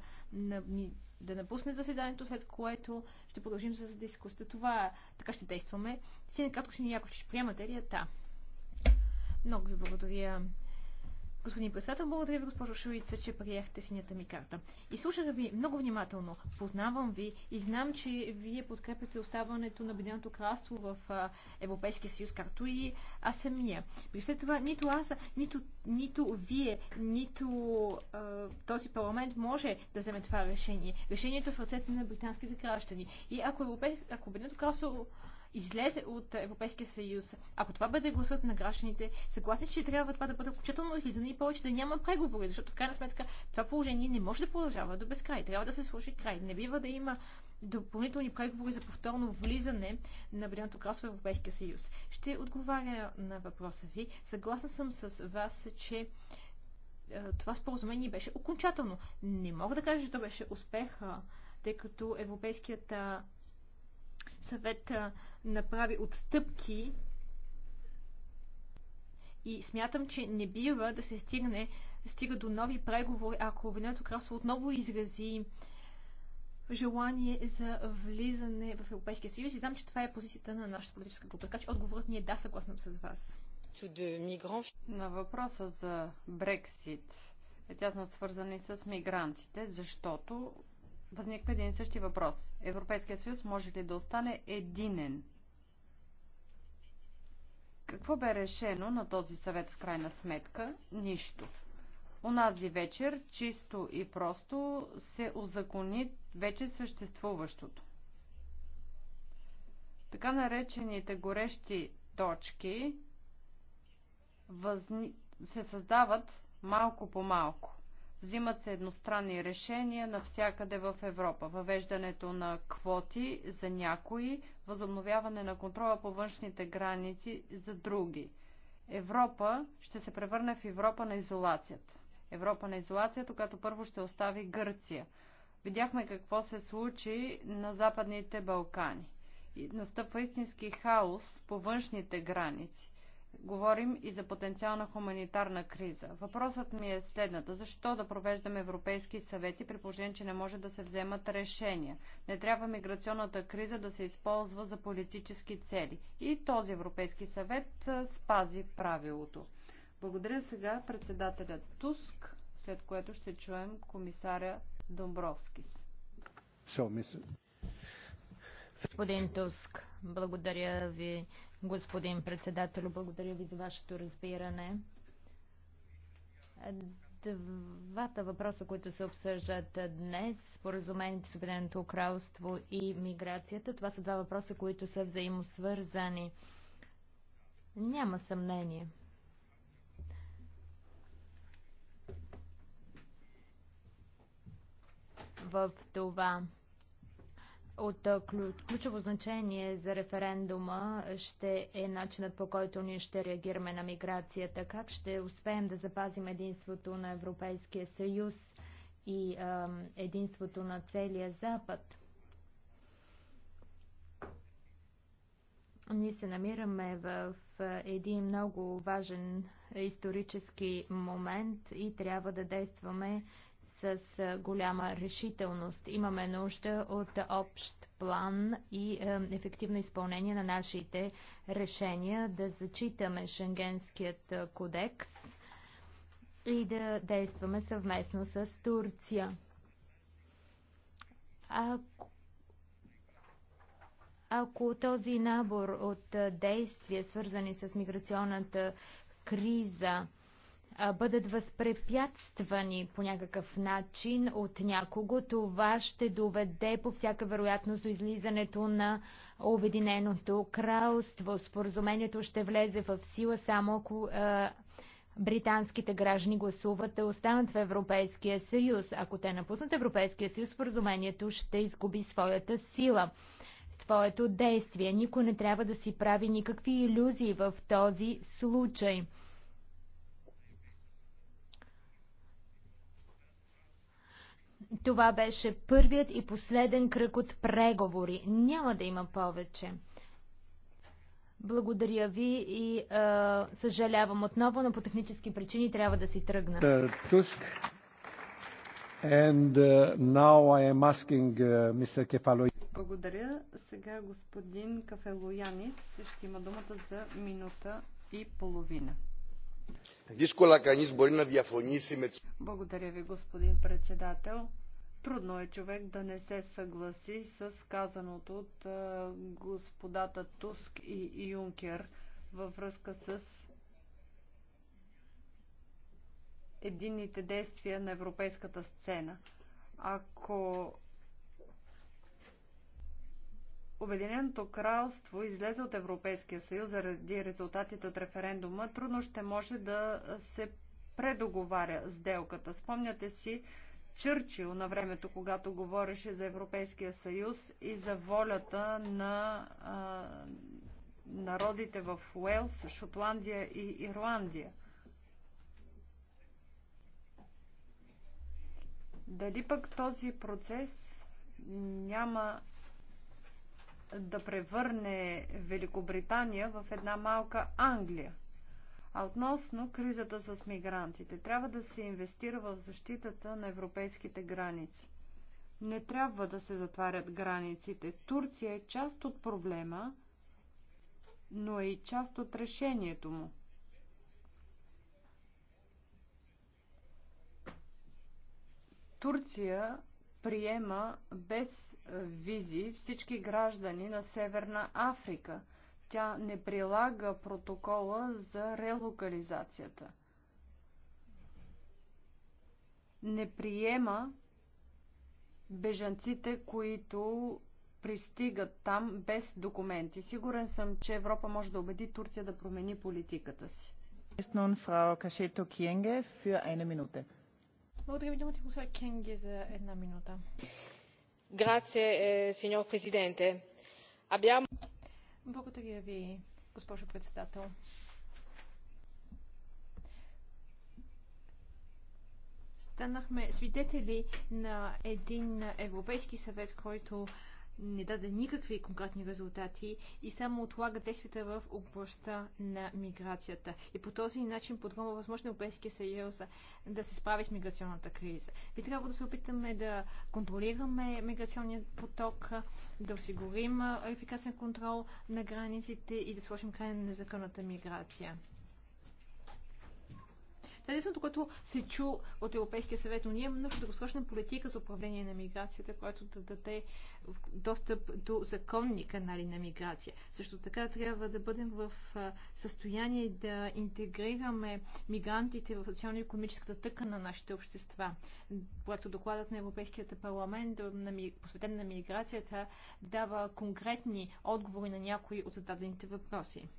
да напусне заседанието, след което ще продължим с дискусията. Това е. така ще действаме. Синя карта, господин Яковчич, приемате ли я? Да. Много ви благодаря, Господин председател, благодаря ви, госпожо Шуица, че приехте синята ми карта. И слушах ви много внимателно. Познавам ви и знам, че вие подкрепяте оставането на Обединеното кралство в Европейския съюз, както и аз самия. При след това нито аз, нито, нито вие, нито а, този парламент може да вземе това решение. Решението е в ръцете на британските граждани. И ако, Европейс... ако Обединеното кралство излезе от Европейския съюз, ако това бъде гласът на гражданите, съгласни, че трябва това да бъде окончателно излизане и повече да няма преговори, защото в крайна сметка това положение не може да продължава до безкрай. Трябва да се сложи край. Не бива да има допълнителни преговори за повторно влизане на Обединеното кралство в Европейския съюз. Ще отговаря на въпроса ви. Съгласна съм с вас, че е, това споразумение беше окончателно. Не мога да кажа, че то беше успех, тъй като Европейският е, съвет направи отстъпки и смятам, че не бива да се стигне, стига до нови преговори, ако Обединеното кралство отново изрази желание за влизане в Европейския съюз. И знам, че това е позицията на нашата политическа група. Така че отговорът ни е да, съгласна с вас. На въпроса за Брексит е тясно свързан и с мигрантите, защото възниква един и същи въпрос. Европейския съюз може ли да остане единен? Какво бе решено на този съвет в крайна сметка? Нищо. Унази вечер чисто и просто се озакони вече съществуващото. Така наречените горещи точки възни... се създават малко по малко. Взимат се едностранни решения навсякъде в Европа. Въвеждането на квоти за някои, възобновяване на контрола по външните граници за други. Европа ще се превърне в Европа на изолацията. Европа на изолацията, като първо ще остави Гърция. Видяхме какво се случи на Западните Балкани. И настъпва истински хаос по външните граници. Говорим и за потенциална хуманитарна криза. Въпросът ми е следната. Защо да провеждаме европейски съвети при положение, че не може да се вземат решения? Не трябва миграционната криза да се използва за политически цели. И този Европейски съвет спази правилото. Благодаря сега председателя Туск, след което ще чуем комисаря Домбровскис. Господин Туск, благодаря ви господин председател. Благодаря ви за вашето разбиране. Двата въпроса, които се обсъждат днес, споразумението с Обединеното кралство и миграцията, това са два въпроса, които са взаимосвързани. Няма съмнение. В това. От ключово значение за референдума ще е начинът по който ние ще реагираме на миграцията. Как ще успеем да запазим единството на Европейския съюз и единството на целия Запад? Ние се намираме в един много важен исторически момент и трябва да действаме с голяма решителност. Имаме нужда от общ план и ефективно изпълнение на нашите решения, да зачитаме Шенгенският кодекс и да действаме съвместно с Турция. Ако ако този набор от действия, свързани с миграционната криза, бъдат възпрепятствани по някакъв начин от някого, това ще доведе по всяка вероятност до излизането на Обединеното кралство. Споразумението ще влезе в сила само ако а, британските граждани гласуват да останат в Европейския съюз. Ако те напуснат Европейския съюз, споразумението ще изгуби своята сила своето действие. Никой не трябва да си прави никакви иллюзии в този случай. Това беше първият и последен кръг от преговори. Няма да има повече. Благодаря ви и а, съжалявам отново, но по технически причини трябва да си тръгна. Е, Туск. And uh, now I am asking uh, Mr. Благодаря. Сега господин Кафелоянис ще има думата за минута и половина. Благодаря ви, господин председател. Трудно е човек да не се съгласи с казаното от господата Туск и Юнкер във връзка с единните действия на европейската сцена. Ако Обединеното кралство излезе от Европейския съюз заради резултатите от референдума, трудно ще може да се предоговаря сделката. Спомняте си Чърчил на времето, когато говореше за Европейския съюз и за волята на а, народите в Уелс, Шотландия и Ирландия. Дали пък този процес няма да превърне Великобритания в една малка Англия? А относно кризата с мигрантите, трябва да се инвестира в защитата на европейските граници. Не трябва да се затварят границите. Турция е част от проблема, но е и част от решението му. Турция приема без визи всички граждани на Северна Африка – тя не прилага протокола за релокализацията. Не приема бежанците, които пристигат там без документи. Сигурен съм, че Европа може да убеди Турция да промени политиката си. Благодаря ви, думата госпожа Кенге, за една минута. Грация, сеньор президенте. Благодаря ви, госпожо председател. станахме свидетели на един Европейски съвет, който не даде никакви конкретни резултати и само отлага действията в областта на миграцията. И по този начин подгонва възможно Европейския съюз да се справи с миграционната криза. Би трябва да се опитаме да контролираме миграционния поток, да осигурим ефикасен контрол на границите и да сложим край на незаконната миграция. Това е единственото, което се чу от Европейския съвет, но ние имаме нужда дългосрочна политика за управление на миграцията, която да даде достъп до законни канали на миграция. Също така трябва да бъдем в състояние да интегрираме мигрантите в социално-економическата тъка на нашите общества. Проекто докладът на Европейския парламент, посветен на миграцията, дава конкретни отговори на някои от зададените въпроси.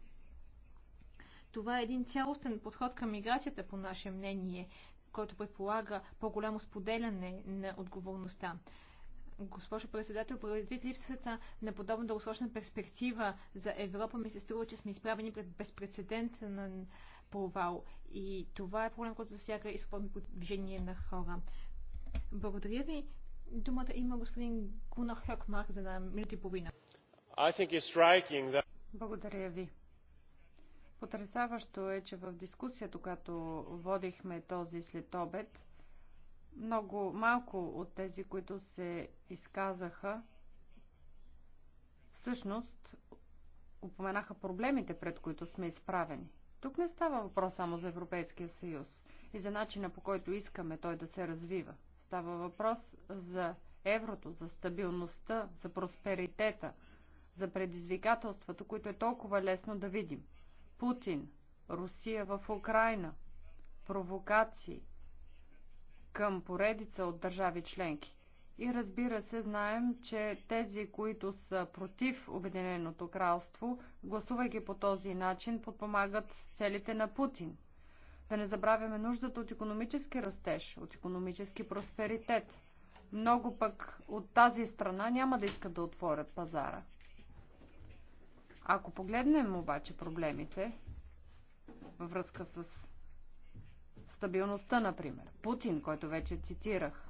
Това е един цялостен подход към миграцията, по наше мнение, който предполага по-голямо споделяне на отговорността. Госпожо председател, предвид липсата на подобна дългосрочна перспектива за Европа, ми се струва, че сме изправени пред безпредседентен провал. И това е проблем, който засяга и свободното движение на хора. Благодаря ви. Думата има господин Гунар Хъкмар за една минута и половина. That... Благодаря ви. Потрясаващо е, че в дискусията, която водихме този след обед, много малко от тези, които се изказаха, всъщност упоменаха проблемите, пред които сме изправени. Тук не става въпрос само за Европейския съюз и за начина по който искаме той да се развива. Става въпрос за еврото, за стабилността, за просперитета, за предизвикателствата, които е толкова лесно да видим – Путин, Русия в Украина, провокации към поредица от държави членки. И разбира се, знаем, че тези, които са против Обединеното кралство, гласувайки по този начин, подпомагат целите на Путин. Да не забравяме нуждата от економически растеж, от економически просперитет. Много пък от тази страна няма да искат да отворят пазара. Ако погледнем обаче проблемите във връзка с стабилността, например, Путин, който вече цитирах,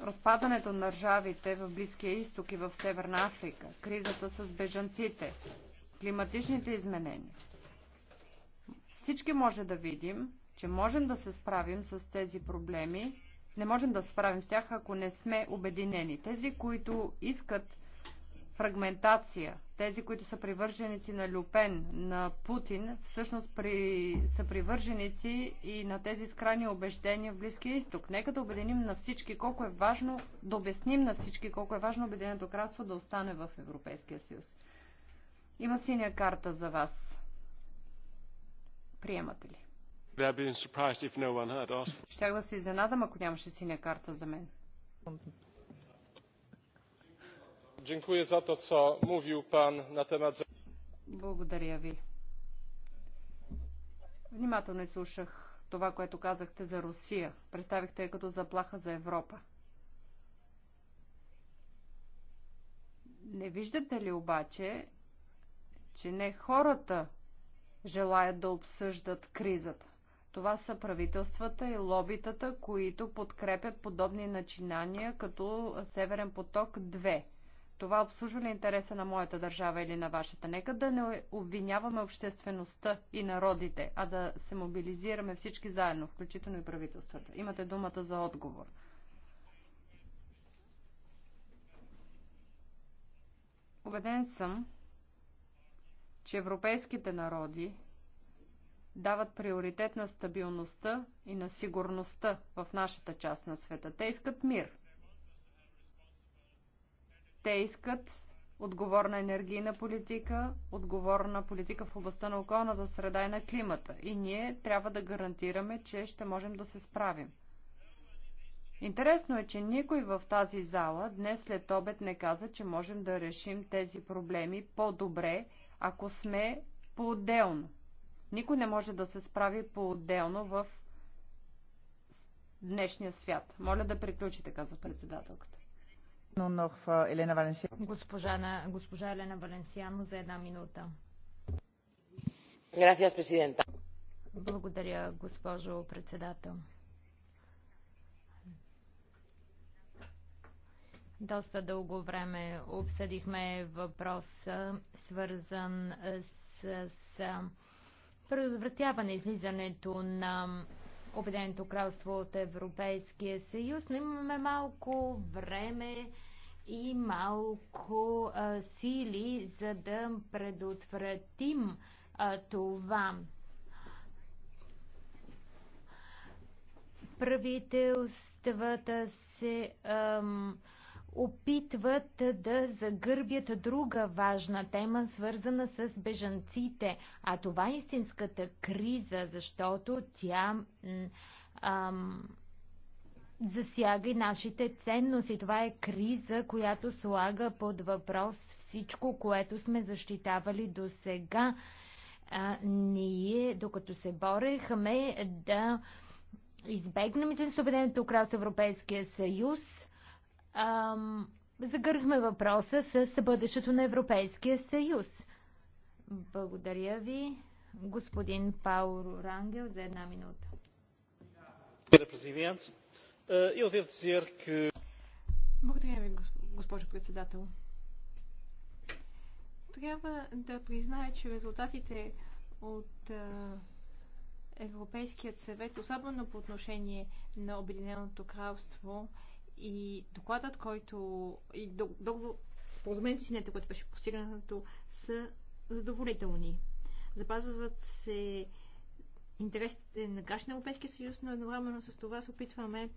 разпадането на държавите в Близкия изток и в Северна Африка, кризата с бежанците, климатичните изменения. Всички може да видим, че можем да се справим с тези проблеми, не можем да се справим с тях, ако не сме обединени. Тези, които искат фрагментация. Тези, които са привърженици на Люпен, на Путин, всъщност при... са привърженици и на тези скрайни убеждения в Близкия изток. Нека да обединим на всички колко е важно, да обясним на всички колко е важно Обединеното кралство да остане в Европейския съюз. Има синя карта за вас. Приемате ли? Щях да се изненадам, ако нямаше синя карта за мен. Dziękuję za to, co mówił pan na temat... Благодаря ви. Внимателно изслушах това, което казахте за Русия. Представихте я като заплаха за Европа. Не виждате ли обаче, че не хората желаят да обсъждат кризата? Това са правителствата и лобитата, които подкрепят подобни начинания като Северен поток 2. Това обслужва ли интереса на моята държава или на вашата? Нека да не обвиняваме обществеността и народите, а да се мобилизираме всички заедно, включително и правителствата. Имате думата за отговор. Убеден съм, че европейските народи дават приоритет на стабилността и на сигурността в нашата част на света. Те искат мир. Те искат отговорна енергийна политика, отговорна политика в областта на околната среда и на климата. И ние трябва да гарантираме, че ще можем да се справим. Интересно е, че никой в тази зала днес след обед не каза, че можем да решим тези проблеми по-добре, ако сме по-отделно. Никой не може да се справи по-отделно в днешния свят. Моля да приключите, каза председателката. Госпожа, Елена Валенсиано за една минута. Благодаря, госпожо председател. Доста дълго време обсъдихме въпрос, свързан с предотвратяване излизането на Обединеното кралство от Европейския съюз, но имаме малко време и малко а, сили, за да предотвратим а, това. Правителствата се А, опитват да загърбят друга важна тема, свързана с бежанците. А това е истинската криза, защото тя ам, засяга и нашите ценности. Това е криза, която слага под въпрос всичко, което сме защитавали до сега. Ние, докато се борехме да избегнем Съединеното крас Европейския съюз, ам, загърхме въпроса с бъдещето на Европейския съюз. Благодаря ви, господин Пауро Рангел, за една минута. Благодаря ви, госпожо председател. Трябва да призная, че резултатите от Европейският съвет, особено по отношение на Обединеното кралство, и докладът, който и договор, споразумението си, нето, което беше постигнато, са задоволителни. Запазват се интересите на гражданите на Европейския съюз, но едновременно с това се опитваме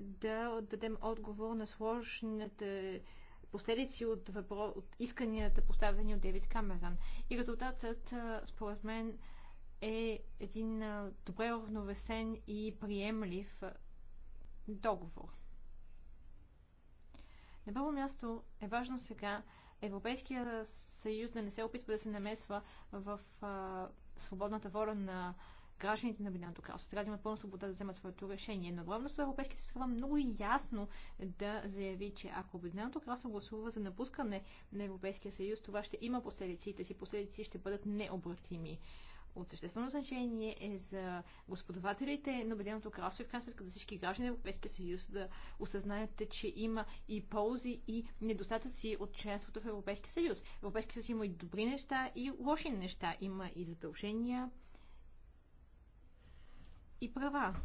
да дадем отговор на сложните последици от, въпро... от исканията, поставени от Девид Камеран. И резултатът, според мен, е един добре равновесен и приемлив договор. На първо място е важно сега Европейския съюз да не се опитва да се намесва в а, свободната воля на гражданите на Обединеното кралство. Трябва да имат пълна свобода да вземат своето решение. Но главно с Европейския съюз трябва много ясно да заяви, че ако Обединеното кралство гласува за напускане на Европейския съюз, това ще има последици и тези последици ще бъдат необратими от съществено значение е за господавателите на Обединеното кралство и в крайна сметка за всички граждани на Европейския съюз да осъзнаете, че има и ползи и недостатъци от членството в Европейския съюз. Европейския съюз има и добри неща и лоши неща, има и задължения и права.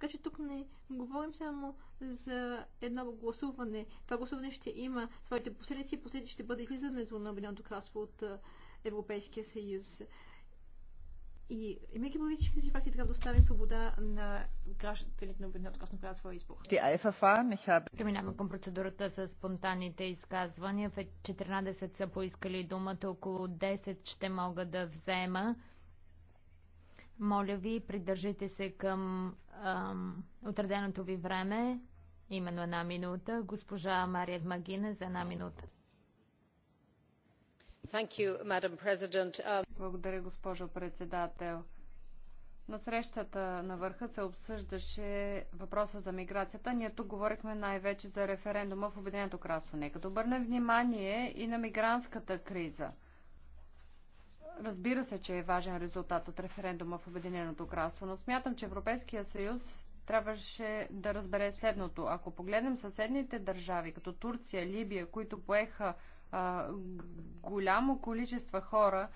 Така че тук не говорим само за едно гласуване. Това гласуване ще има своите последици и последици ще бъде излизането на Обединеното кралство от Европейския съюз. И имайки предвид всички тези факти, трябва да оставим свобода на гражданите на Обединеното кралство да правят своя избор. Преминаваме към процедурата за спонтанните изказвания. В 14 са поискали думата, около 10 ще мога да взема. Моля ви, придържайте се към ам, отреденото ви време, именно една минута. Госпожа Мария Магина за една минута. You, uh, Благодаря, госпожо председател. На срещата на върха се обсъждаше въпроса за миграцията. Ние тук говорихме най-вече за референдума в Обединеното кралство. Нека да обърнем внимание и на мигрантската криза – Разбира се, че е важен резултат от референдума в Обединеното кралство, но смятам, че Европейския съюз трябваше да разбере следното. Ако погледнем съседните държави, като Турция, Либия, които поеха а, голямо количество хора,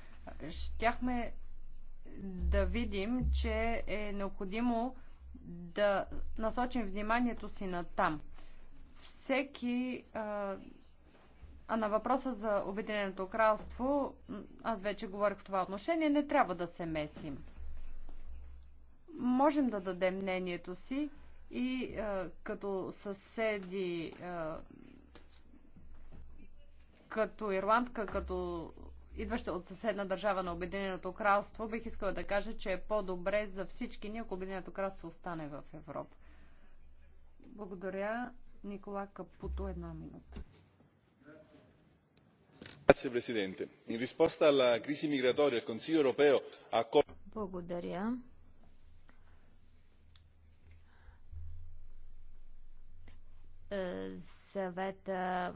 щяхме да видим, че е необходимо да насочим вниманието си на там. Всеки а, а на въпроса за Обединеното кралство, аз вече говорих в това отношение, не трябва да се месим. Можем да дадем мнението си и е, като съседи, е, като ирландка, като идваща от съседна държава на Обединеното кралство, бих искала да кажа, че е по-добре за всички ние, ако Обединеното кралство остане в Европа. Благодаря. Никола Капуто, една минута signor presidente onorevoli colleghi in risposta alla crisi migratoria il consiglio europeo ha accolto. Благодаря. Съвета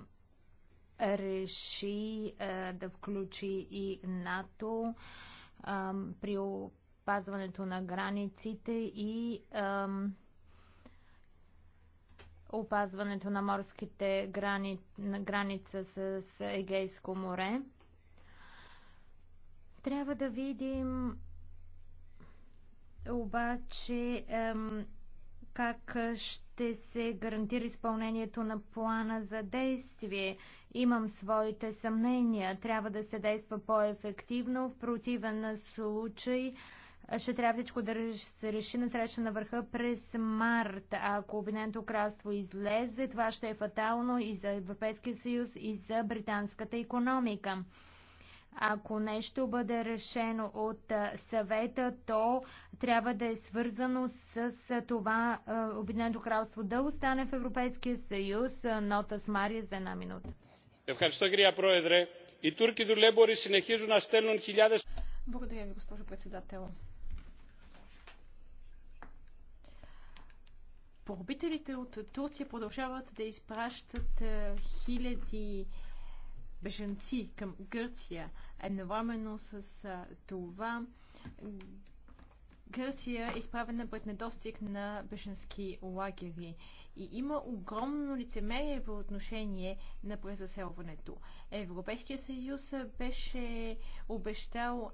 реши да включи и НАТО при опазването на границите опазването на морските грани, на граница с Егейско море. Трябва да видим обаче ем, как ще се гарантира изпълнението на плана за действие. Имам своите съмнения. Трябва да се действа по-ефективно. В противен случай ще трябва всичко да се реши на среща на върха през март. Ако Обединеното кралство излезе, това ще е фатално и за Европейския съюз, и за британската економика. Ако нещо бъде решено от съвета, то трябва да е свързано с това Обединеното кралство да остане в Европейския съюз. Нота с Мария за една минута. Благодаря ви, госпожо председател. Поробителите от Турция продължават да изпращат е, хиляди беженци към Гърция. Едновременно с е, това Гърция е изправена пред недостиг на беженски лагери и има огромно лицемерие по отношение на презаселването. Европейския съюз беше обещал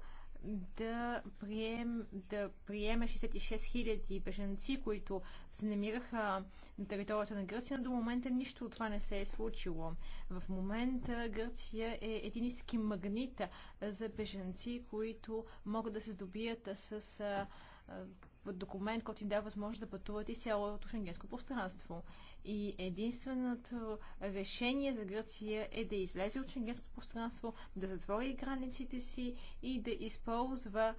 да, прием, да приеме 66 000 беженци, които се намираха на територията на Гърция, но до момента нищо от това не се е случило. В момента Гърция е един истински магнит за беженци, които могат да се здобият с документ, който ти дава възможност да пътувате из цялото шенгенско пространство. И единственото решение за Гърция е да излезе от шенгенското пространство, да затвори границите си и да използва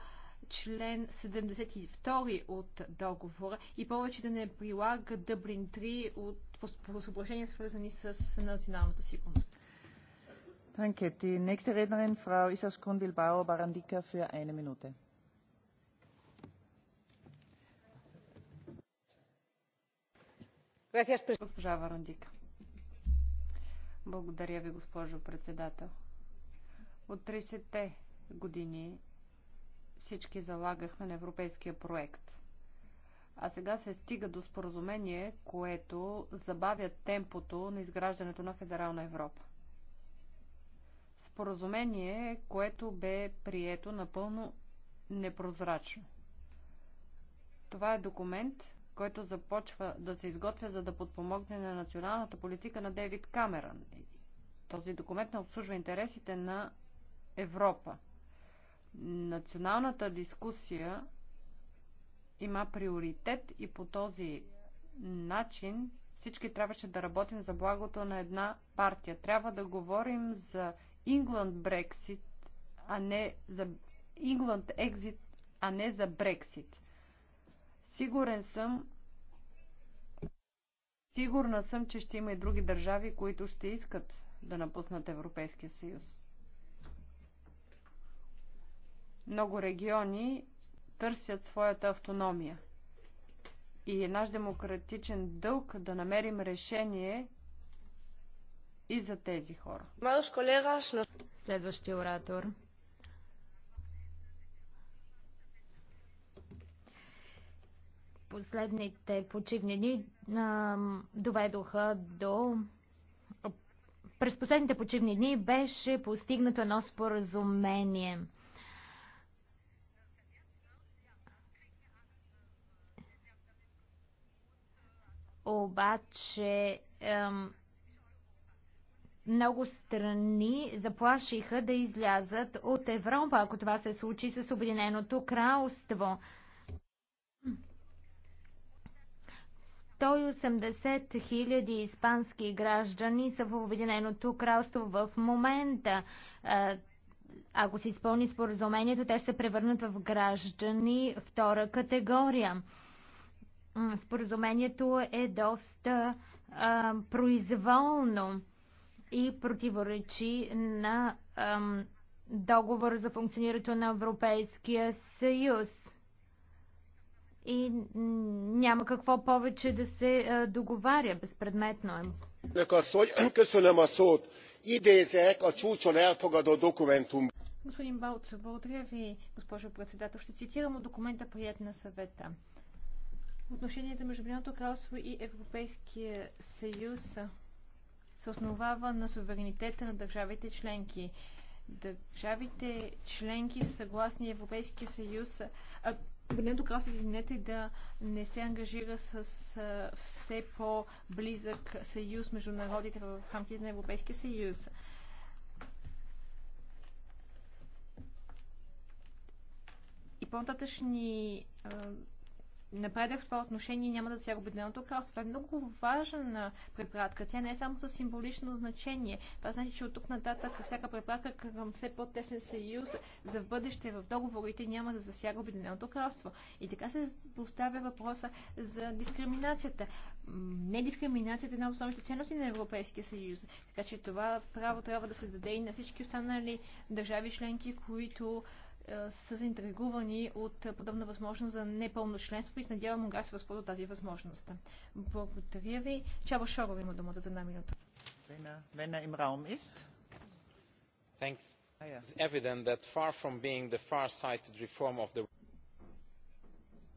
член 72 от договора и повече да не прилага Дъблин 3 от съображения, свързани с националната сигурност. Danke. Die nächste Rednerin, Frau Isas Bilbao Barandika, für eine Minute. Госпожа Варандика. Благодаря ви, госпожо председател. От 30-те години всички залагахме на европейския проект. А сега се стига до споразумение, което забавя темпото на изграждането на Федерална Европа. Споразумение, което бе прието напълно непрозрачно. Това е документ, който започва да се изготвя, за да подпомогне на националната политика на Дейвид Камерън. Този документ не обслужва интересите на Европа. Националната дискусия има приоритет и по този начин всички трябваше да работим за благото на една партия. Трябва да говорим за Ингланд Брексит, а не за Ингланд Екзит, а не за Брексит. Сигурен съм, сигурна съм, че ще има и други държави, които ще искат да напуснат Европейския съюз. Много региони търсят своята автономия. И е наш демократичен дълг да намерим решение и за тези хора. Следващия оратор. последните почивни дни а, доведоха до през последните почивни дни беше постигнато едно споразумение. Обаче ем, много страни заплашиха да излязат от Европа, ако това се случи с Обединеното кралство. 180 хиляди испански граждани са в Обединеното кралство в момента. Е, ако се изпълни споразумението, те ще се превърнат в граждани втора категория. Споразумението е доста а, произволно и противоречи на а, договор за функционирането на Европейския съюз и няма какво повече да се е, договаря. Безпредметно е. Господин Балцев, благодаря ви, госпожо председател. Ще цитирам от документа прият на съвета. Отношенията между Обединеното кралство и Европейския съюз се основава на суверенитета на държавите членки. Държавите членки са съгласни Европейския съюз, а, Обединеното кралство, извинете, да не се ангажира с а, все по-близък съюз между народите в рамките на Европейския съюз. И по-нататъчни напредък в това отношение няма да сега Обединеното кралство. Това е много важна препратка. Тя не е само със символично значение. Това значи, че от тук нататък всяка препратка към все по-тесен съюз за в бъдеще в договорите няма да засяга Обединеното кралство. И така се поставя въпроса за дискриминацията. Не дискриминацията е една от основните ценности на Европейския съюз. Така че това право трябва да се даде и на всички останали държави членки, които са заинтригувани от подобна възможност за непълно членство и се надявам Унгария се възползва тази възможност. Благодаря ви. Чаба Шорова има думата за една минута. Wenn er im Raum Thanks. It's evident that far from being the far-sighted reform of the...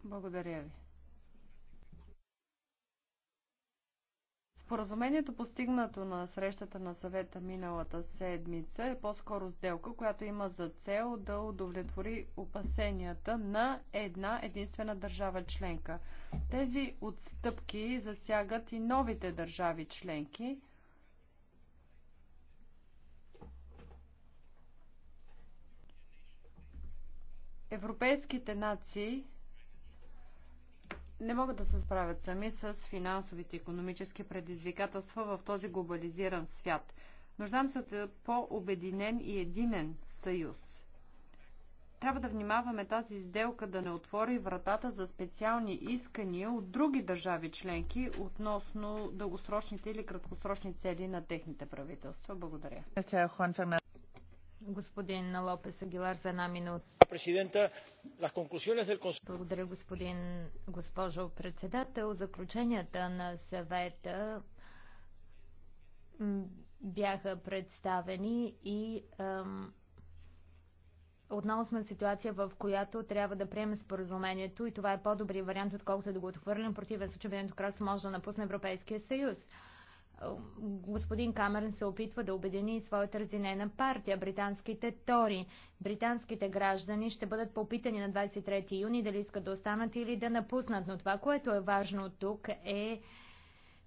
Благодаря ви. Споразумението, постигнато на срещата на съвета миналата седмица, е по-скоро сделка, която има за цел да удовлетвори опасенията на една единствена държава членка. Тези отстъпки засягат и новите държави членки. Европейските нации не могат да се справят сами с финансовите и економически предизвикателства в този глобализиран свят. Нуждам се от по-обединен и единен съюз. Трябва да внимаваме тази сделка да не отвори вратата за специални искания от други държави членки относно дългосрочните или краткосрочни цели на техните правителства. Благодаря. Господин Лопес Агилар за една минута. Благодаря, господин, госпожо председател. Заключенията на съвета бяха представени и отново сме в ситуация, в която трябва да приемем споразумението и това е по-добри вариант, отколкото да го отхвърлим. В противен случай Обединеното кралство може да напусне Европейския съюз господин Камерън се опитва да обедини своята разинена партия, британските тори. Британските граждани ще бъдат попитани на 23 юни дали искат да останат или да напуснат, но това, което е важно тук е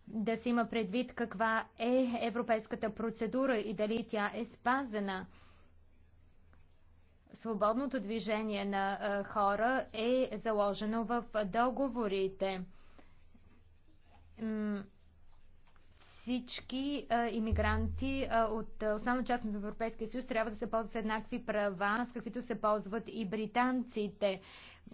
да се има предвид каква е европейската процедура и дали тя е спазена. Свободното движение на хора е заложено в договорите всички а, иммигранти а, от основна част на Европейския съюз трябва да се ползват еднакви права, с каквито се ползват и британците.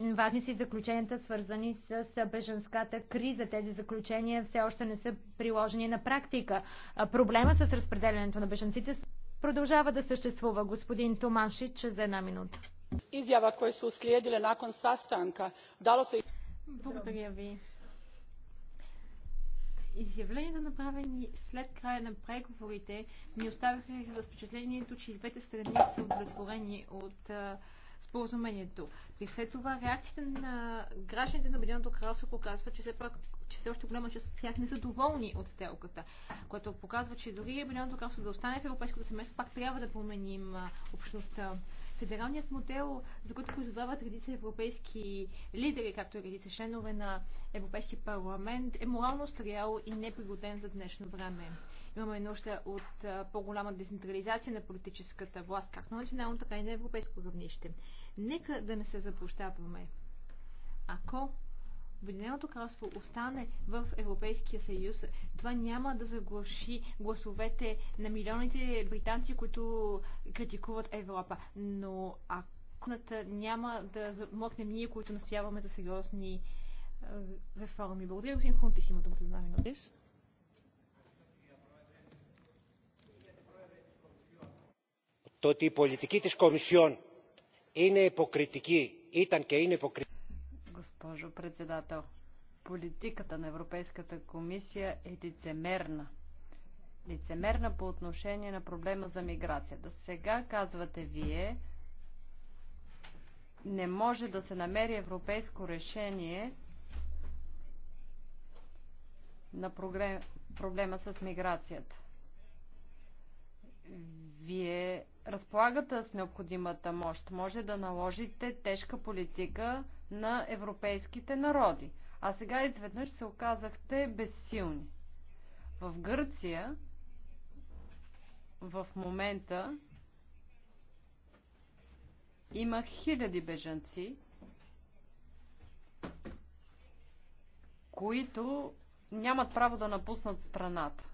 Важни са и заключенията, свързани с беженската криза. Тези заключения все още не са приложени на практика. А, проблема с разпределянето на беженците продължава да съществува. Господин Томашич, за една минута. Изява, koje са следили nakon sastanka, дало се... Благодаря ви изявленията, направени след края на преговорите, ни оставяха с впечатлението, че и двете страни са удовлетворени от споразумението. При все това реакциите на гражданите на Обединеното кралство показва, че все, пак, че все още голяма част от тях не са доволни от сделката, което показва, че дори Обединеното кралство да остане в европейското семейство, пак трябва да променим общността федералният модел, за който позовават редица европейски лидери, както и редица членове на Европейски парламент, е морално стрял и непригоден за днешно време. Имаме нужда от по-голяма децентрализация на политическата власт, както на национално, така и на европейско равнище. Нека да не се заблуждаваме. Ако Обединеното кралство остане в Европейския съюз, това няма да заглуши гласовете на милионите британци, които критикуват Европа. Но ако няма да замокнем ние, които настояваме за сериозни е, реформи. Благодаря, господин Хунтис, има думата за една минута. Το ότι η πολιτική της Κομισιόν είναι υποκριτική, ήταν και είναι υποκριτική госпожо председател. Политиката на Европейската комисия е лицемерна. Лицемерна по отношение на проблема за миграцията. Сега казвате вие, не може да се намери европейско решение на проблема с миграцията. Вие разполагате с необходимата мощ. Може да наложите тежка политика на европейските народи. А сега изведнъж се оказахте безсилни. В Гърция в момента има хиляди бежанци, които нямат право да напуснат страната.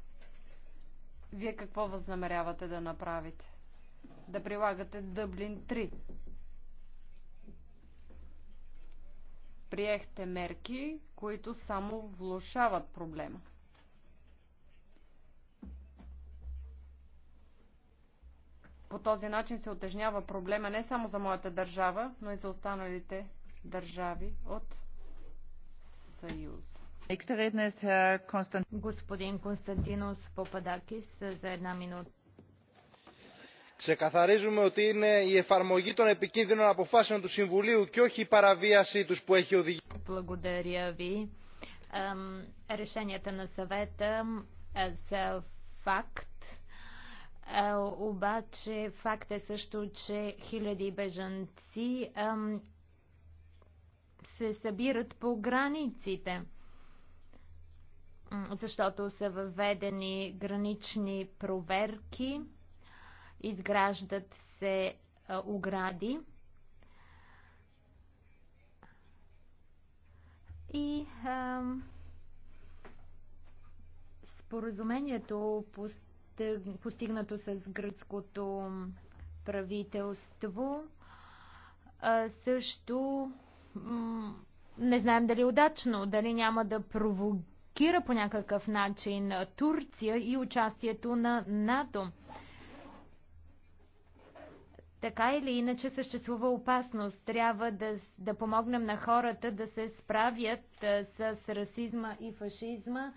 Вие какво възнамерявате да направите? Да прилагате Дъблин предприехте мерки, които само влушават проблема. По този начин се отежнява проблема не само за моята държава, но и за останалите държави от Съюза. Е, Господин Константинос Попадакис за една минута ξεκαθαρίζουμε ότι είναι η εφαρμογή των επικίνδυνων αποφάσεων του Συμβουλίου και όχι η παραβίασή τους που έχει οδηγήσει. Решенията на съвета е, са факт. Е, обаче факт е също, че хиляди бежанци се събират по границите защото са въведени гранични проверки изграждат се огради. И ам, споразумението постигнато с гръцкото правителство а, също не знаем дали е удачно, дали няма да провокира по някакъв начин Турция и участието на НАТО. Така или иначе съществува опасност. Трябва да, да помогнем на хората да се справят а, с расизма и фашизма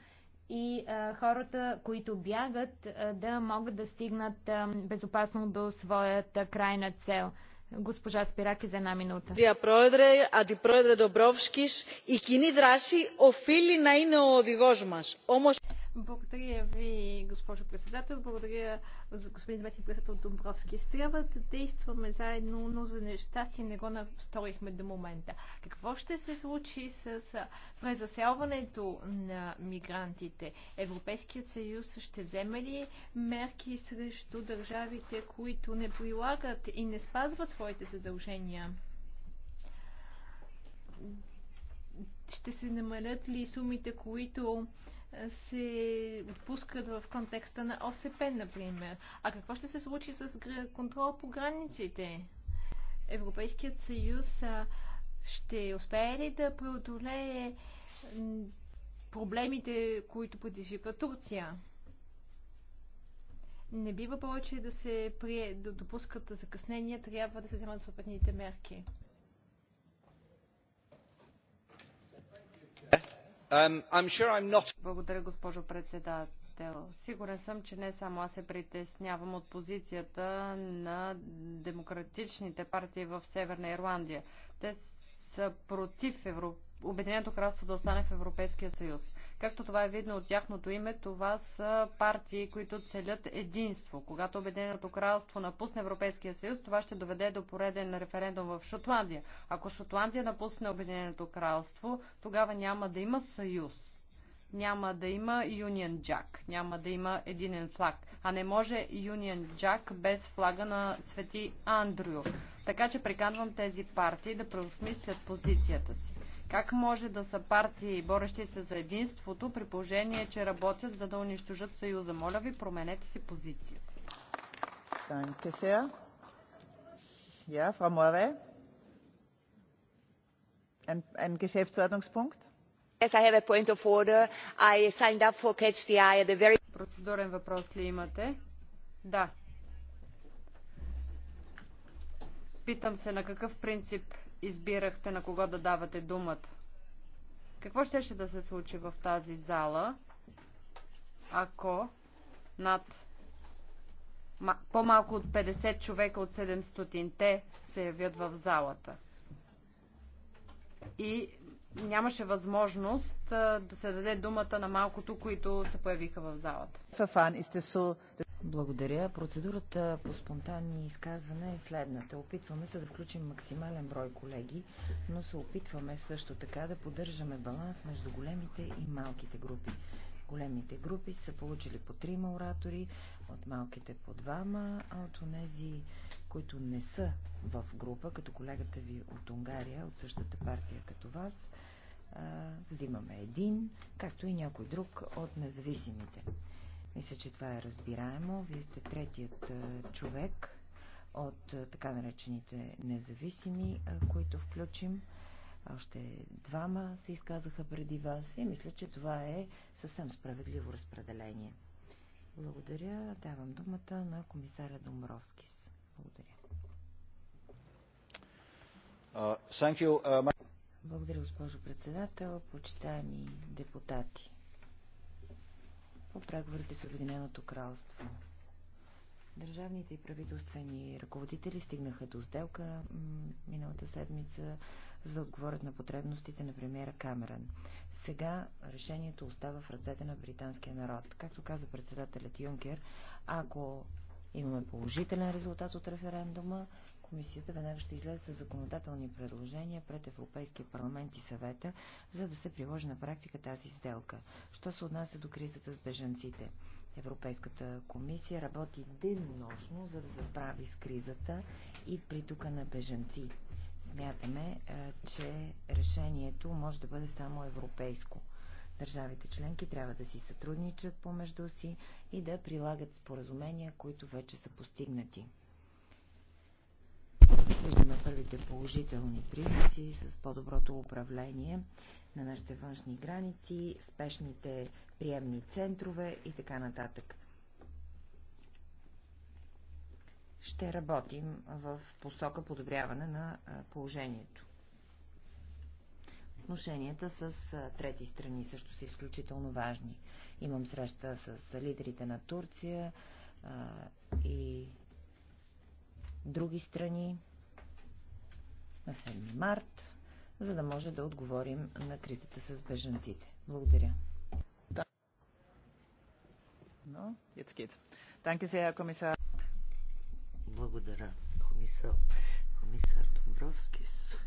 и а, хората, които бягат, а, да могат да стигнат а, безопасно до своята крайна цел. Госпожа Спираки за една минута. Дия проедре, антипроедре проедре Добровшкиш и кини драши να είναι ο οδηγός благодаря ви, госпожо председател. Благодаря за господин заместник председател Домбровски. Трябва да действаме заедно, но за нещастие не го насторихме до момента. Какво ще се случи с презаселването на мигрантите? Европейският съюз ще вземе ли мерки срещу държавите, които не прилагат и не спазват своите задължения? Ще се намалят ли сумите, които се отпускат в контекста на ОСП, например. А какво ще се случи с контрол по границите? Европейският съюз ще успее ли да преодолее проблемите, които предизвиква Турция? Не бива повече да се допускат закъснения, трябва да се вземат съответните мерки. Um, Благодаря, госпожо председател. Сигурен съм, че не само аз се притеснявам от позицията на демократичните партии в Северна Ирландия. Те са против европейските Обединеното кралство да остане в Европейския съюз. Както това е видно от тяхното име, това са партии, които целят единство. Когато Обединеното кралство напусне Европейския съюз, това ще доведе до пореден референдум в Шотландия. Ако Шотландия напусне Обединеното кралство, тогава няма да има съюз. Няма да има Union Jack, няма да има единен флаг. А не може Union Jack без флага на Свети Андрю. Така че приканвам тези партии да преосмислят позицията си. Как може да са партии, борещи се за единството, при положение, че работят за да унищожат Съюза? Моля ви, променете си позицията. Danke се. Ja, фра Morvay. Ен ein Geschäftsordnungspunkt? Yes, I have a point of order. I signed up for Catch the Eye at the very... Процедурен въпрос ли имате? Да. Питам се на какъв принцип избирахте на кого да давате думата? Какво щеше да се случи в тази зала, ако над по-малко от 50 човека от 700-те се явят в залата? И нямаше възможност да се даде думата на малкото, които се появиха в залата. Благодаря. Процедурата по спонтанни изказване е следната. Опитваме се да включим максимален брой колеги, но се опитваме също така да поддържаме баланс между големите и малките групи. Големите групи са получили по трима оратори, от малките по двама, а от тези, които не са в група, като колегата ви от Унгария, от същата партия като вас, взимаме един, както и някой друг от независимите. Мисля, че това е разбираемо. Вие сте третият човек от така наречените независими, които включим. Още двама се изказаха преди вас и мисля, че това е съвсем справедливо разпределение. Благодаря. Давам думата на комисаря Домровскис. Благодаря. Благодаря, госпожо председател, почитаеми депутати по преговорите с Обединеното кралство. Държавните и правителствени ръководители стигнаха до сделка миналата седмица, за да отговорят на потребностите на премиера Камеран. Сега решението остава в ръцете на британския народ. Както каза председателят Юнкер, ако имаме положителен резултат от референдума, Комисията веднага ще излезе с законодателни предложения пред Европейския парламент и съвета, за да се приложи на практика тази сделка. Що се отнася до кризата с бежанците? Европейската комисия работи ден-нощно, за да се справи с кризата и притока на бежанци. Смятаме, е, че решението може да бъде само европейско. Държавите членки трябва да си сътрудничат помежду си и да прилагат споразумения, които вече са постигнати виждаме първите положителни признаци с по-доброто управление на нашите външни граници, спешните приемни центрове и така нататък. Ще работим в посока подобряване на положението. Отношенията с трети страни също са изключително важни. Имам среща с лидерите на Турция и други страни на 7 март, за да може да отговорим на кризата с беженците. Благодаря. No, Благодаря, комисар, комисар